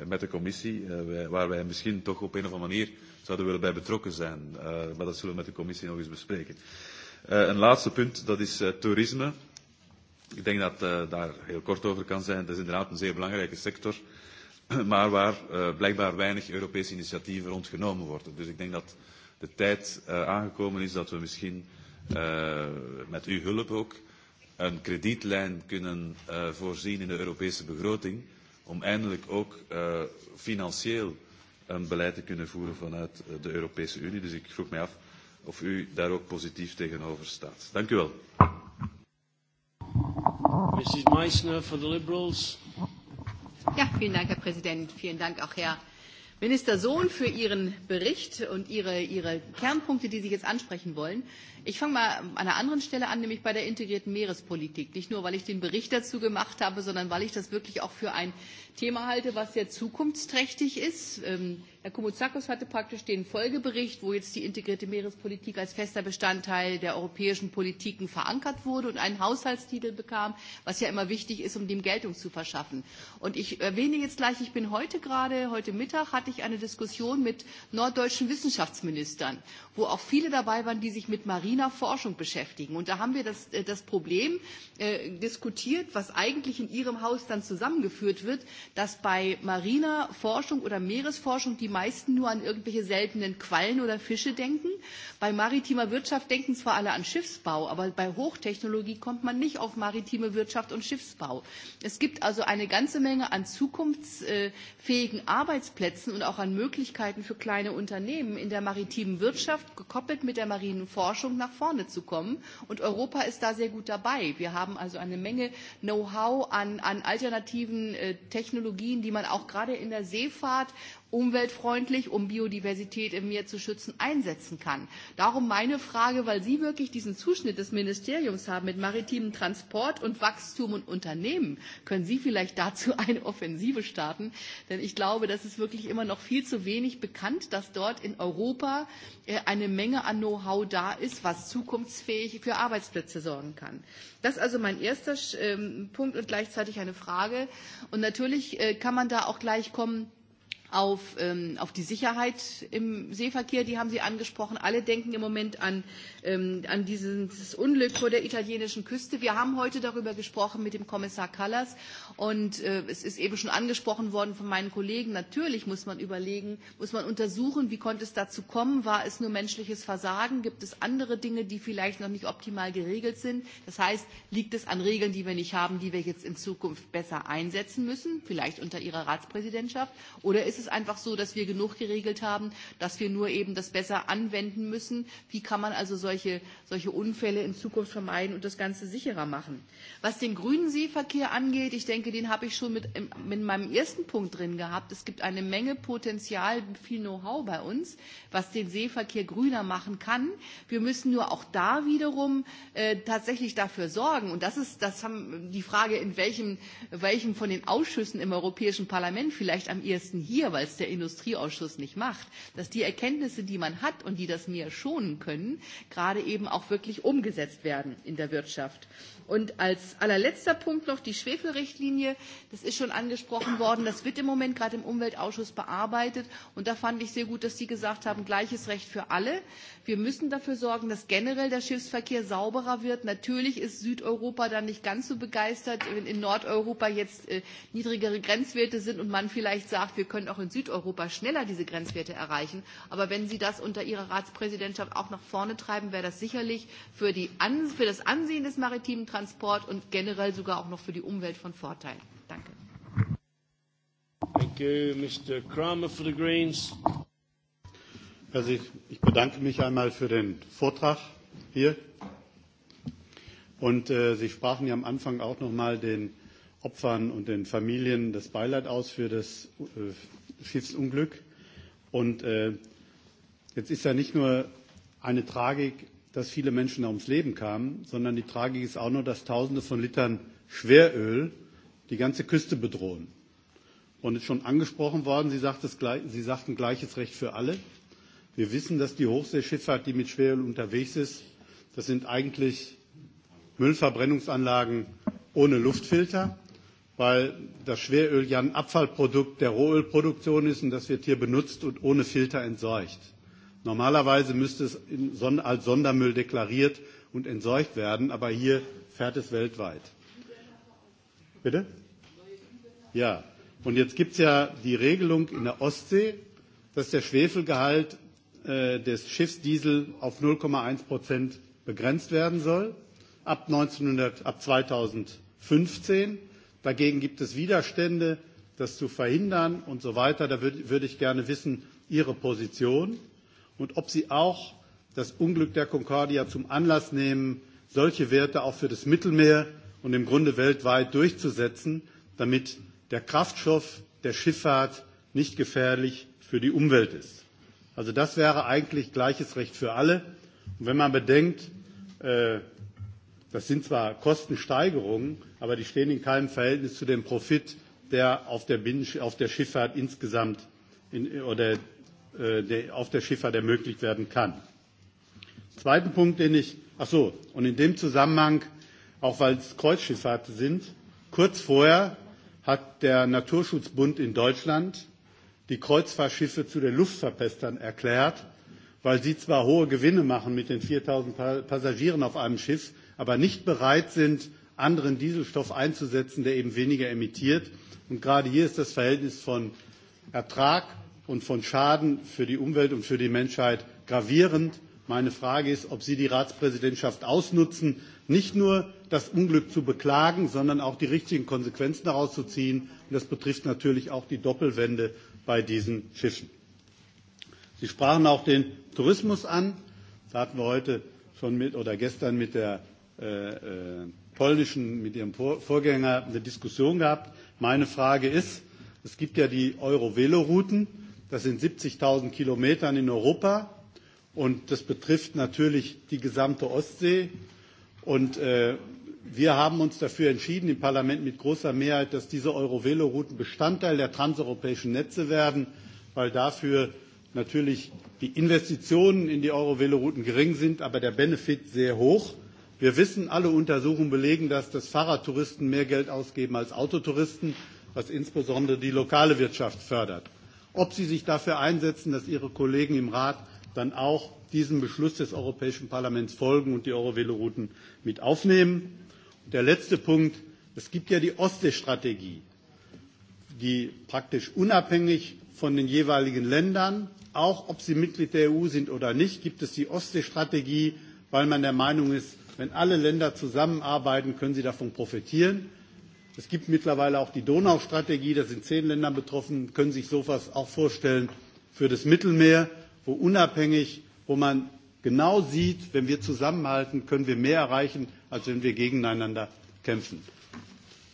met de commissie, uh, wij, waar wij misschien toch op een of andere manier zouden willen bij betrokken zijn. Uh, maar dat zullen we met de commissie nog eens bespreken. Uh, een laatste punt, dat is uh, toerisme. Ik denk dat uh, daar heel kort over kan zijn. Dat is inderdaad een zeer belangrijke sector, [CLEARS THROAT] maar waar uh, blijkbaar weinig Europese initiatieven rond genomen worden. Dus ik denk dat de tijd uh, aangekomen is dat we misschien uh, met uw hulp ook een kredietlijn kunnen uh, voorzien in de Europese begroting om eindelijk ook uh, financieel een beleid te kunnen voeren vanuit de Europese Unie. Dus ik vroeg mij af of u daar ook positief tegenover staat. Dank u wel. Mrs. Meissner voor de Liberals. Ja, vielen Dank, Herr Präsident. Vielen Dank auch, Herr Minister Sohn für Ihren Bericht und Ihre, Ihre Kernpunkte, die Sie jetzt ansprechen wollen. Ich fange mal an einer anderen Stelle an, nämlich bei der integrierten Meerespolitik. Nicht nur, weil ich den Bericht dazu gemacht habe, sondern weil ich das wirklich auch für ein Thema halte, was sehr zukunftsträchtig ist. Ähm, Herr Koumoutsakos hatte praktisch den Folgebericht, wo jetzt die integrierte Meerespolitik als fester Bestandteil der europäischen Politiken verankert wurde und einen Haushaltstitel bekam, was ja immer wichtig ist, um dem Geltung zu verschaffen. Und ich erwähne jetzt gleich, ich bin heute gerade, heute Mittag hatte ich eine Diskussion mit norddeutschen Wissenschaftsministern, wo auch viele dabei waren, die sich mit Marie Wiener Forschung beschäftigen. Und da haben wir das, äh, das Problem äh, diskutiert, was eigentlich in Ihrem Haus dann zusammengeführt wird, dass bei mariner Forschung oder Meeresforschung die meisten nur an irgendwelche seltenen Quallen oder Fische denken. Bei maritimer Wirtschaft denken zwar alle an Schiffsbau, aber bei Hochtechnologie kommt man nicht auf maritime Wirtschaft und Schiffsbau. Es gibt also eine ganze Menge an zukunftsfähigen Arbeitsplätzen und auch an Möglichkeiten für kleine Unternehmen in der maritimen Wirtschaft, gekoppelt mit der marinen Forschung nach vorne zu kommen. Und Europa ist da sehr gut dabei. Wir haben also eine Menge Know-how an, an alternativen äh, Technologien, die man auch gerade in der Seefahrt umweltfreundlich, um Biodiversität im Meer zu schützen, einsetzen kann. Darum meine Frage, weil Sie wirklich diesen Zuschnitt des Ministeriums haben mit maritimen Transport und Wachstum und Unternehmen, können Sie vielleicht dazu [LAUGHS] eine Offensive starten? Denn ich glaube, das ist wirklich immer noch viel zu wenig bekannt, dass dort in Europa äh, eine Menge an Know-how da ist, was zukunftsfähig für Arbeitsplätze sorgen kann. Das ist also mein erster ähm, Punkt und gleichzeitig eine Frage. Und natürlich äh, kann man da auch gleich kommen, auf, ähm, auf die Sicherheit im Seeverkehr, die haben Sie angesprochen. Alle denken im Moment an, ähm, an dieses Unglück vor der italienischen Küste. Wir haben heute darüber gesprochen mit dem Kommissar Callas und äh, es ist eben schon angesprochen worden von meinen Kollegen. Natürlich muss man überlegen, muss man untersuchen, wie konnte es dazu kommen? War es nur menschliches Versagen? Gibt es andere Dinge, die vielleicht noch nicht optimal geregelt sind? Das heißt, liegt es an Regeln, die wir nicht haben, die wir jetzt in Zukunft besser einsetzen müssen, vielleicht unter Ihrer Ratspräsidentschaft? Oder ist es einfach so, dass wir genug geregelt haben, dass wir nur eben das besser anwenden müssen. Wie kann man also solche, solche Unfälle in Zukunft vermeiden und das Ganze sicherer machen? Was den grünen Seeverkehr angeht, ich denke, den habe ich schon mit, in meinem ersten Punkt drin gehabt. Es gibt eine Menge Potenzial, viel Know-how bei uns, was den Seeverkehr grüner machen kann. Wir müssen nur auch da wiederum äh, tatsächlich dafür sorgen. Und das ist das haben die Frage, in welchem, welchem von den Ausschüssen im Europäischen Parlament vielleicht am ehesten hier, weil es der Industrieausschuss nicht macht, dass die Erkenntnisse, die man hat und die das Meer schonen können, gerade eben auch wirklich umgesetzt werden in der Wirtschaft. Und als allerletzter Punkt noch die Schwefelrichtlinie. Das ist schon angesprochen worden. Das wird im Moment gerade im Umweltausschuss bearbeitet. Und da fand ich sehr gut, dass Sie gesagt haben, gleiches Recht für alle. Wir müssen dafür sorgen, dass generell der Schiffsverkehr sauberer wird. Natürlich ist Südeuropa da nicht ganz so begeistert, wenn in Nordeuropa jetzt äh, niedrigere Grenzwerte sind und man vielleicht sagt, wir können auch in Südeuropa schneller diese Grenzwerte erreichen. Aber wenn Sie das unter Ihrer Ratspräsidentschaft auch nach vorne treiben, wäre das sicherlich für, die, für das Ansehen des maritimen Transport und generell sogar auch noch für die Umwelt von Vorteil. Danke. Thank you, Mr. Kramer for the Greens. Also ich, ich bedanke mich einmal für den Vortrag hier. Und äh, Sie sprachen ja am Anfang auch noch mal den Opfern und den Familien das Beileid aus für das äh, Schiffsunglück. Und äh, jetzt ist ja nicht nur eine Tragik dass viele Menschen ums Leben kamen, sondern die Tragik ist auch nur, dass Tausende von Litern Schweröl die ganze Küste bedrohen. Und ist schon angesprochen worden, Sie, sagt es, Sie sagten gleiches Recht für alle. Wir wissen, dass die Hochseeschifffahrt, die mit Schweröl unterwegs ist, das sind eigentlich Müllverbrennungsanlagen ohne Luftfilter, weil das Schweröl ja ein Abfallprodukt der Rohölproduktion ist und das wird hier benutzt und ohne Filter entsorgt. Normalerweise müsste es als Sondermüll deklariert und entsorgt werden, aber hier fährt es weltweit. Bitte? Ja. Und jetzt gibt es ja die Regelung in der Ostsee, dass der Schwefelgehalt äh, des Schiffsdiesel auf 0,1 Prozent begrenzt werden soll ab, 1900, ab 2015. Dagegen gibt es Widerstände, das zu verhindern und so weiter. Da würde würd ich gerne wissen, Ihre Position und ob Sie auch das Unglück der Concordia zum Anlass nehmen, solche Werte auch für das Mittelmeer und im Grunde weltweit durchzusetzen, damit der Kraftstoff der Schifffahrt nicht gefährlich für die Umwelt ist. Also das wäre eigentlich gleiches Recht für alle. Und wenn man bedenkt, äh, das sind zwar Kostensteigerungen, aber die stehen in keinem Verhältnis zu dem Profit, der auf der, Binnen auf der Schifffahrt insgesamt in, oder Äh, auf der Schifffahrt ermöglicht werden kann. Zweiter Punkt, den ich, ach so, und in dem Zusammenhang, auch weil es Kreuzschifffahrten sind, kurz vorher hat der Naturschutzbund in Deutschland die Kreuzfahrtschiffe zu den Luftverpestern erklärt, weil sie zwar hohe Gewinne machen mit den 4000 Passagieren auf einem Schiff, aber nicht bereit sind, anderen Dieselstoff einzusetzen, der eben weniger emittiert. Und gerade hier ist das Verhältnis von Ertrag und von Schaden für die Umwelt und für die Menschheit gravierend. Meine Frage ist, ob Sie die Ratspräsidentschaft ausnutzen, nicht nur das Unglück zu beklagen, sondern auch die richtigen Konsequenzen daraus zu ziehen. Und das betrifft natürlich auch die Doppelwände bei diesen Schiffen. Sie sprachen auch den Tourismus an. Da hatten wir heute schon mit oder gestern mit der äh, äh, polnischen, mit ihrem Vorgänger eine Diskussion gehabt. Meine Frage ist, es gibt ja die Eurovelo-Routen Das sind 70.000 Kilometern in Europa und das betrifft natürlich die gesamte Ostsee. Und äh, wir haben uns dafür entschieden, im Parlament mit großer Mehrheit, dass diese Eurovelo-Routen Bestandteil der transeuropäischen Netze werden, weil dafür natürlich die Investitionen in die Eurovelo-Routen gering sind, aber der Benefit sehr hoch. Wir wissen, alle Untersuchungen belegen, dass das Fahrradtouristen mehr Geld ausgeben als Autotouristen, was insbesondere die lokale Wirtschaft fördert ob Sie sich dafür einsetzen, dass Ihre Kollegen im Rat dann auch diesem Beschluss des Europäischen Parlaments folgen und die Eurovelo-Routen mit aufnehmen. Und der letzte Punkt, es gibt ja die Ostsee-Strategie, die praktisch unabhängig von den jeweiligen Ländern, auch ob sie Mitglied der EU sind oder nicht, gibt es die Ostsee-Strategie, weil man der Meinung ist, wenn alle Länder zusammenarbeiten, können sie davon profitieren. Es gibt mittlerweile auch die Donaustrategie, da sind zehn Länder betroffen, können sich sowas auch vorstellen für das Mittelmeer, wo unabhängig, wo man genau sieht, wenn wir zusammenhalten, können wir mehr erreichen, als wenn wir gegeneinander kämpfen.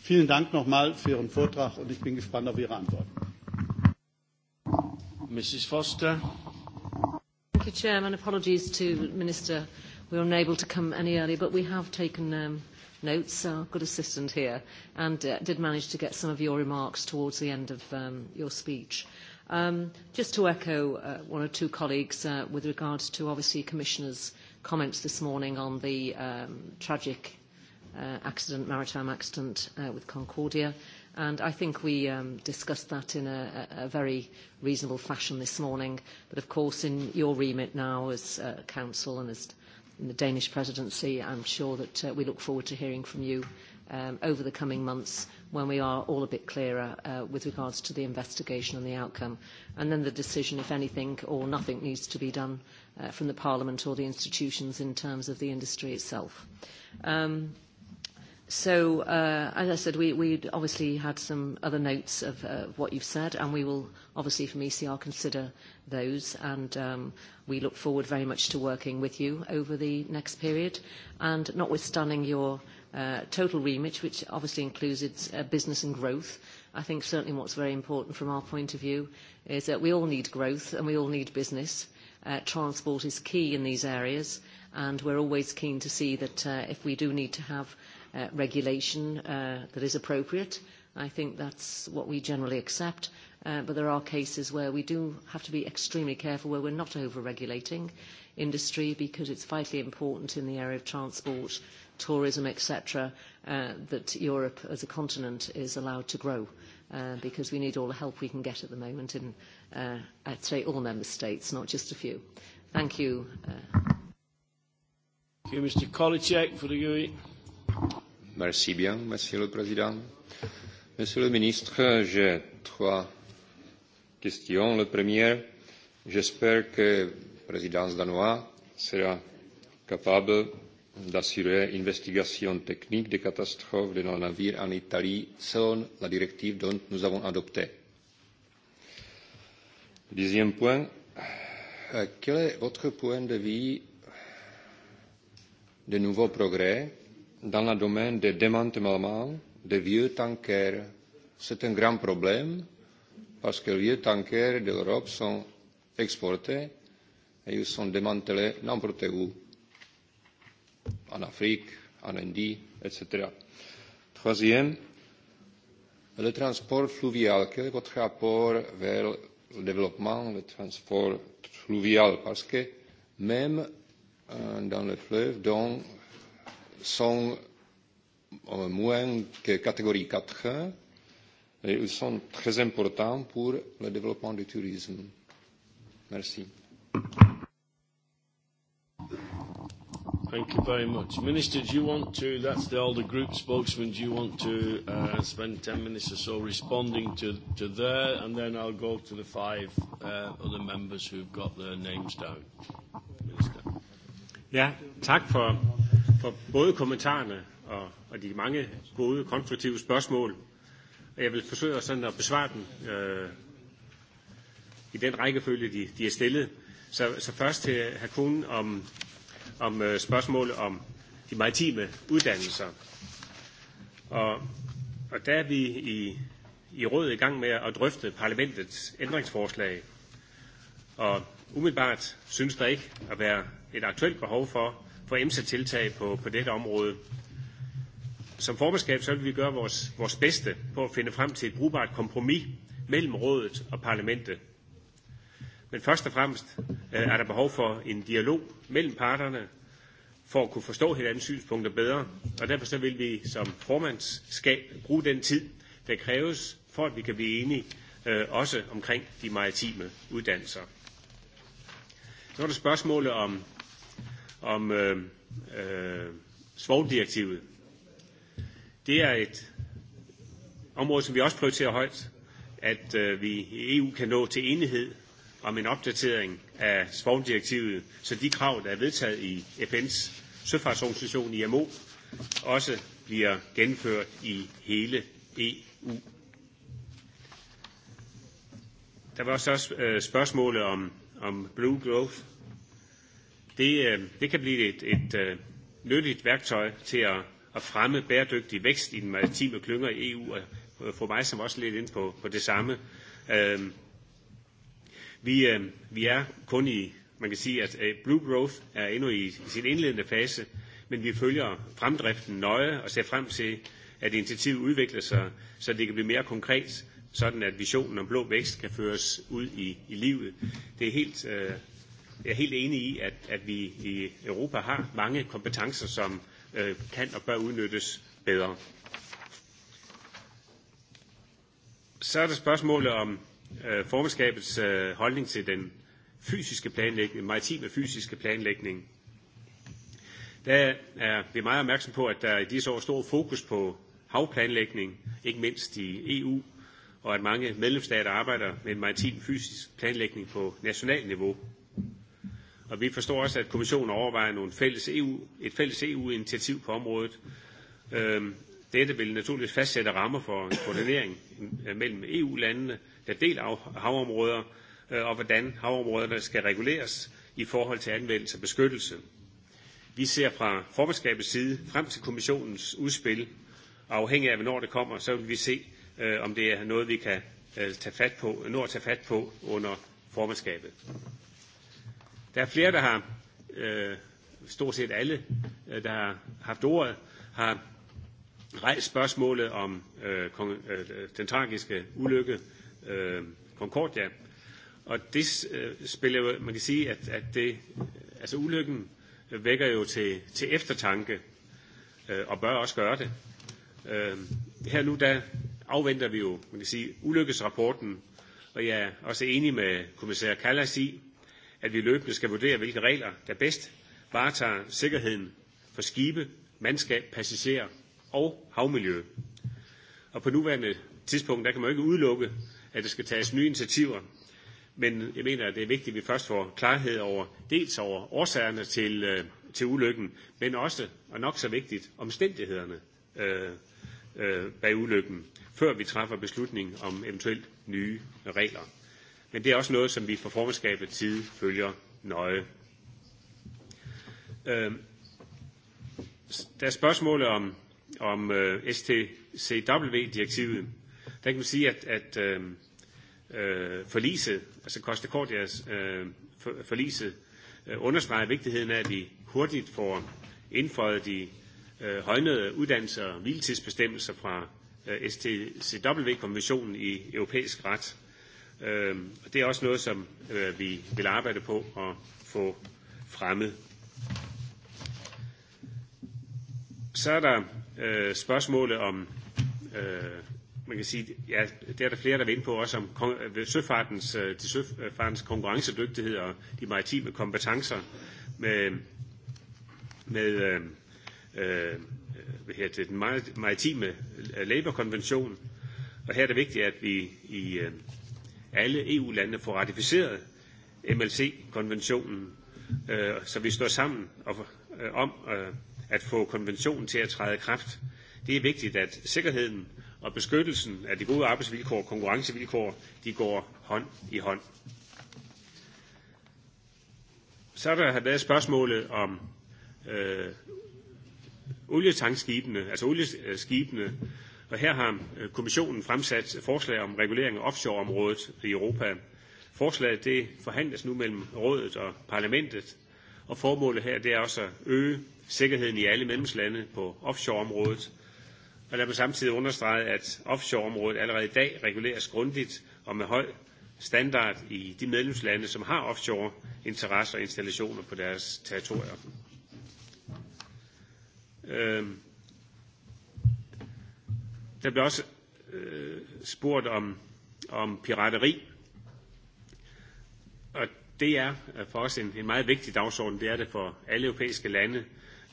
Vielen Dank nochmal für Ihren Vortrag und ich bin gespannt auf Ihre Antworten. Mrs. Foster. Thank you, Chairman. Apologies to Minister. We were unable to come any earlier, but we have taken um, notes, so uh, good assistant here, and uh, did manage to get some of your remarks towards the end of um, your speech. Um, just to echo uh, one or two colleagues uh, with regards to obviously Commissioner's comments this morning on the um, tragic uh, accident, maritime accident uh, with Concordia. And I think we um, discussed that in a, a, very reasonable fashion this morning. But of course, in your remit now as uh, Council and as the Danish presidency. I'm sure that uh, we look forward to hearing from you um, over the coming months when we are all a bit clearer uh, with regards to the investigation and the outcome. And then the decision if anything or nothing needs to be done uh, from the Parliament or the institutions in terms of the industry itself. Um, So, uh, as I said, we, we obviously had some other notes of uh, what you've said, and we will obviously from ECR consider those. And um, we look forward very much to working with you over the next period. And notwithstanding your uh, total remit, which obviously includes uh, business and growth, I think certainly what's very important from our point of view is that we all need growth and we all need business. Uh, transport is key in these areas, and we're always keen to see that uh, if we do need to have – uh, regulation uh, that is appropriate. I think that's what we generally accept. Uh, but there are cases where we do have to be extremely careful where we're not over-regulating industry because it's vitally important in the area of transport, tourism, etc., uh, that Europe as a continent is allowed to grow. Uh, because we need all the help we can get at the moment in, uh, I'd say, all member states, not just a few. Thank you. Uh. Thank you, Mr. Kolicek for the UE. Merci bien, Monsieur le Président. Monsieur le Ministre, j'ai trois questions. La première, j'espère que la présidence danoise sera capable d'assurer l'investigation technique des catastrophes de nos navires en Italie selon la directive dont nous avons adopté. Deuxième point, euh, quel est votre point de vue de nouveaux progrès dans le domaine des démantèlements des vieux tankers. C'est un grand problème parce que les vieux tankers de l'Europe sont exportés et ils sont démantelés n'importe où, en Afrique, en Indie, etc. Troisième, le transport fluvial. Quel est votre rapport vers le développement du transport fluvial Parce que même euh, dans les fleuves, dont sont moins que catégorie 4 et ils sont très importants pour le développement du tourisme. Merci. Thank you very much. Minister, do you want to, that's the Alder Group spokesman, do you want to uh, spend 10 minutes or so responding to, to there, and then I'll go to the five uh, other members who've got their names down. Minister. for, for både kommentarerne og, og de mange gode, konstruktive spørgsmål. Og jeg vil forsøge sådan at besvare dem øh, i den rækkefølge, de, de er stillet. Så, så først til herr Kuhn om, om øh, spørgsmålet om de maritime uddannelser. Og, og der er vi i, i rådet i gang med at drøfte parlamentets ændringsforslag. Og umiddelbart synes der ikke at være et aktuelt behov for for EMSA-tiltag på, på dette område. Som formandskab så vil vi gøre vores, vores bedste på at finde frem til et brugbart kompromis mellem rådet og parlamentet. Men først og fremmest øh, er der behov for en dialog mellem parterne for at kunne forstå hinandens synspunkter bedre, og derfor så vil vi som formandskab bruge den tid, der kræves for, at vi kan blive enige øh, også omkring de maritime uddannelser. Så er der spørgsmålet om om øh, øh, svovldirektivet. Det er et område, som vi også prioriterer højt, at øh, vi i EU kan nå til enighed om en opdatering af svovldirektivet, så de krav, der er vedtaget i FN's søfartsorganisation IMO, også bliver gennemført i hele EU. Der var også øh, spørgsmålet om, om Blue Growth det, øh, det kan blive et, et øh, nyttigt værktøj til at, at fremme bæredygtig vækst i den maritime klynger i EU, og øh, fru mig, var også lidt ind på, på det samme. Vi, vi er kun i, man kan sige, at Blue Growth er endnu i, i sin indledende fase, men vi følger fremdriften nøje og ser frem til, at initiativet udvikler sig, så det kan blive mere konkret, sådan at visionen om blå vækst kan føres ud i, i livet. Det er helt øh, jeg er helt enig i, at, at vi i Europa har mange kompetencer, som øh, kan og bør udnyttes bedre. Så er der spørgsmålet om øh, formandskabets øh, holdning til den fysiske planlægning, maritime fysiske planlægning. Der er vi meget opmærksom på, at der i disse år er stor fokus på havplanlægning, ikke mindst i EU, og at mange medlemsstater arbejder med en maritim fysisk planlægning på nationalt niveau. Og vi forstår også, at kommissionen overvejer nogle fælles EU, et fælles EU-initiativ på området. Øhm, dette vil naturligvis fastsætte rammer for en koordinering mellem EU-landene, der deler af havområder, øh, og hvordan havområderne skal reguleres i forhold til anvendelse og beskyttelse. Vi ser fra formandskabets side frem til kommissionens udspil, og afhængig af, hvornår det kommer, så vil vi se, øh, om det er noget, vi kan øh, tage fat på, nå at tage fat på under formandskabet. Der er flere, der har, øh, stort set alle, øh, der har haft ordet, har rejst spørgsmålet om øh, kong, øh, den tragiske ulykke øh, Concordia. Og det øh, spiller jo, man kan sige, at, at det, altså ulykken vækker jo til, til eftertanke, øh, og bør også gøre det. Øh, her nu, der afventer vi jo, man kan sige, ulykkesrapporten, og jeg er også enig med kommissær Kallas i, at vi løbende skal vurdere, hvilke regler, der bedst varetager sikkerheden for skibe, mandskab, passagerer og havmiljø. Og på nuværende tidspunkt, der kan man jo ikke udelukke, at der skal tages nye initiativer. Men jeg mener, at det er vigtigt, at vi først får klarhed over dels over årsagerne til, øh, til ulykken, men også, og nok så vigtigt, omstændighederne øh, øh, bag ulykken, før vi træffer beslutning om eventuelt nye regler. Men det er også noget, som vi fra formandskabets side følger nøje. Øh, der da er spørgsmålet om, om øh, STCW-direktivet. Der kan man sige, at, at øh, øh, forliset, altså Costa Cordias øh, forliset, øh, understreger vigtigheden af, at vi hurtigt får indføjet de øh, højnede uddannelser og hviletidsbestemmelser fra øh, STCW-konventionen i europæisk ret. Øh, det er også noget, som øh, vi vil arbejde på at få fremmet. Så er der øh, spørgsmålet om, øh, man kan sige, ja, det er der flere, der vil ind på, også om øh, søfartens, øh, de søfartens konkurrencedygtighed og de maritime kompetencer med, med øh, øh, hvad hedder det, den maritime øh, labor-konvention. Og her er det vigtigt, at vi i, øh, alle EU-landene får ratificeret MLC-konventionen, øh, så vi står sammen øh, om øh, at få konventionen til at træde i kraft. Det er vigtigt, at sikkerheden og beskyttelsen af de gode arbejdsvilkår og konkurrencevilkår, de går hånd i hånd. Så har der været spørgsmålet om øh, olietankskibene, altså olieskibene, Og her har øh, kommissionen fremsat forslag om regulering af offshoreområdet i Europa. Forslaget det forhandles nu mellem rådet og parlamentet, og formålet her det er også at øge sikkerheden i alle medlemslande på offshoreområdet. Og lad mig samtidig understrege, at offshoreområdet allerede i dag reguleres grundigt og med høj standard i de medlemslande, som har offshore interesser og installationer på deres territorier. Der blev også øh, spurgt om, om pirateri. Og det er øh, for os en, en meget vigtig dagsorden. Det er det for alle europæiske lande.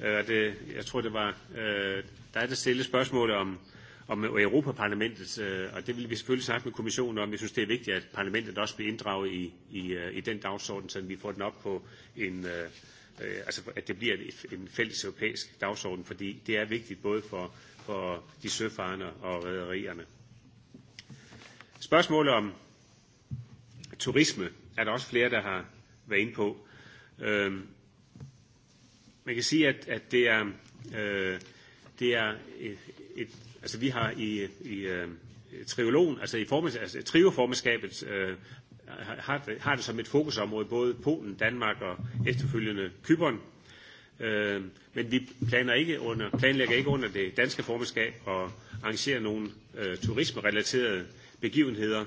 Øh, og det, jeg tror, det var øh, dig, der er stillede spørgsmålet om, om Europaparlamentet, øh, og det vil vi selvfølgelig snakke med kommissionen om. Jeg synes, det er vigtigt, at parlamentet også bliver inddraget i, i, øh, i den dagsorden, så vi får den op på en, Øh, øh, altså at det bliver en fælles europæisk dagsorden, fordi det er vigtigt både for, for de søfarende og rædderierne. Spørgsmålet om turisme er der også flere, der har været inde på. Øhm, man kan sige, at, at det er, øh, det er et, et, altså vi har i, i øh, triologen, altså i formands, altså, trioformandskabet øh, har, det, har det som et fokusområde, både Polen, Danmark og efterfølgende Kypern. Øh, men vi planer ikke under, planlægger ikke under det danske formandskab at arrangere nogle øh, turismerelaterede begivenheder.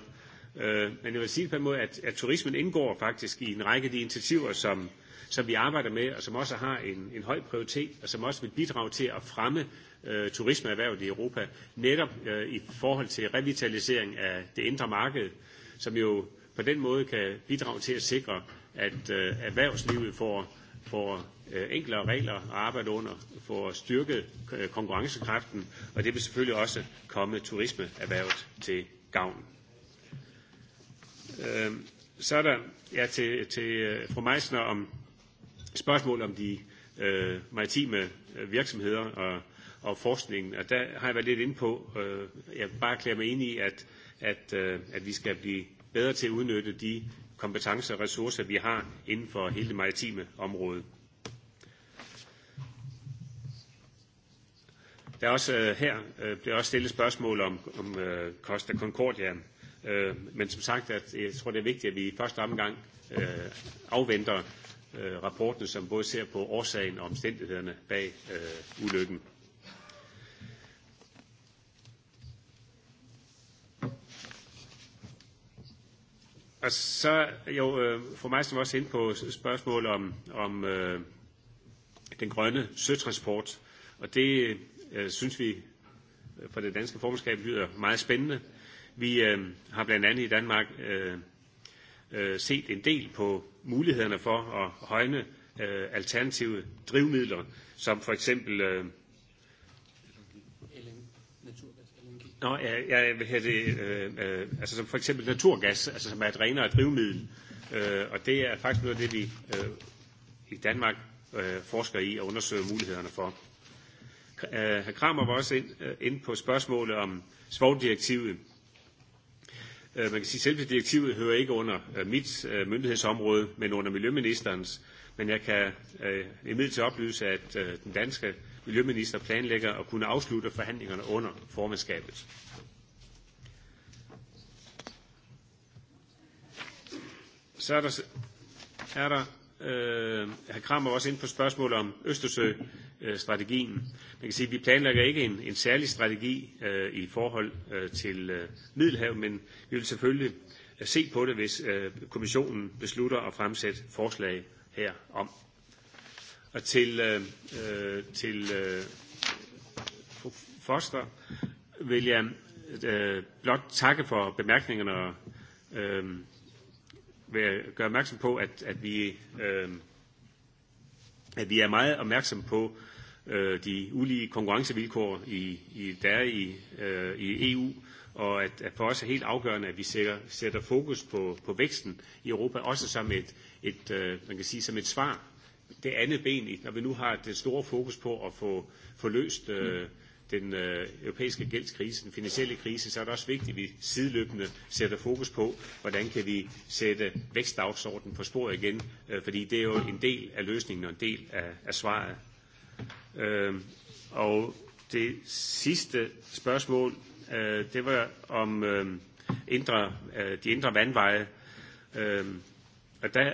Øh, men jeg vil sige på en måde, at, at turismen indgår faktisk i en række af de initiativer, som, som vi arbejder med, og som også har en, en høj prioritet, og som også vil bidrage til at fremme øh, turismeerhvervet i Europa, netop øh, i forhold til revitalisering af det indre marked, som jo på den måde kan bidrage til at sikre, at øh, erhvervslivet får, får øh, enklere regler at arbejde under, får styrket øh, konkurrencekraften, og det vil selvfølgelig også komme turismeerhvervet til gavn. Øh, så er der ja, til, til øh, fru Meisner om spørgsmål om de øh, maritime øh, virksomheder og, og forskningen, og der har jeg været lidt inde på, øh, jeg bare klæder mig ind i, at, at, øh, at vi skal blive bedre til at udnytte de kompetencer og ressourcer, vi har inden for hele det maritime område. Der er også øh, her øh, bliver også stillet spørgsmål om, om øh, Costa Concordia. Øh, men som sagt, at jeg tror, det er vigtigt, at vi i første omgang øh, afventer øh, rapporten, som både ser på årsagen og omstændighederne bag øh, ulykken. Og så jo, øh, for mig som også er ind på spørgsmål om, om øh, den grønne søtransport, og det øh, synes vi øh, for det danske formandskab lyder meget spændende. Vi øh, har blandt andet i Danmark øh, øh, set en del på mulighederne for at højne øh, alternative drivmidler, som for eksempel øh, Nå, jeg, jeg, hvad hedder det, øh, øh, altså som for eksempel naturgas, altså som er et renere drivmiddel, øh, og det er faktisk noget af det, vi øh, i Danmark øh, forsker i og undersøger mulighederne for. Øh, Herr Kramer var også ind, øh, ind på spørgsmålet om svogdirektivet. Øh, man kan sige, at selve direktivet hører ikke under øh, mit øh, myndighedsområde, men under miljøministerens. Men jeg kan øh, imidlertid oplyse, at øh, den danske øh, miljøminister planlægger at kunne afslutte forhandlingerne under formandskabet. Så er der, er der øh, herr Kramer også ind på spørgsmålet om Østersø-strategien. Man kan sige, at vi planlægger ikke en, en særlig strategi øh, i forhold øh, til øh, Middelhav, men vi vil selvfølgelig øh, se på det, hvis øh, kommissionen beslutter at fremsætte forslag herom. Øh, til, øh, til øh, fru Foster vil jeg blot takke for bemærkningerne og øh, vil gøre opmærksom på, at, at, vi, øh, at vi er meget opmærksom på øh, de ulige konkurrencevilkår, i, i, der er i, øh, i EU, og at, at for os er helt afgørende, at vi sætter, sætter fokus på, på væksten i Europa, også som et, et, øh, man kan sige, som et svar det andet ben, når vi nu har det store fokus på at få, få løst øh, den øh, europæiske gældskrise, den finansielle krise, så er det også vigtigt, at vi sideløbende sætter fokus på, hvordan kan vi sætte vækstdagsordenen på sporet igen, øh, fordi det er jo en del af løsningen og en del af, af svaret. Øh, og det sidste spørgsmål, øh, det var om øh, indre, øh, de indre vandveje. Øh, og der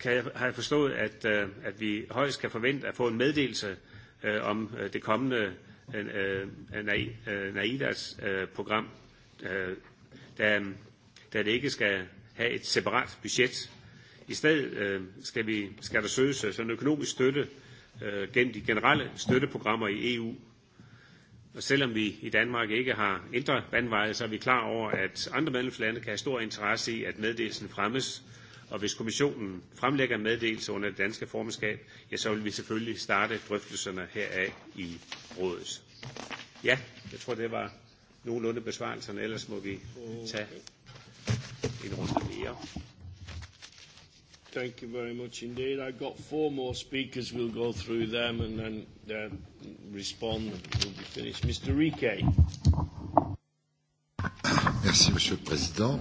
kan jeg, har jeg forstået, at, øh, at vi højst kan forvente at få en meddelelse øh, om øh, det kommende øh, øh, NAIDAs øh, øh, program, øh, da, da det ikke skal have et separat budget. I stedet øh, skal, vi, skal der søges øh, sådan økonomisk støtte øh, gennem de generelle støtteprogrammer i EU. Og selvom vi i Danmark ikke har indre vandveje, så er vi klar over, at andre medlemslande kan have stor interesse i, at meddelelsen fremmes Og hvis kommissionen fremlægger en meddelelse under det danske formandskab, ja, så vil vi selvfølgelig starte drøftelserne heraf i rådet. Ja, jeg tror, det var nogenlunde besvarelserne. Ellers må vi tage en runde mere. Thank you very much indeed. I've got four more speakers. We'll go through them and then uh, respond. We'll be finished. Mr. Riquet. Merci, Monsieur le Président.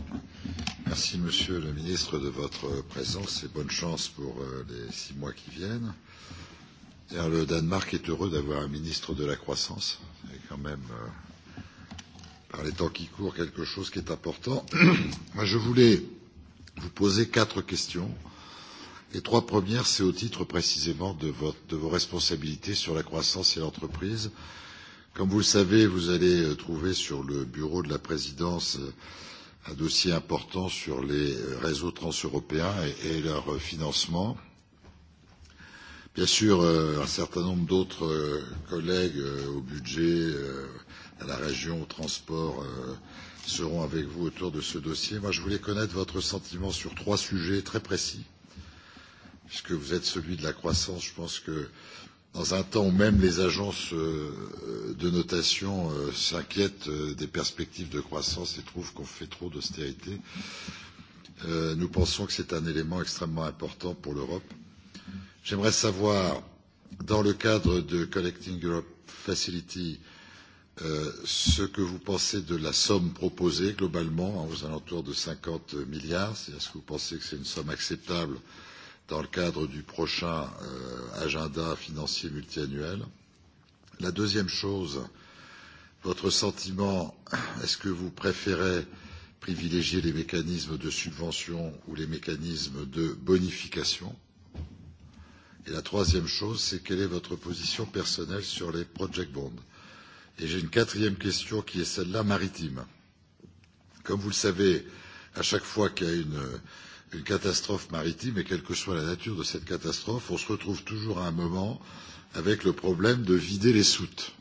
Merci, Monsieur le Ministre, de votre présence et bonne chance pour euh, les six mois qui viennent. Alors, le Danemark est heureux d'avoir un ministre de la croissance. C'est quand même, euh, par les temps qui courent, quelque chose qui est important. [COUGHS] Moi, je voulais vous poser quatre questions. Les trois premières, c'est au titre précisément de, votre, de vos responsabilités sur la croissance et l'entreprise. Comme vous le savez, vous allez euh, trouver sur le bureau de la présidence euh, un dossier important sur les réseaux transeuropéens et, et leur financement. Bien sûr, euh, un certain nombre d'autres euh, collègues euh, au budget, euh, à la région, au transport, euh, seront avec vous autour de ce dossier. Moi, je voulais connaître votre sentiment sur trois sujets très précis, puisque vous êtes celui de la croissance. Je pense que dans un temps où même les agences euh, de notation euh, s'inquiètent euh, des perspectives de croissance et trouvent qu'on fait trop d'austérité, nous pensons que c'est un élément extrêmement important pour l'Europe. J'aimerais savoir, dans le cadre de Collecting Europe Facility, ce que vous pensez de la somme proposée globalement, aux alentours de 50 milliards, est ce que vous pensez que c'est une somme acceptable euh, dans le cadre du prochain euh, agenda financier multiannuel. La deuxième chose, votre sentiment, est-ce que vous préférez privilégier les mécanismes de subvention ou les mécanismes de bonification Et la troisième chose, c'est quelle est votre position personnelle sur les project bonds Et j'ai une quatrième question qui est celle-là maritime. Comme vous le savez, à chaque fois qu'il y a une, une catastrophe maritime, et quelle que soit la nature de cette catastrophe, on se retrouve toujours à un moment avec le problème de vider les soutes,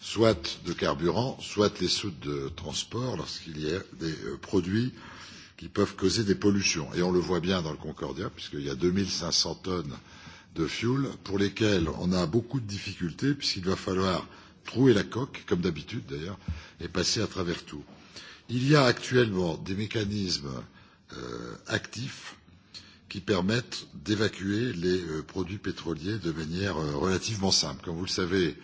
soit de carburant, soit les soutes de transport, lorsqu'il y a des euh, produits qui peuvent causer des pollutions. Et on le voit bien dans le Concordia, puisqu'il y a 2500 tonnes de fuel, pour lesquelles on a beaucoup de difficultés, puisqu'il va falloir trouer la coque, comme d'habitude d'ailleurs, et passer à travers tout. Il y a actuellement des mécanismes euh, actifs qui permettent d'évacuer les euh, produits pétroliers de manière euh, relativement simple. Comme vous le savez,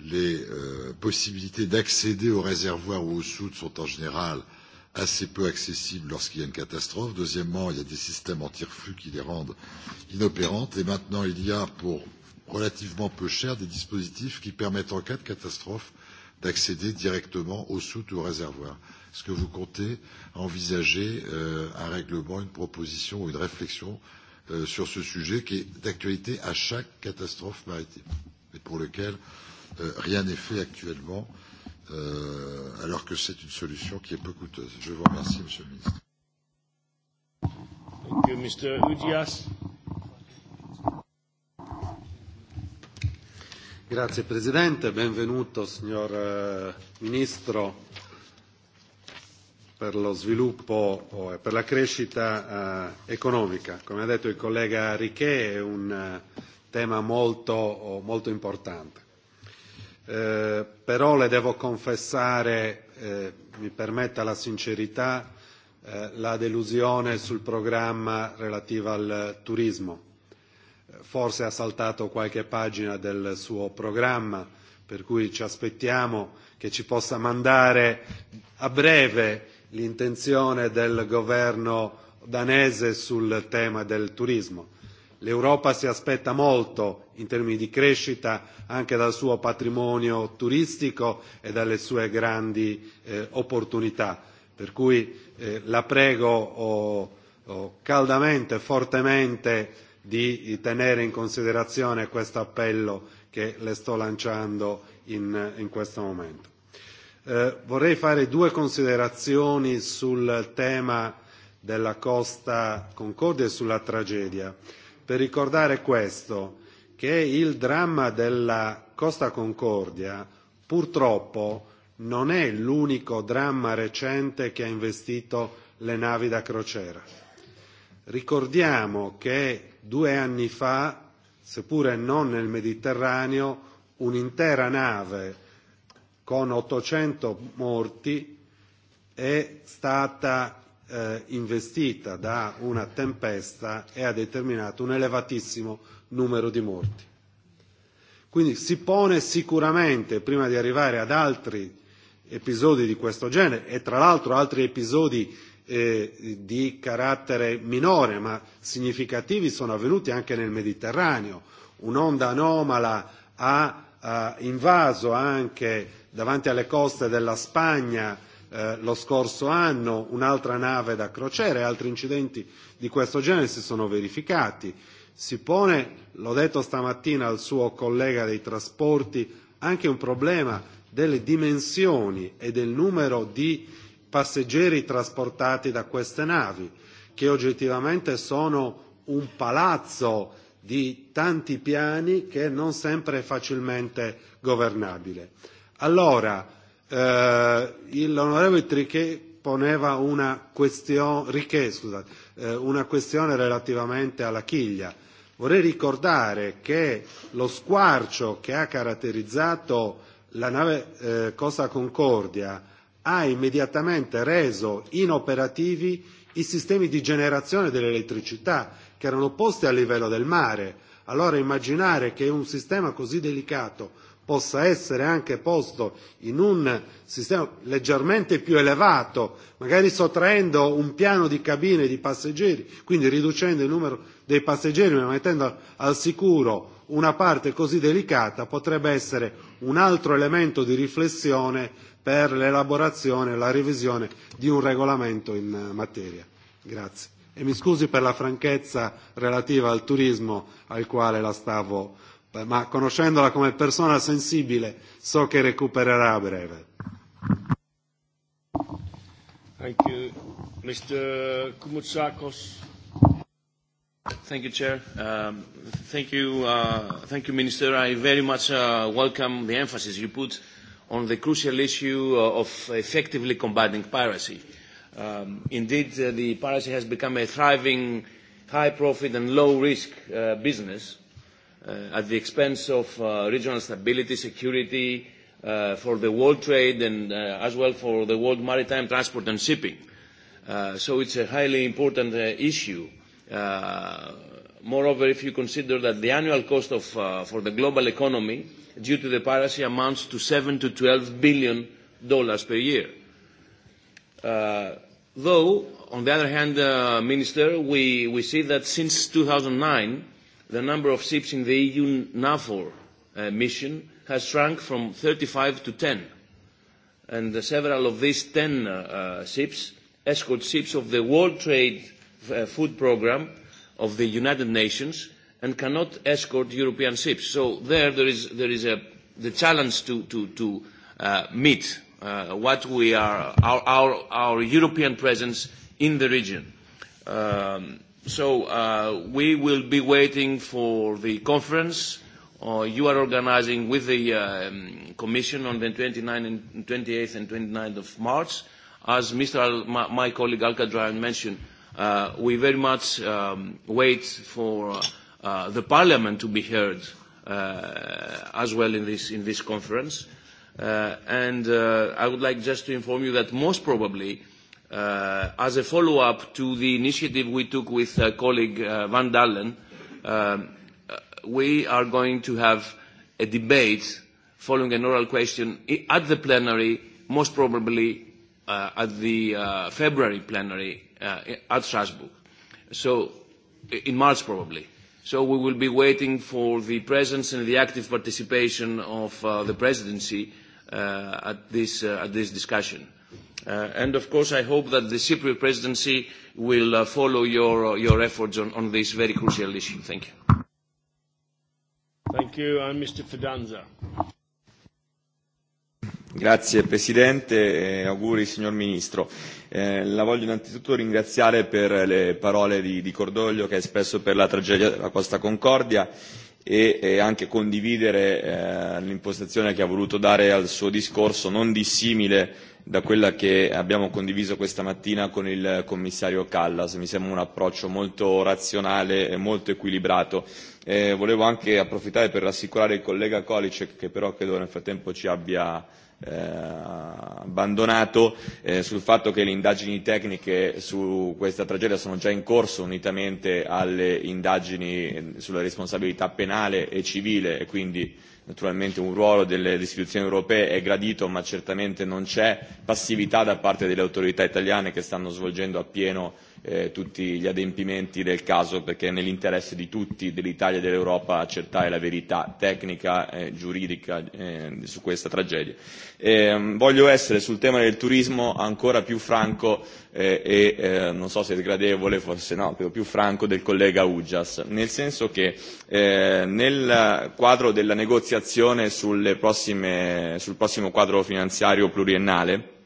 les euh, possibilités d'accéder aux réservoirs ou aux soutes sont en général assez peu accessibles lorsqu'il y a une catastrophe. Deuxièmement, il y a des systèmes anti-reflux qui les rendent inopérantes. Et maintenant, il y a pour relativement peu cher des dispositifs qui permettent en cas de catastrophe d'accéder directement aux soutes ou aux réservoirs. Est-ce que vous comptez envisager euh, un règlement, une proposition ou une réflexion euh, sur ce sujet qui est d'actualité à chaque catastrophe maritime et pour lequel euh, rien n'est fait actuellement euh, alors que c'est une solution qui est peu coûteuse Je vous remercie, Monsieur le Ministre. Thank you, Mr. Udias. Grazie Presidente, benvenuto signor eh, Ministro per lo sviluppo e eh, per la crescita eh, economica. Come ha detto il collega Richet è un eh, tema molto, molto importante. Eh, però le devo confessare, eh, mi permetta la sincerità, eh, la delusione sul programma relativo al turismo. Forse ha saltato qualche pagina del suo programma, per cui ci aspettiamo che ci possa mandare a breve l'intenzione del governo danese sul tema del turismo. L'Europa si aspetta molto in termini di crescita anche dal suo patrimonio turistico e dalle sue grandi eh, opportunità. Per cui eh, la prego oh, oh, caldamente, fortemente di tenere in considerazione questo appello che le sto lanciando in, in questo momento. Eh, vorrei fare due considerazioni sul tema della Costa Concordia e sulla tragedia, per ricordare questo, che il dramma della Costa Concordia purtroppo non è l'unico dramma recente che ha investito le navi da crociera. Ricordiamo che due anni fa, seppure non nel Mediterraneo, un'intera nave con 800 morti è stata eh, investita da una tempesta e ha determinato un elevatissimo numero di morti. Quindi si pone sicuramente, prima di arrivare ad altri episodi di questo genere, e tra l'altro altri episodi eh, di carattere minore ma significativi sono avvenuti anche nel Mediterraneo, un'onda anomala ha eh, invaso anche davanti alle coste della Spagna eh, lo scorso anno un'altra nave da crociera e altri incidenti di questo genere si sono verificati. Si pone, l'ho detto stamattina al suo collega dei trasporti, anche un problema delle dimensioni e del numero di passeggeri trasportati da queste navi, che oggettivamente sono un palazzo di tanti piani che non sempre è facilmente governabile. Allora, eh, l'onorevole Trichet poneva una questione, Richet, scusate, eh, una questione relativamente alla chiglia. Vorrei ricordare che lo squarcio che ha caratterizzato la nave eh, Cosa Concordia ha immediatamente reso inoperativi i sistemi di generazione dell'elettricità che erano poste a livello del mare. Allora immaginare che un sistema così delicato possa essere anche posto in un sistema leggermente più elevato, magari sottraendo un piano di cabine di passeggeri, quindi riducendo il numero dei passeggeri ma mettendo al sicuro una parte così delicata potrebbe essere un altro elemento di riflessione per l'elaborazione e la revisione di un regolamento in eh, materia. Grazie e mi scusi per la franchezza relativa al turismo al quale la stavo, eh, ma conoscendola come persona sensibile so che recupererà a breve. Thank you. Mr. Thank you, Chair. Um, thank you, uh, thank you, Minister. I very much uh, welcome the emphasis you put on the crucial issue uh, of effectively combating piracy Um, indeed, uh, the piracy has become a thriving, high-profit and low-risk uh, business uh, at the expense of uh, regional stability, security, uh, for the world trade and uh, as well for the world maritime transport and shipping. Uh, so it's a highly important uh, issue. Uh, moreover, if you consider that the annual cost of, uh, for the global economy due to the piracy amounts to 7 to 12 billion dollars per year. Uh, Though, on the other hand, uh, Minister, we, we see that since 2009, the number of ships in the EU NAVFOR uh, mission has shrunk from 35 to 10. And uh, several of these 10 uh, uh, ships, escort ships of the World Trade uh, Food Programme of the United Nations, and cannot escort European ships. So there, there is, there is a, the challenge to, to, to uh, meet uh, what we are, our, our, our European presence in the region. Um, so uh, we will be waiting for the conference uh, you are organizing with the um, Commission on the 29th and 28th and 29th of March. As Mr. Al, my, my colleague Alcadrain mentioned, uh, we very much um, wait for uh, the Parliament to be heard uh, as well in this, in this conference. Uh, and uh, I would like just to inform you that most probably, uh, as a follow-up to the initiative we took with uh, colleague uh, Van Dalen, um, uh, we are going to have a debate following an oral question at the plenary, most probably uh, at the uh, February plenary uh, at Strasbourg. So, in March probably. So we will be waiting for the presence and the active participation of uh, the presidency uh, at, this, uh, at this discussion. Uh, and of course, I hope that the Cypriot presidency will uh, follow your, uh, your efforts on, on this very crucial issue. Thank you. Thank you. Mr. Fidanza. Grazie Presidente auguri signor Ministro. Eh, la voglio innanzitutto ringraziare per le parole di, di cordoglio che ha espresso per la tragedia della Costa Concordia e, anche condividere eh, l'impostazione che ha voluto dare al suo discorso non dissimile da quella che abbiamo condiviso questa mattina con il commissario Callas. Mi sembra un approccio molto razionale e molto equilibrato. Eh, volevo anche approfittare per rassicurare il collega Kolicek, che però credo nel frattempo ci abbia eh, abbandonato eh, sul fatto che le indagini tecniche su questa tragedia sono già in corso unitamente alle indagini sulla responsabilità penale e civile e quindi naturalmente un ruolo delle istituzioni europee è gradito, ma certamente non c'è passività da parte delle autorità italiane che stanno svolgendo appieno eh, tutti gli adempimenti del caso perché è nell'interesse di tutti, dell'Italia e dell'Europa, accertare la verità tecnica e eh, giuridica eh, su questa tragedia. Eh, voglio essere sul tema del turismo ancora più franco eh, e eh, non so se è sgradevole, forse no, però più franco del collega Uggias, nel senso che eh, nel quadro della negoziazione sulle prossime, sul prossimo quadro finanziario pluriennale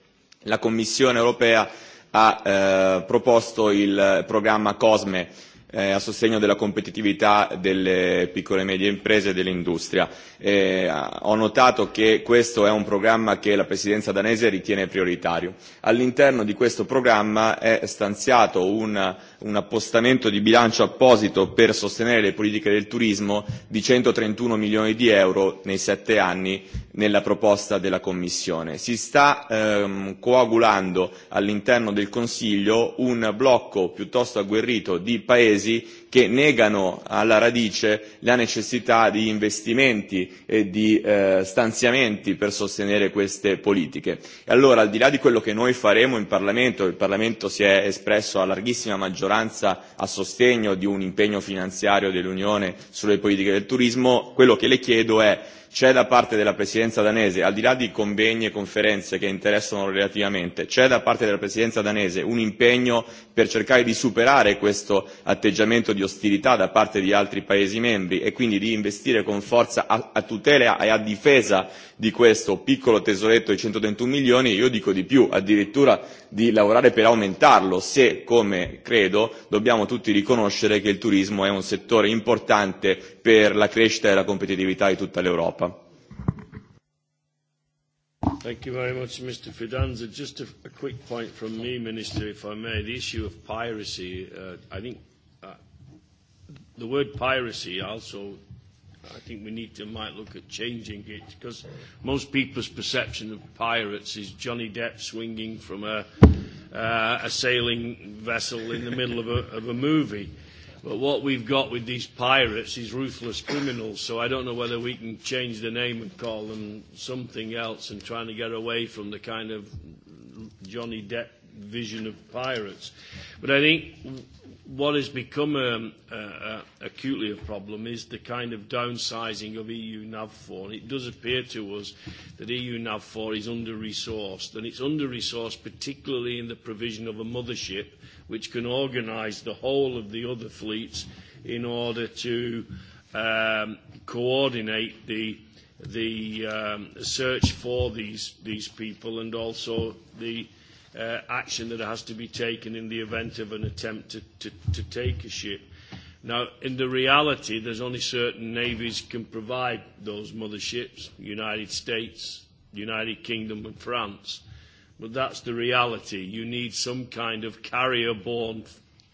la Commissione europea ha eh, proposto il programma COSME eh, a sostegno della competitività delle piccole e medie imprese e dell'industria. Eh, ho notato che questo è un programma che la Presidenza danese ritiene prioritario. All'interno di questo programma è stanziato un un appostamento di bilancio apposito per sostenere le politiche del turismo di 131 milioni di euro nei sette anni nella proposta della Commissione. Si sta ehm, coagulando all'interno del Consiglio un blocco piuttosto agguerrito di paesi che negano alla radice la necessità di investimenti e di eh, stanziamenti per sostenere queste politiche. E allora, al di là di quello che noi faremo in Parlamento, il Parlamento si è espresso a larghissima maggioranza a sostegno di un impegno finanziario dell'Unione sulle politiche del turismo, quello che le chiedo è c'è da parte della presidenza danese, al di là di convegni e conferenze che interessano relativamente, c'è da parte della presidenza danese un impegno per cercare di superare questo atteggiamento di ostilità da parte di altri Paesi membri e quindi di investire con forza a, a tutela e a difesa di questo piccolo tesoretto di 131 milioni, io dico di più, addirittura di lavorare per aumentarlo se, come credo, dobbiamo tutti riconoscere che il turismo è un settore importante per la crescita e la competitività di tutta l'Europa. Thank you very much, Mr. Fidanza. Just a, quick point from me, Minister, if I may. The issue of piracy, uh, I think uh, the word piracy also, I think we need to might look at changing it because most people's perception of pirates is Johnny Depp swinging from a, uh, a sailing vessel in the middle of a, of a movie. But what we've got with these pirates is ruthless criminals, so I don't know whether we can change the name and call them something else and trying to get away from the kind of Johnny Depp vision of pirates. But I think what has become a, um, a, a, acutely a problem is the kind of downsizing of EU NAV4. And it does appear to us that EU NAV4 is under-resourced, and it's under-resourced particularly in the provision of a mothership – which can organise the whole of the other fleets in order to um, coordinate the the um, search for these these people and also the uh, action that has to be taken in the event of an attempt to, to, to take a ship. Now, in the reality, there's only certain navies can provide those mother ships: United States, United Kingdom, and France. But that's the reality. You need some kind of carrier borne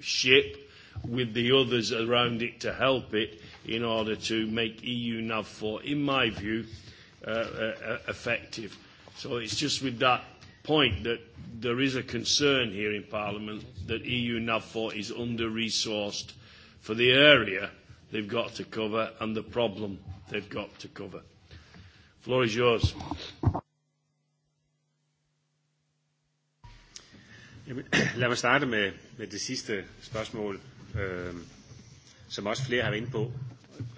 ship with the others around it to help it in order to make EU NAV4, in my view, uh, uh, uh, effective. So it's just with that point that there is a concern here in Parliament that EU NAV4 is under-resourced for the area they've got to cover and the problem they've got to cover. Floor is yours. [CLEARS THROAT] lad mig starte med, med det sidste spørgsmål, øh, som også flere har været inde på.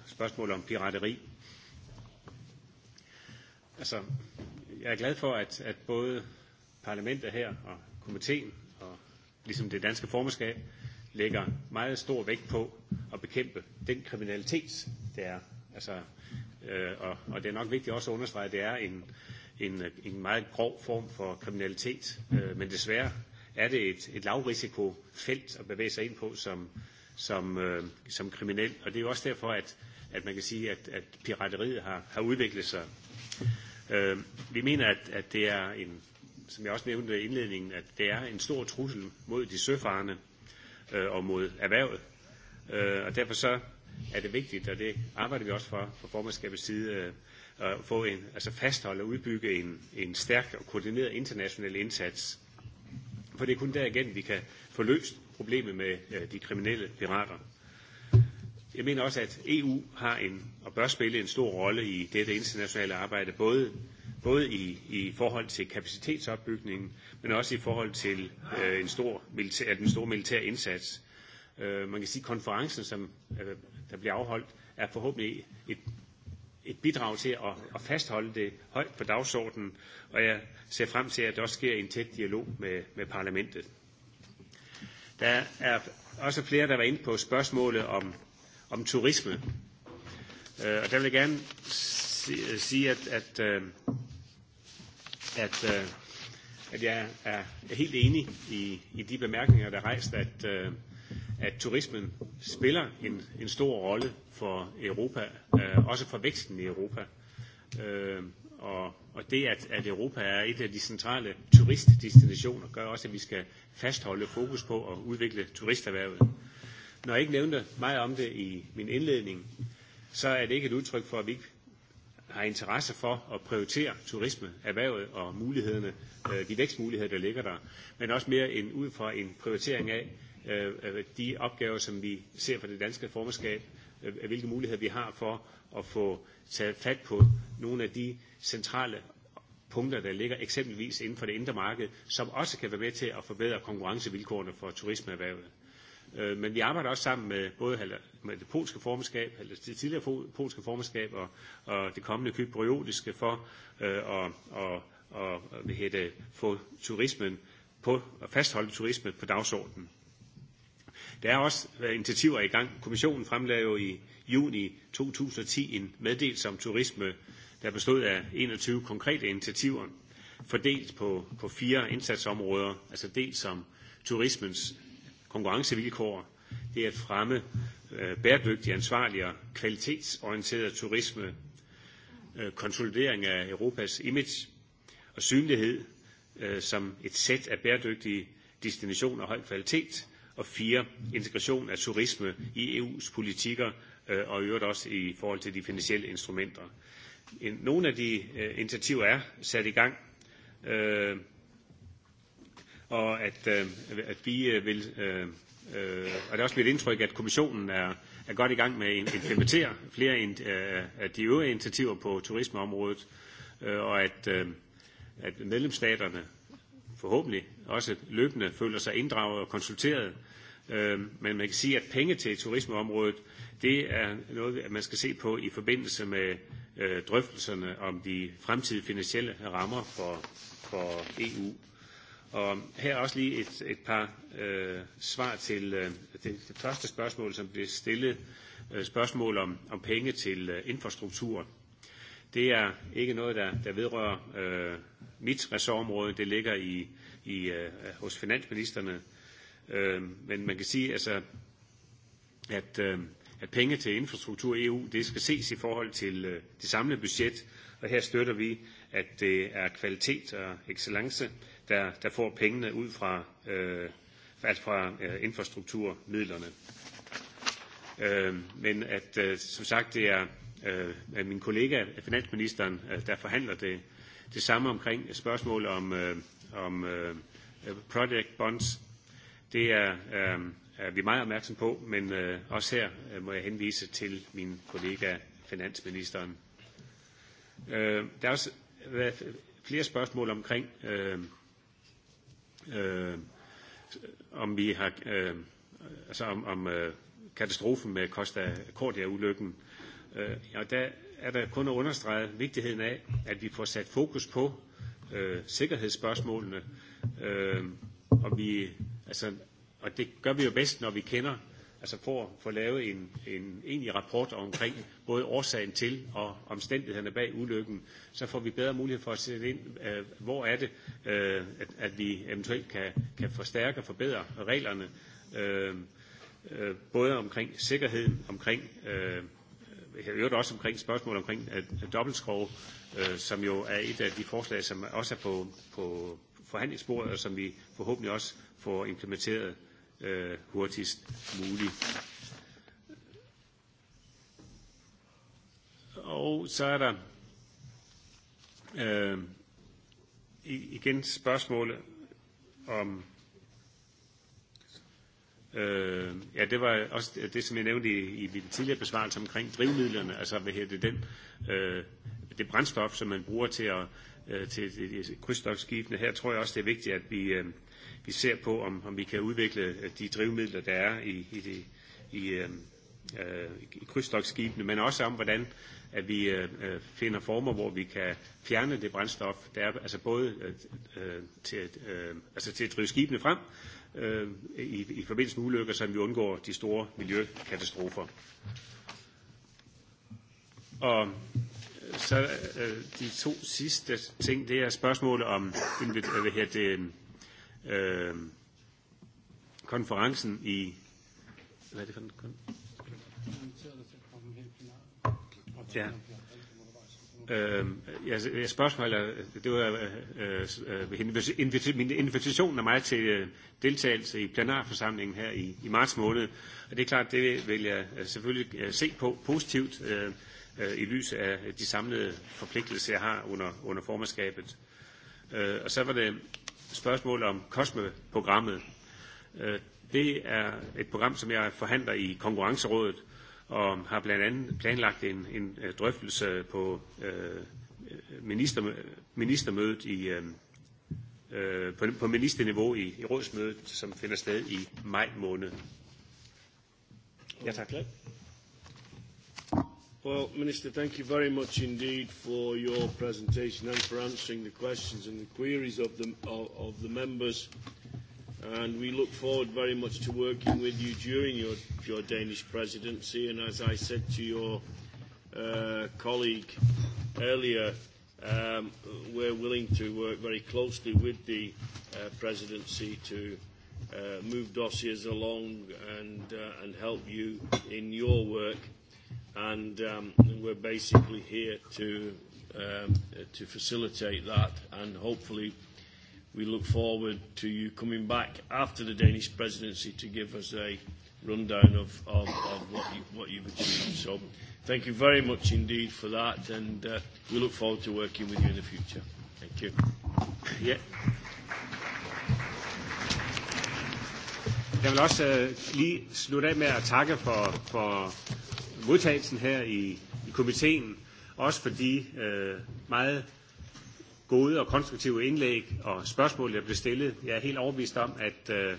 Spørgsmålet om pirateri. Altså, jeg er glad for, at, at både parlamentet her og komiteen, og ligesom det danske formandskab, lægger meget stor vægt på at bekæmpe den kriminalitet, det er. Altså, øh, og, og det er nok vigtigt også at understrege, at det er en, en, en meget grov form for kriminalitet, øh, men desværre er det et, et lavrisikofelt at bevæge sig ind på som, som, øh, som kriminel. Og det er jo også derfor, at, at man kan sige, at, at pirateriet har, har udviklet sig. Øh, vi mener, at, at det er en, som jeg også nævnte i indledningen, at det er en stor trussel mod de søfarende øh, og mod erhvervet. Øh, og derfor så er det vigtigt, og det arbejder vi også for fra formandskabets side, øh, at få en, altså fastholde og udbygge en, en stærk og koordineret international indsats for det er kun derigennem, vi kan få løst problemet med øh, de kriminelle pirater. Jeg mener også, at EU har en, og bør spille en stor rolle i dette internationale arbejde, både, både i, i forhold til kapacitetsopbygningen, men også i forhold til øh, en stor militær, den store militære indsats. Øh, man kan sige, at konferencen, som øh, der bliver afholdt, er forhåbentlig et et bidrag til at, at fastholde det højt på dagsordenen, og jeg ser frem til, at det også sker i en tæt dialog med, med parlamentet. Der er også flere, der var inde på spørgsmålet om, om turisme. Øh, og der vil jeg gerne sige, at, at, øh, at, øh, at jeg er, er helt enig i, i de bemærkninger, der er rejst, at øh, at turismen spiller en, en stor rolle for Europa, øh, også for væksten i Europa. Øh, og, og det, at, at Europa er et af de centrale turistdestinationer, gør også, at vi skal fastholde fokus på at udvikle turisterhvervet. Når jeg ikke nævnte meget om det i min indledning, så er det ikke et udtryk for, at vi ikke har interesse for at prioritere turisme, erhvervet og mulighederne, øh, de vækstmuligheder, der ligger der, men også mere end ud fra en prioritering af, Øh, øh, de opgaver, som vi ser for det danske formandskab, øh, hvilke muligheder vi har for at få taget fat på nogle af de centrale punkter, der ligger eksempelvis inden for det indre marked, som også kan være med til at forbedre konkurrencevilkårene for turismeerhvervet. Men vi arbejder også sammen med både med det polske formandskab, eller det tidligere polske formandskab og, og det kommende kyberiotiske for øh, at, og, og, hvad hedder, få turismen på, at fastholde turismen på dagsordenen. Der er også initiativer i gang. Kommissionen fremlagde jo i juni 2010 en meddelelse om turisme, der bestod af 21 konkrete initiativer, fordelt på, på fire indsatsområder, altså dels som turismens konkurrencevilkår, det er at fremme øh, bæredygtig, ansvarlig og kvalitetsorienteret turisme, øh, konsolidering af Europas image og synlighed øh, som et sæt af bæredygtige destinationer og høj kvalitet, og fire, integration af turisme i EU's politikker øh, og i øvrigt også i forhold til de finansielle instrumenter. nogle af de øh, initiativer er sat i gang, øh, og at, at vi vil, og det er også mit indtryk, at kommissionen er, er godt i gang med at implementere flere af de øvrige initiativer på turismeområdet, og at, at medlemsstaterne forhåbentlig også løbende føler sig inddraget og konsulteret Øh, men man kan sige, at penge til turismeområdet, det er noget, man skal se på i forbindelse med øh, drøftelserne om de fremtidige finansielle rammer for, for EU. Og her er også lige et, et par øh, svar til øh, det, det første spørgsmål, som blev stillet. Øh, spørgsmål om, om penge til øh, infrastruktur. Det er ikke noget, der, der vedrører øh, mit ressortområde. Det ligger i, i, øh, hos finansministerne. Øh, men man kan sige, altså, at, øh, at penge til infrastruktur i EU, det skal ses i forhold til øh, det samlede budget, og her støtter vi, at det er kvalitet og excellence, der, der får pengene ud fra, øh, altså fra øh, infrastrukturmidlerne. Øh, men at, øh, som sagt, det er øh, min kollega, finansministeren, øh, der forhandler det, det samme omkring spørgsmål om, øh, om øh, project bonds, Det er, øh, er vi meget opmærksom på, men øh, også her øh, må jeg henvise til min kollega finansministeren. Øh, der er også været flere spørgsmål omkring, øh, øh, om vi har, øh, altså om, om øh, katastrofen med Costa Cordia-ulykken. Øh, og der er der kun at understrege vigtigheden af, at vi får sat fokus på øh, sikkerhedsspørgsmålene, øh, og vi Altså, og det gør vi jo bedst, når vi kender, altså får, få lavet en, en egentlig rapport omkring både årsagen til og omstændighederne bag ulykken, så får vi bedre mulighed for at sætte ind, øh, hvor er det, øh, at, at vi eventuelt kan, kan forstærke og forbedre reglerne, øh, øh, både omkring sikkerheden, omkring øh, jeg hørte også omkring spørgsmål omkring at, øh, at dobbeltskrog, øh, som jo er et af de forslag, som også er på, på forhandlingsbordet, og som vi forhåbentlig også får implementeret øh, hurtigst muligt. Og så er der øh, igen spørgsmålet om Øh, ja, det var også det, som jeg nævnte i, i min tidligere besvarelse omkring drivmidlerne, altså hvad hedder det, den, øh, det brændstof, som man bruger til at øh, til, til, til krydstogtskibene. Her tror jeg også, det er vigtigt, at vi, øh, vi ser på, om, om vi kan udvikle øh, de drivmidler, der er i, i, det, i, øh, i krydstogsskibene, men også om, hvordan at vi øh, øh, finder former, hvor vi kan fjerne det brændstof, der er altså både øh, øh til, øh, altså til at drive skibene frem øh, i, i forbindelse med ulykker, så vi undgår de store miljøkatastrofer. Og så øh, de to sidste ting, det er spørgsmålet om hvad hedder det, øh, konferencen i... Hvad er det for en kon- Ja. Øh, jeg, jeg spørgsmålet, er- det var øh, øh, min invitation af er mig til øh, deltagelse i plenarforsamlingen her i, i marts måned. Og det er klart, det vil jeg øh, selvfølgelig øh, se på positivt øh, øh, i lys af de samlede forpligtelser, jeg har under, under formandskabet. Øh, og så var det spørgsmål om COSME-programmet. Øh, det er et program, som jeg forhandler i Konkurrencerådet, og har blandt andet planlagt en, en øh, drøftelse på øh, minister, ministermødet i, øh, øh, på, på ministerniveau i, i rådsmødet, som finder sted i maj måned. Ja, tak. Well, Minister, thank you very much indeed for your presentation and for answering the questions and the queries of the, of, of the members. And we look forward very much to working with you during your, your Danish presidency. And as I said to your uh, colleague earlier, um, we're willing to work very closely with the uh, presidency to uh, move dossiers along and, uh, and help you in your work and um, we're basically here to um, to facilitate that, and hopefully we look forward to you coming back after the Danish presidency to give us a rundown of, of, of what, you, what you've achieved. So thank you very much indeed for that, and uh, we look forward to working with you in the future. Thank you. Yeah. Jeg vil også øh, lige slutte af med at takke for, for modtagelsen her i, i komiteen, også for de øh, meget gode og konstruktive indlæg og spørgsmål, der blev stillet. Jeg er helt overbevist om, at, øh,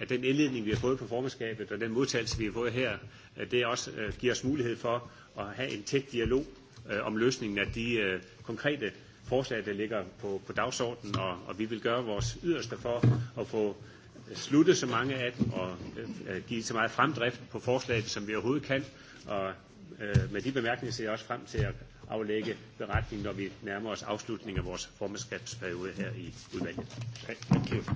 at den indledning, vi har fået på formandskabet, og den modtagelse, vi har fået her, øh, det også øh, giver os mulighed for at have en tæt dialog øh, om løsningen af de øh, konkrete forslag, der ligger på, på dagsordenen, og, og vi vil gøre vores yderste for at få slutte så mange af dem og øh, øh, give så meget fremdrift på forslaget, som vi overhovedet kan, og øh, med de bemærkninger ser jeg også frem til at aflægge beretning, når vi nærmer os afslutningen af vores formandskabsperiode her i udvalget. Thank you.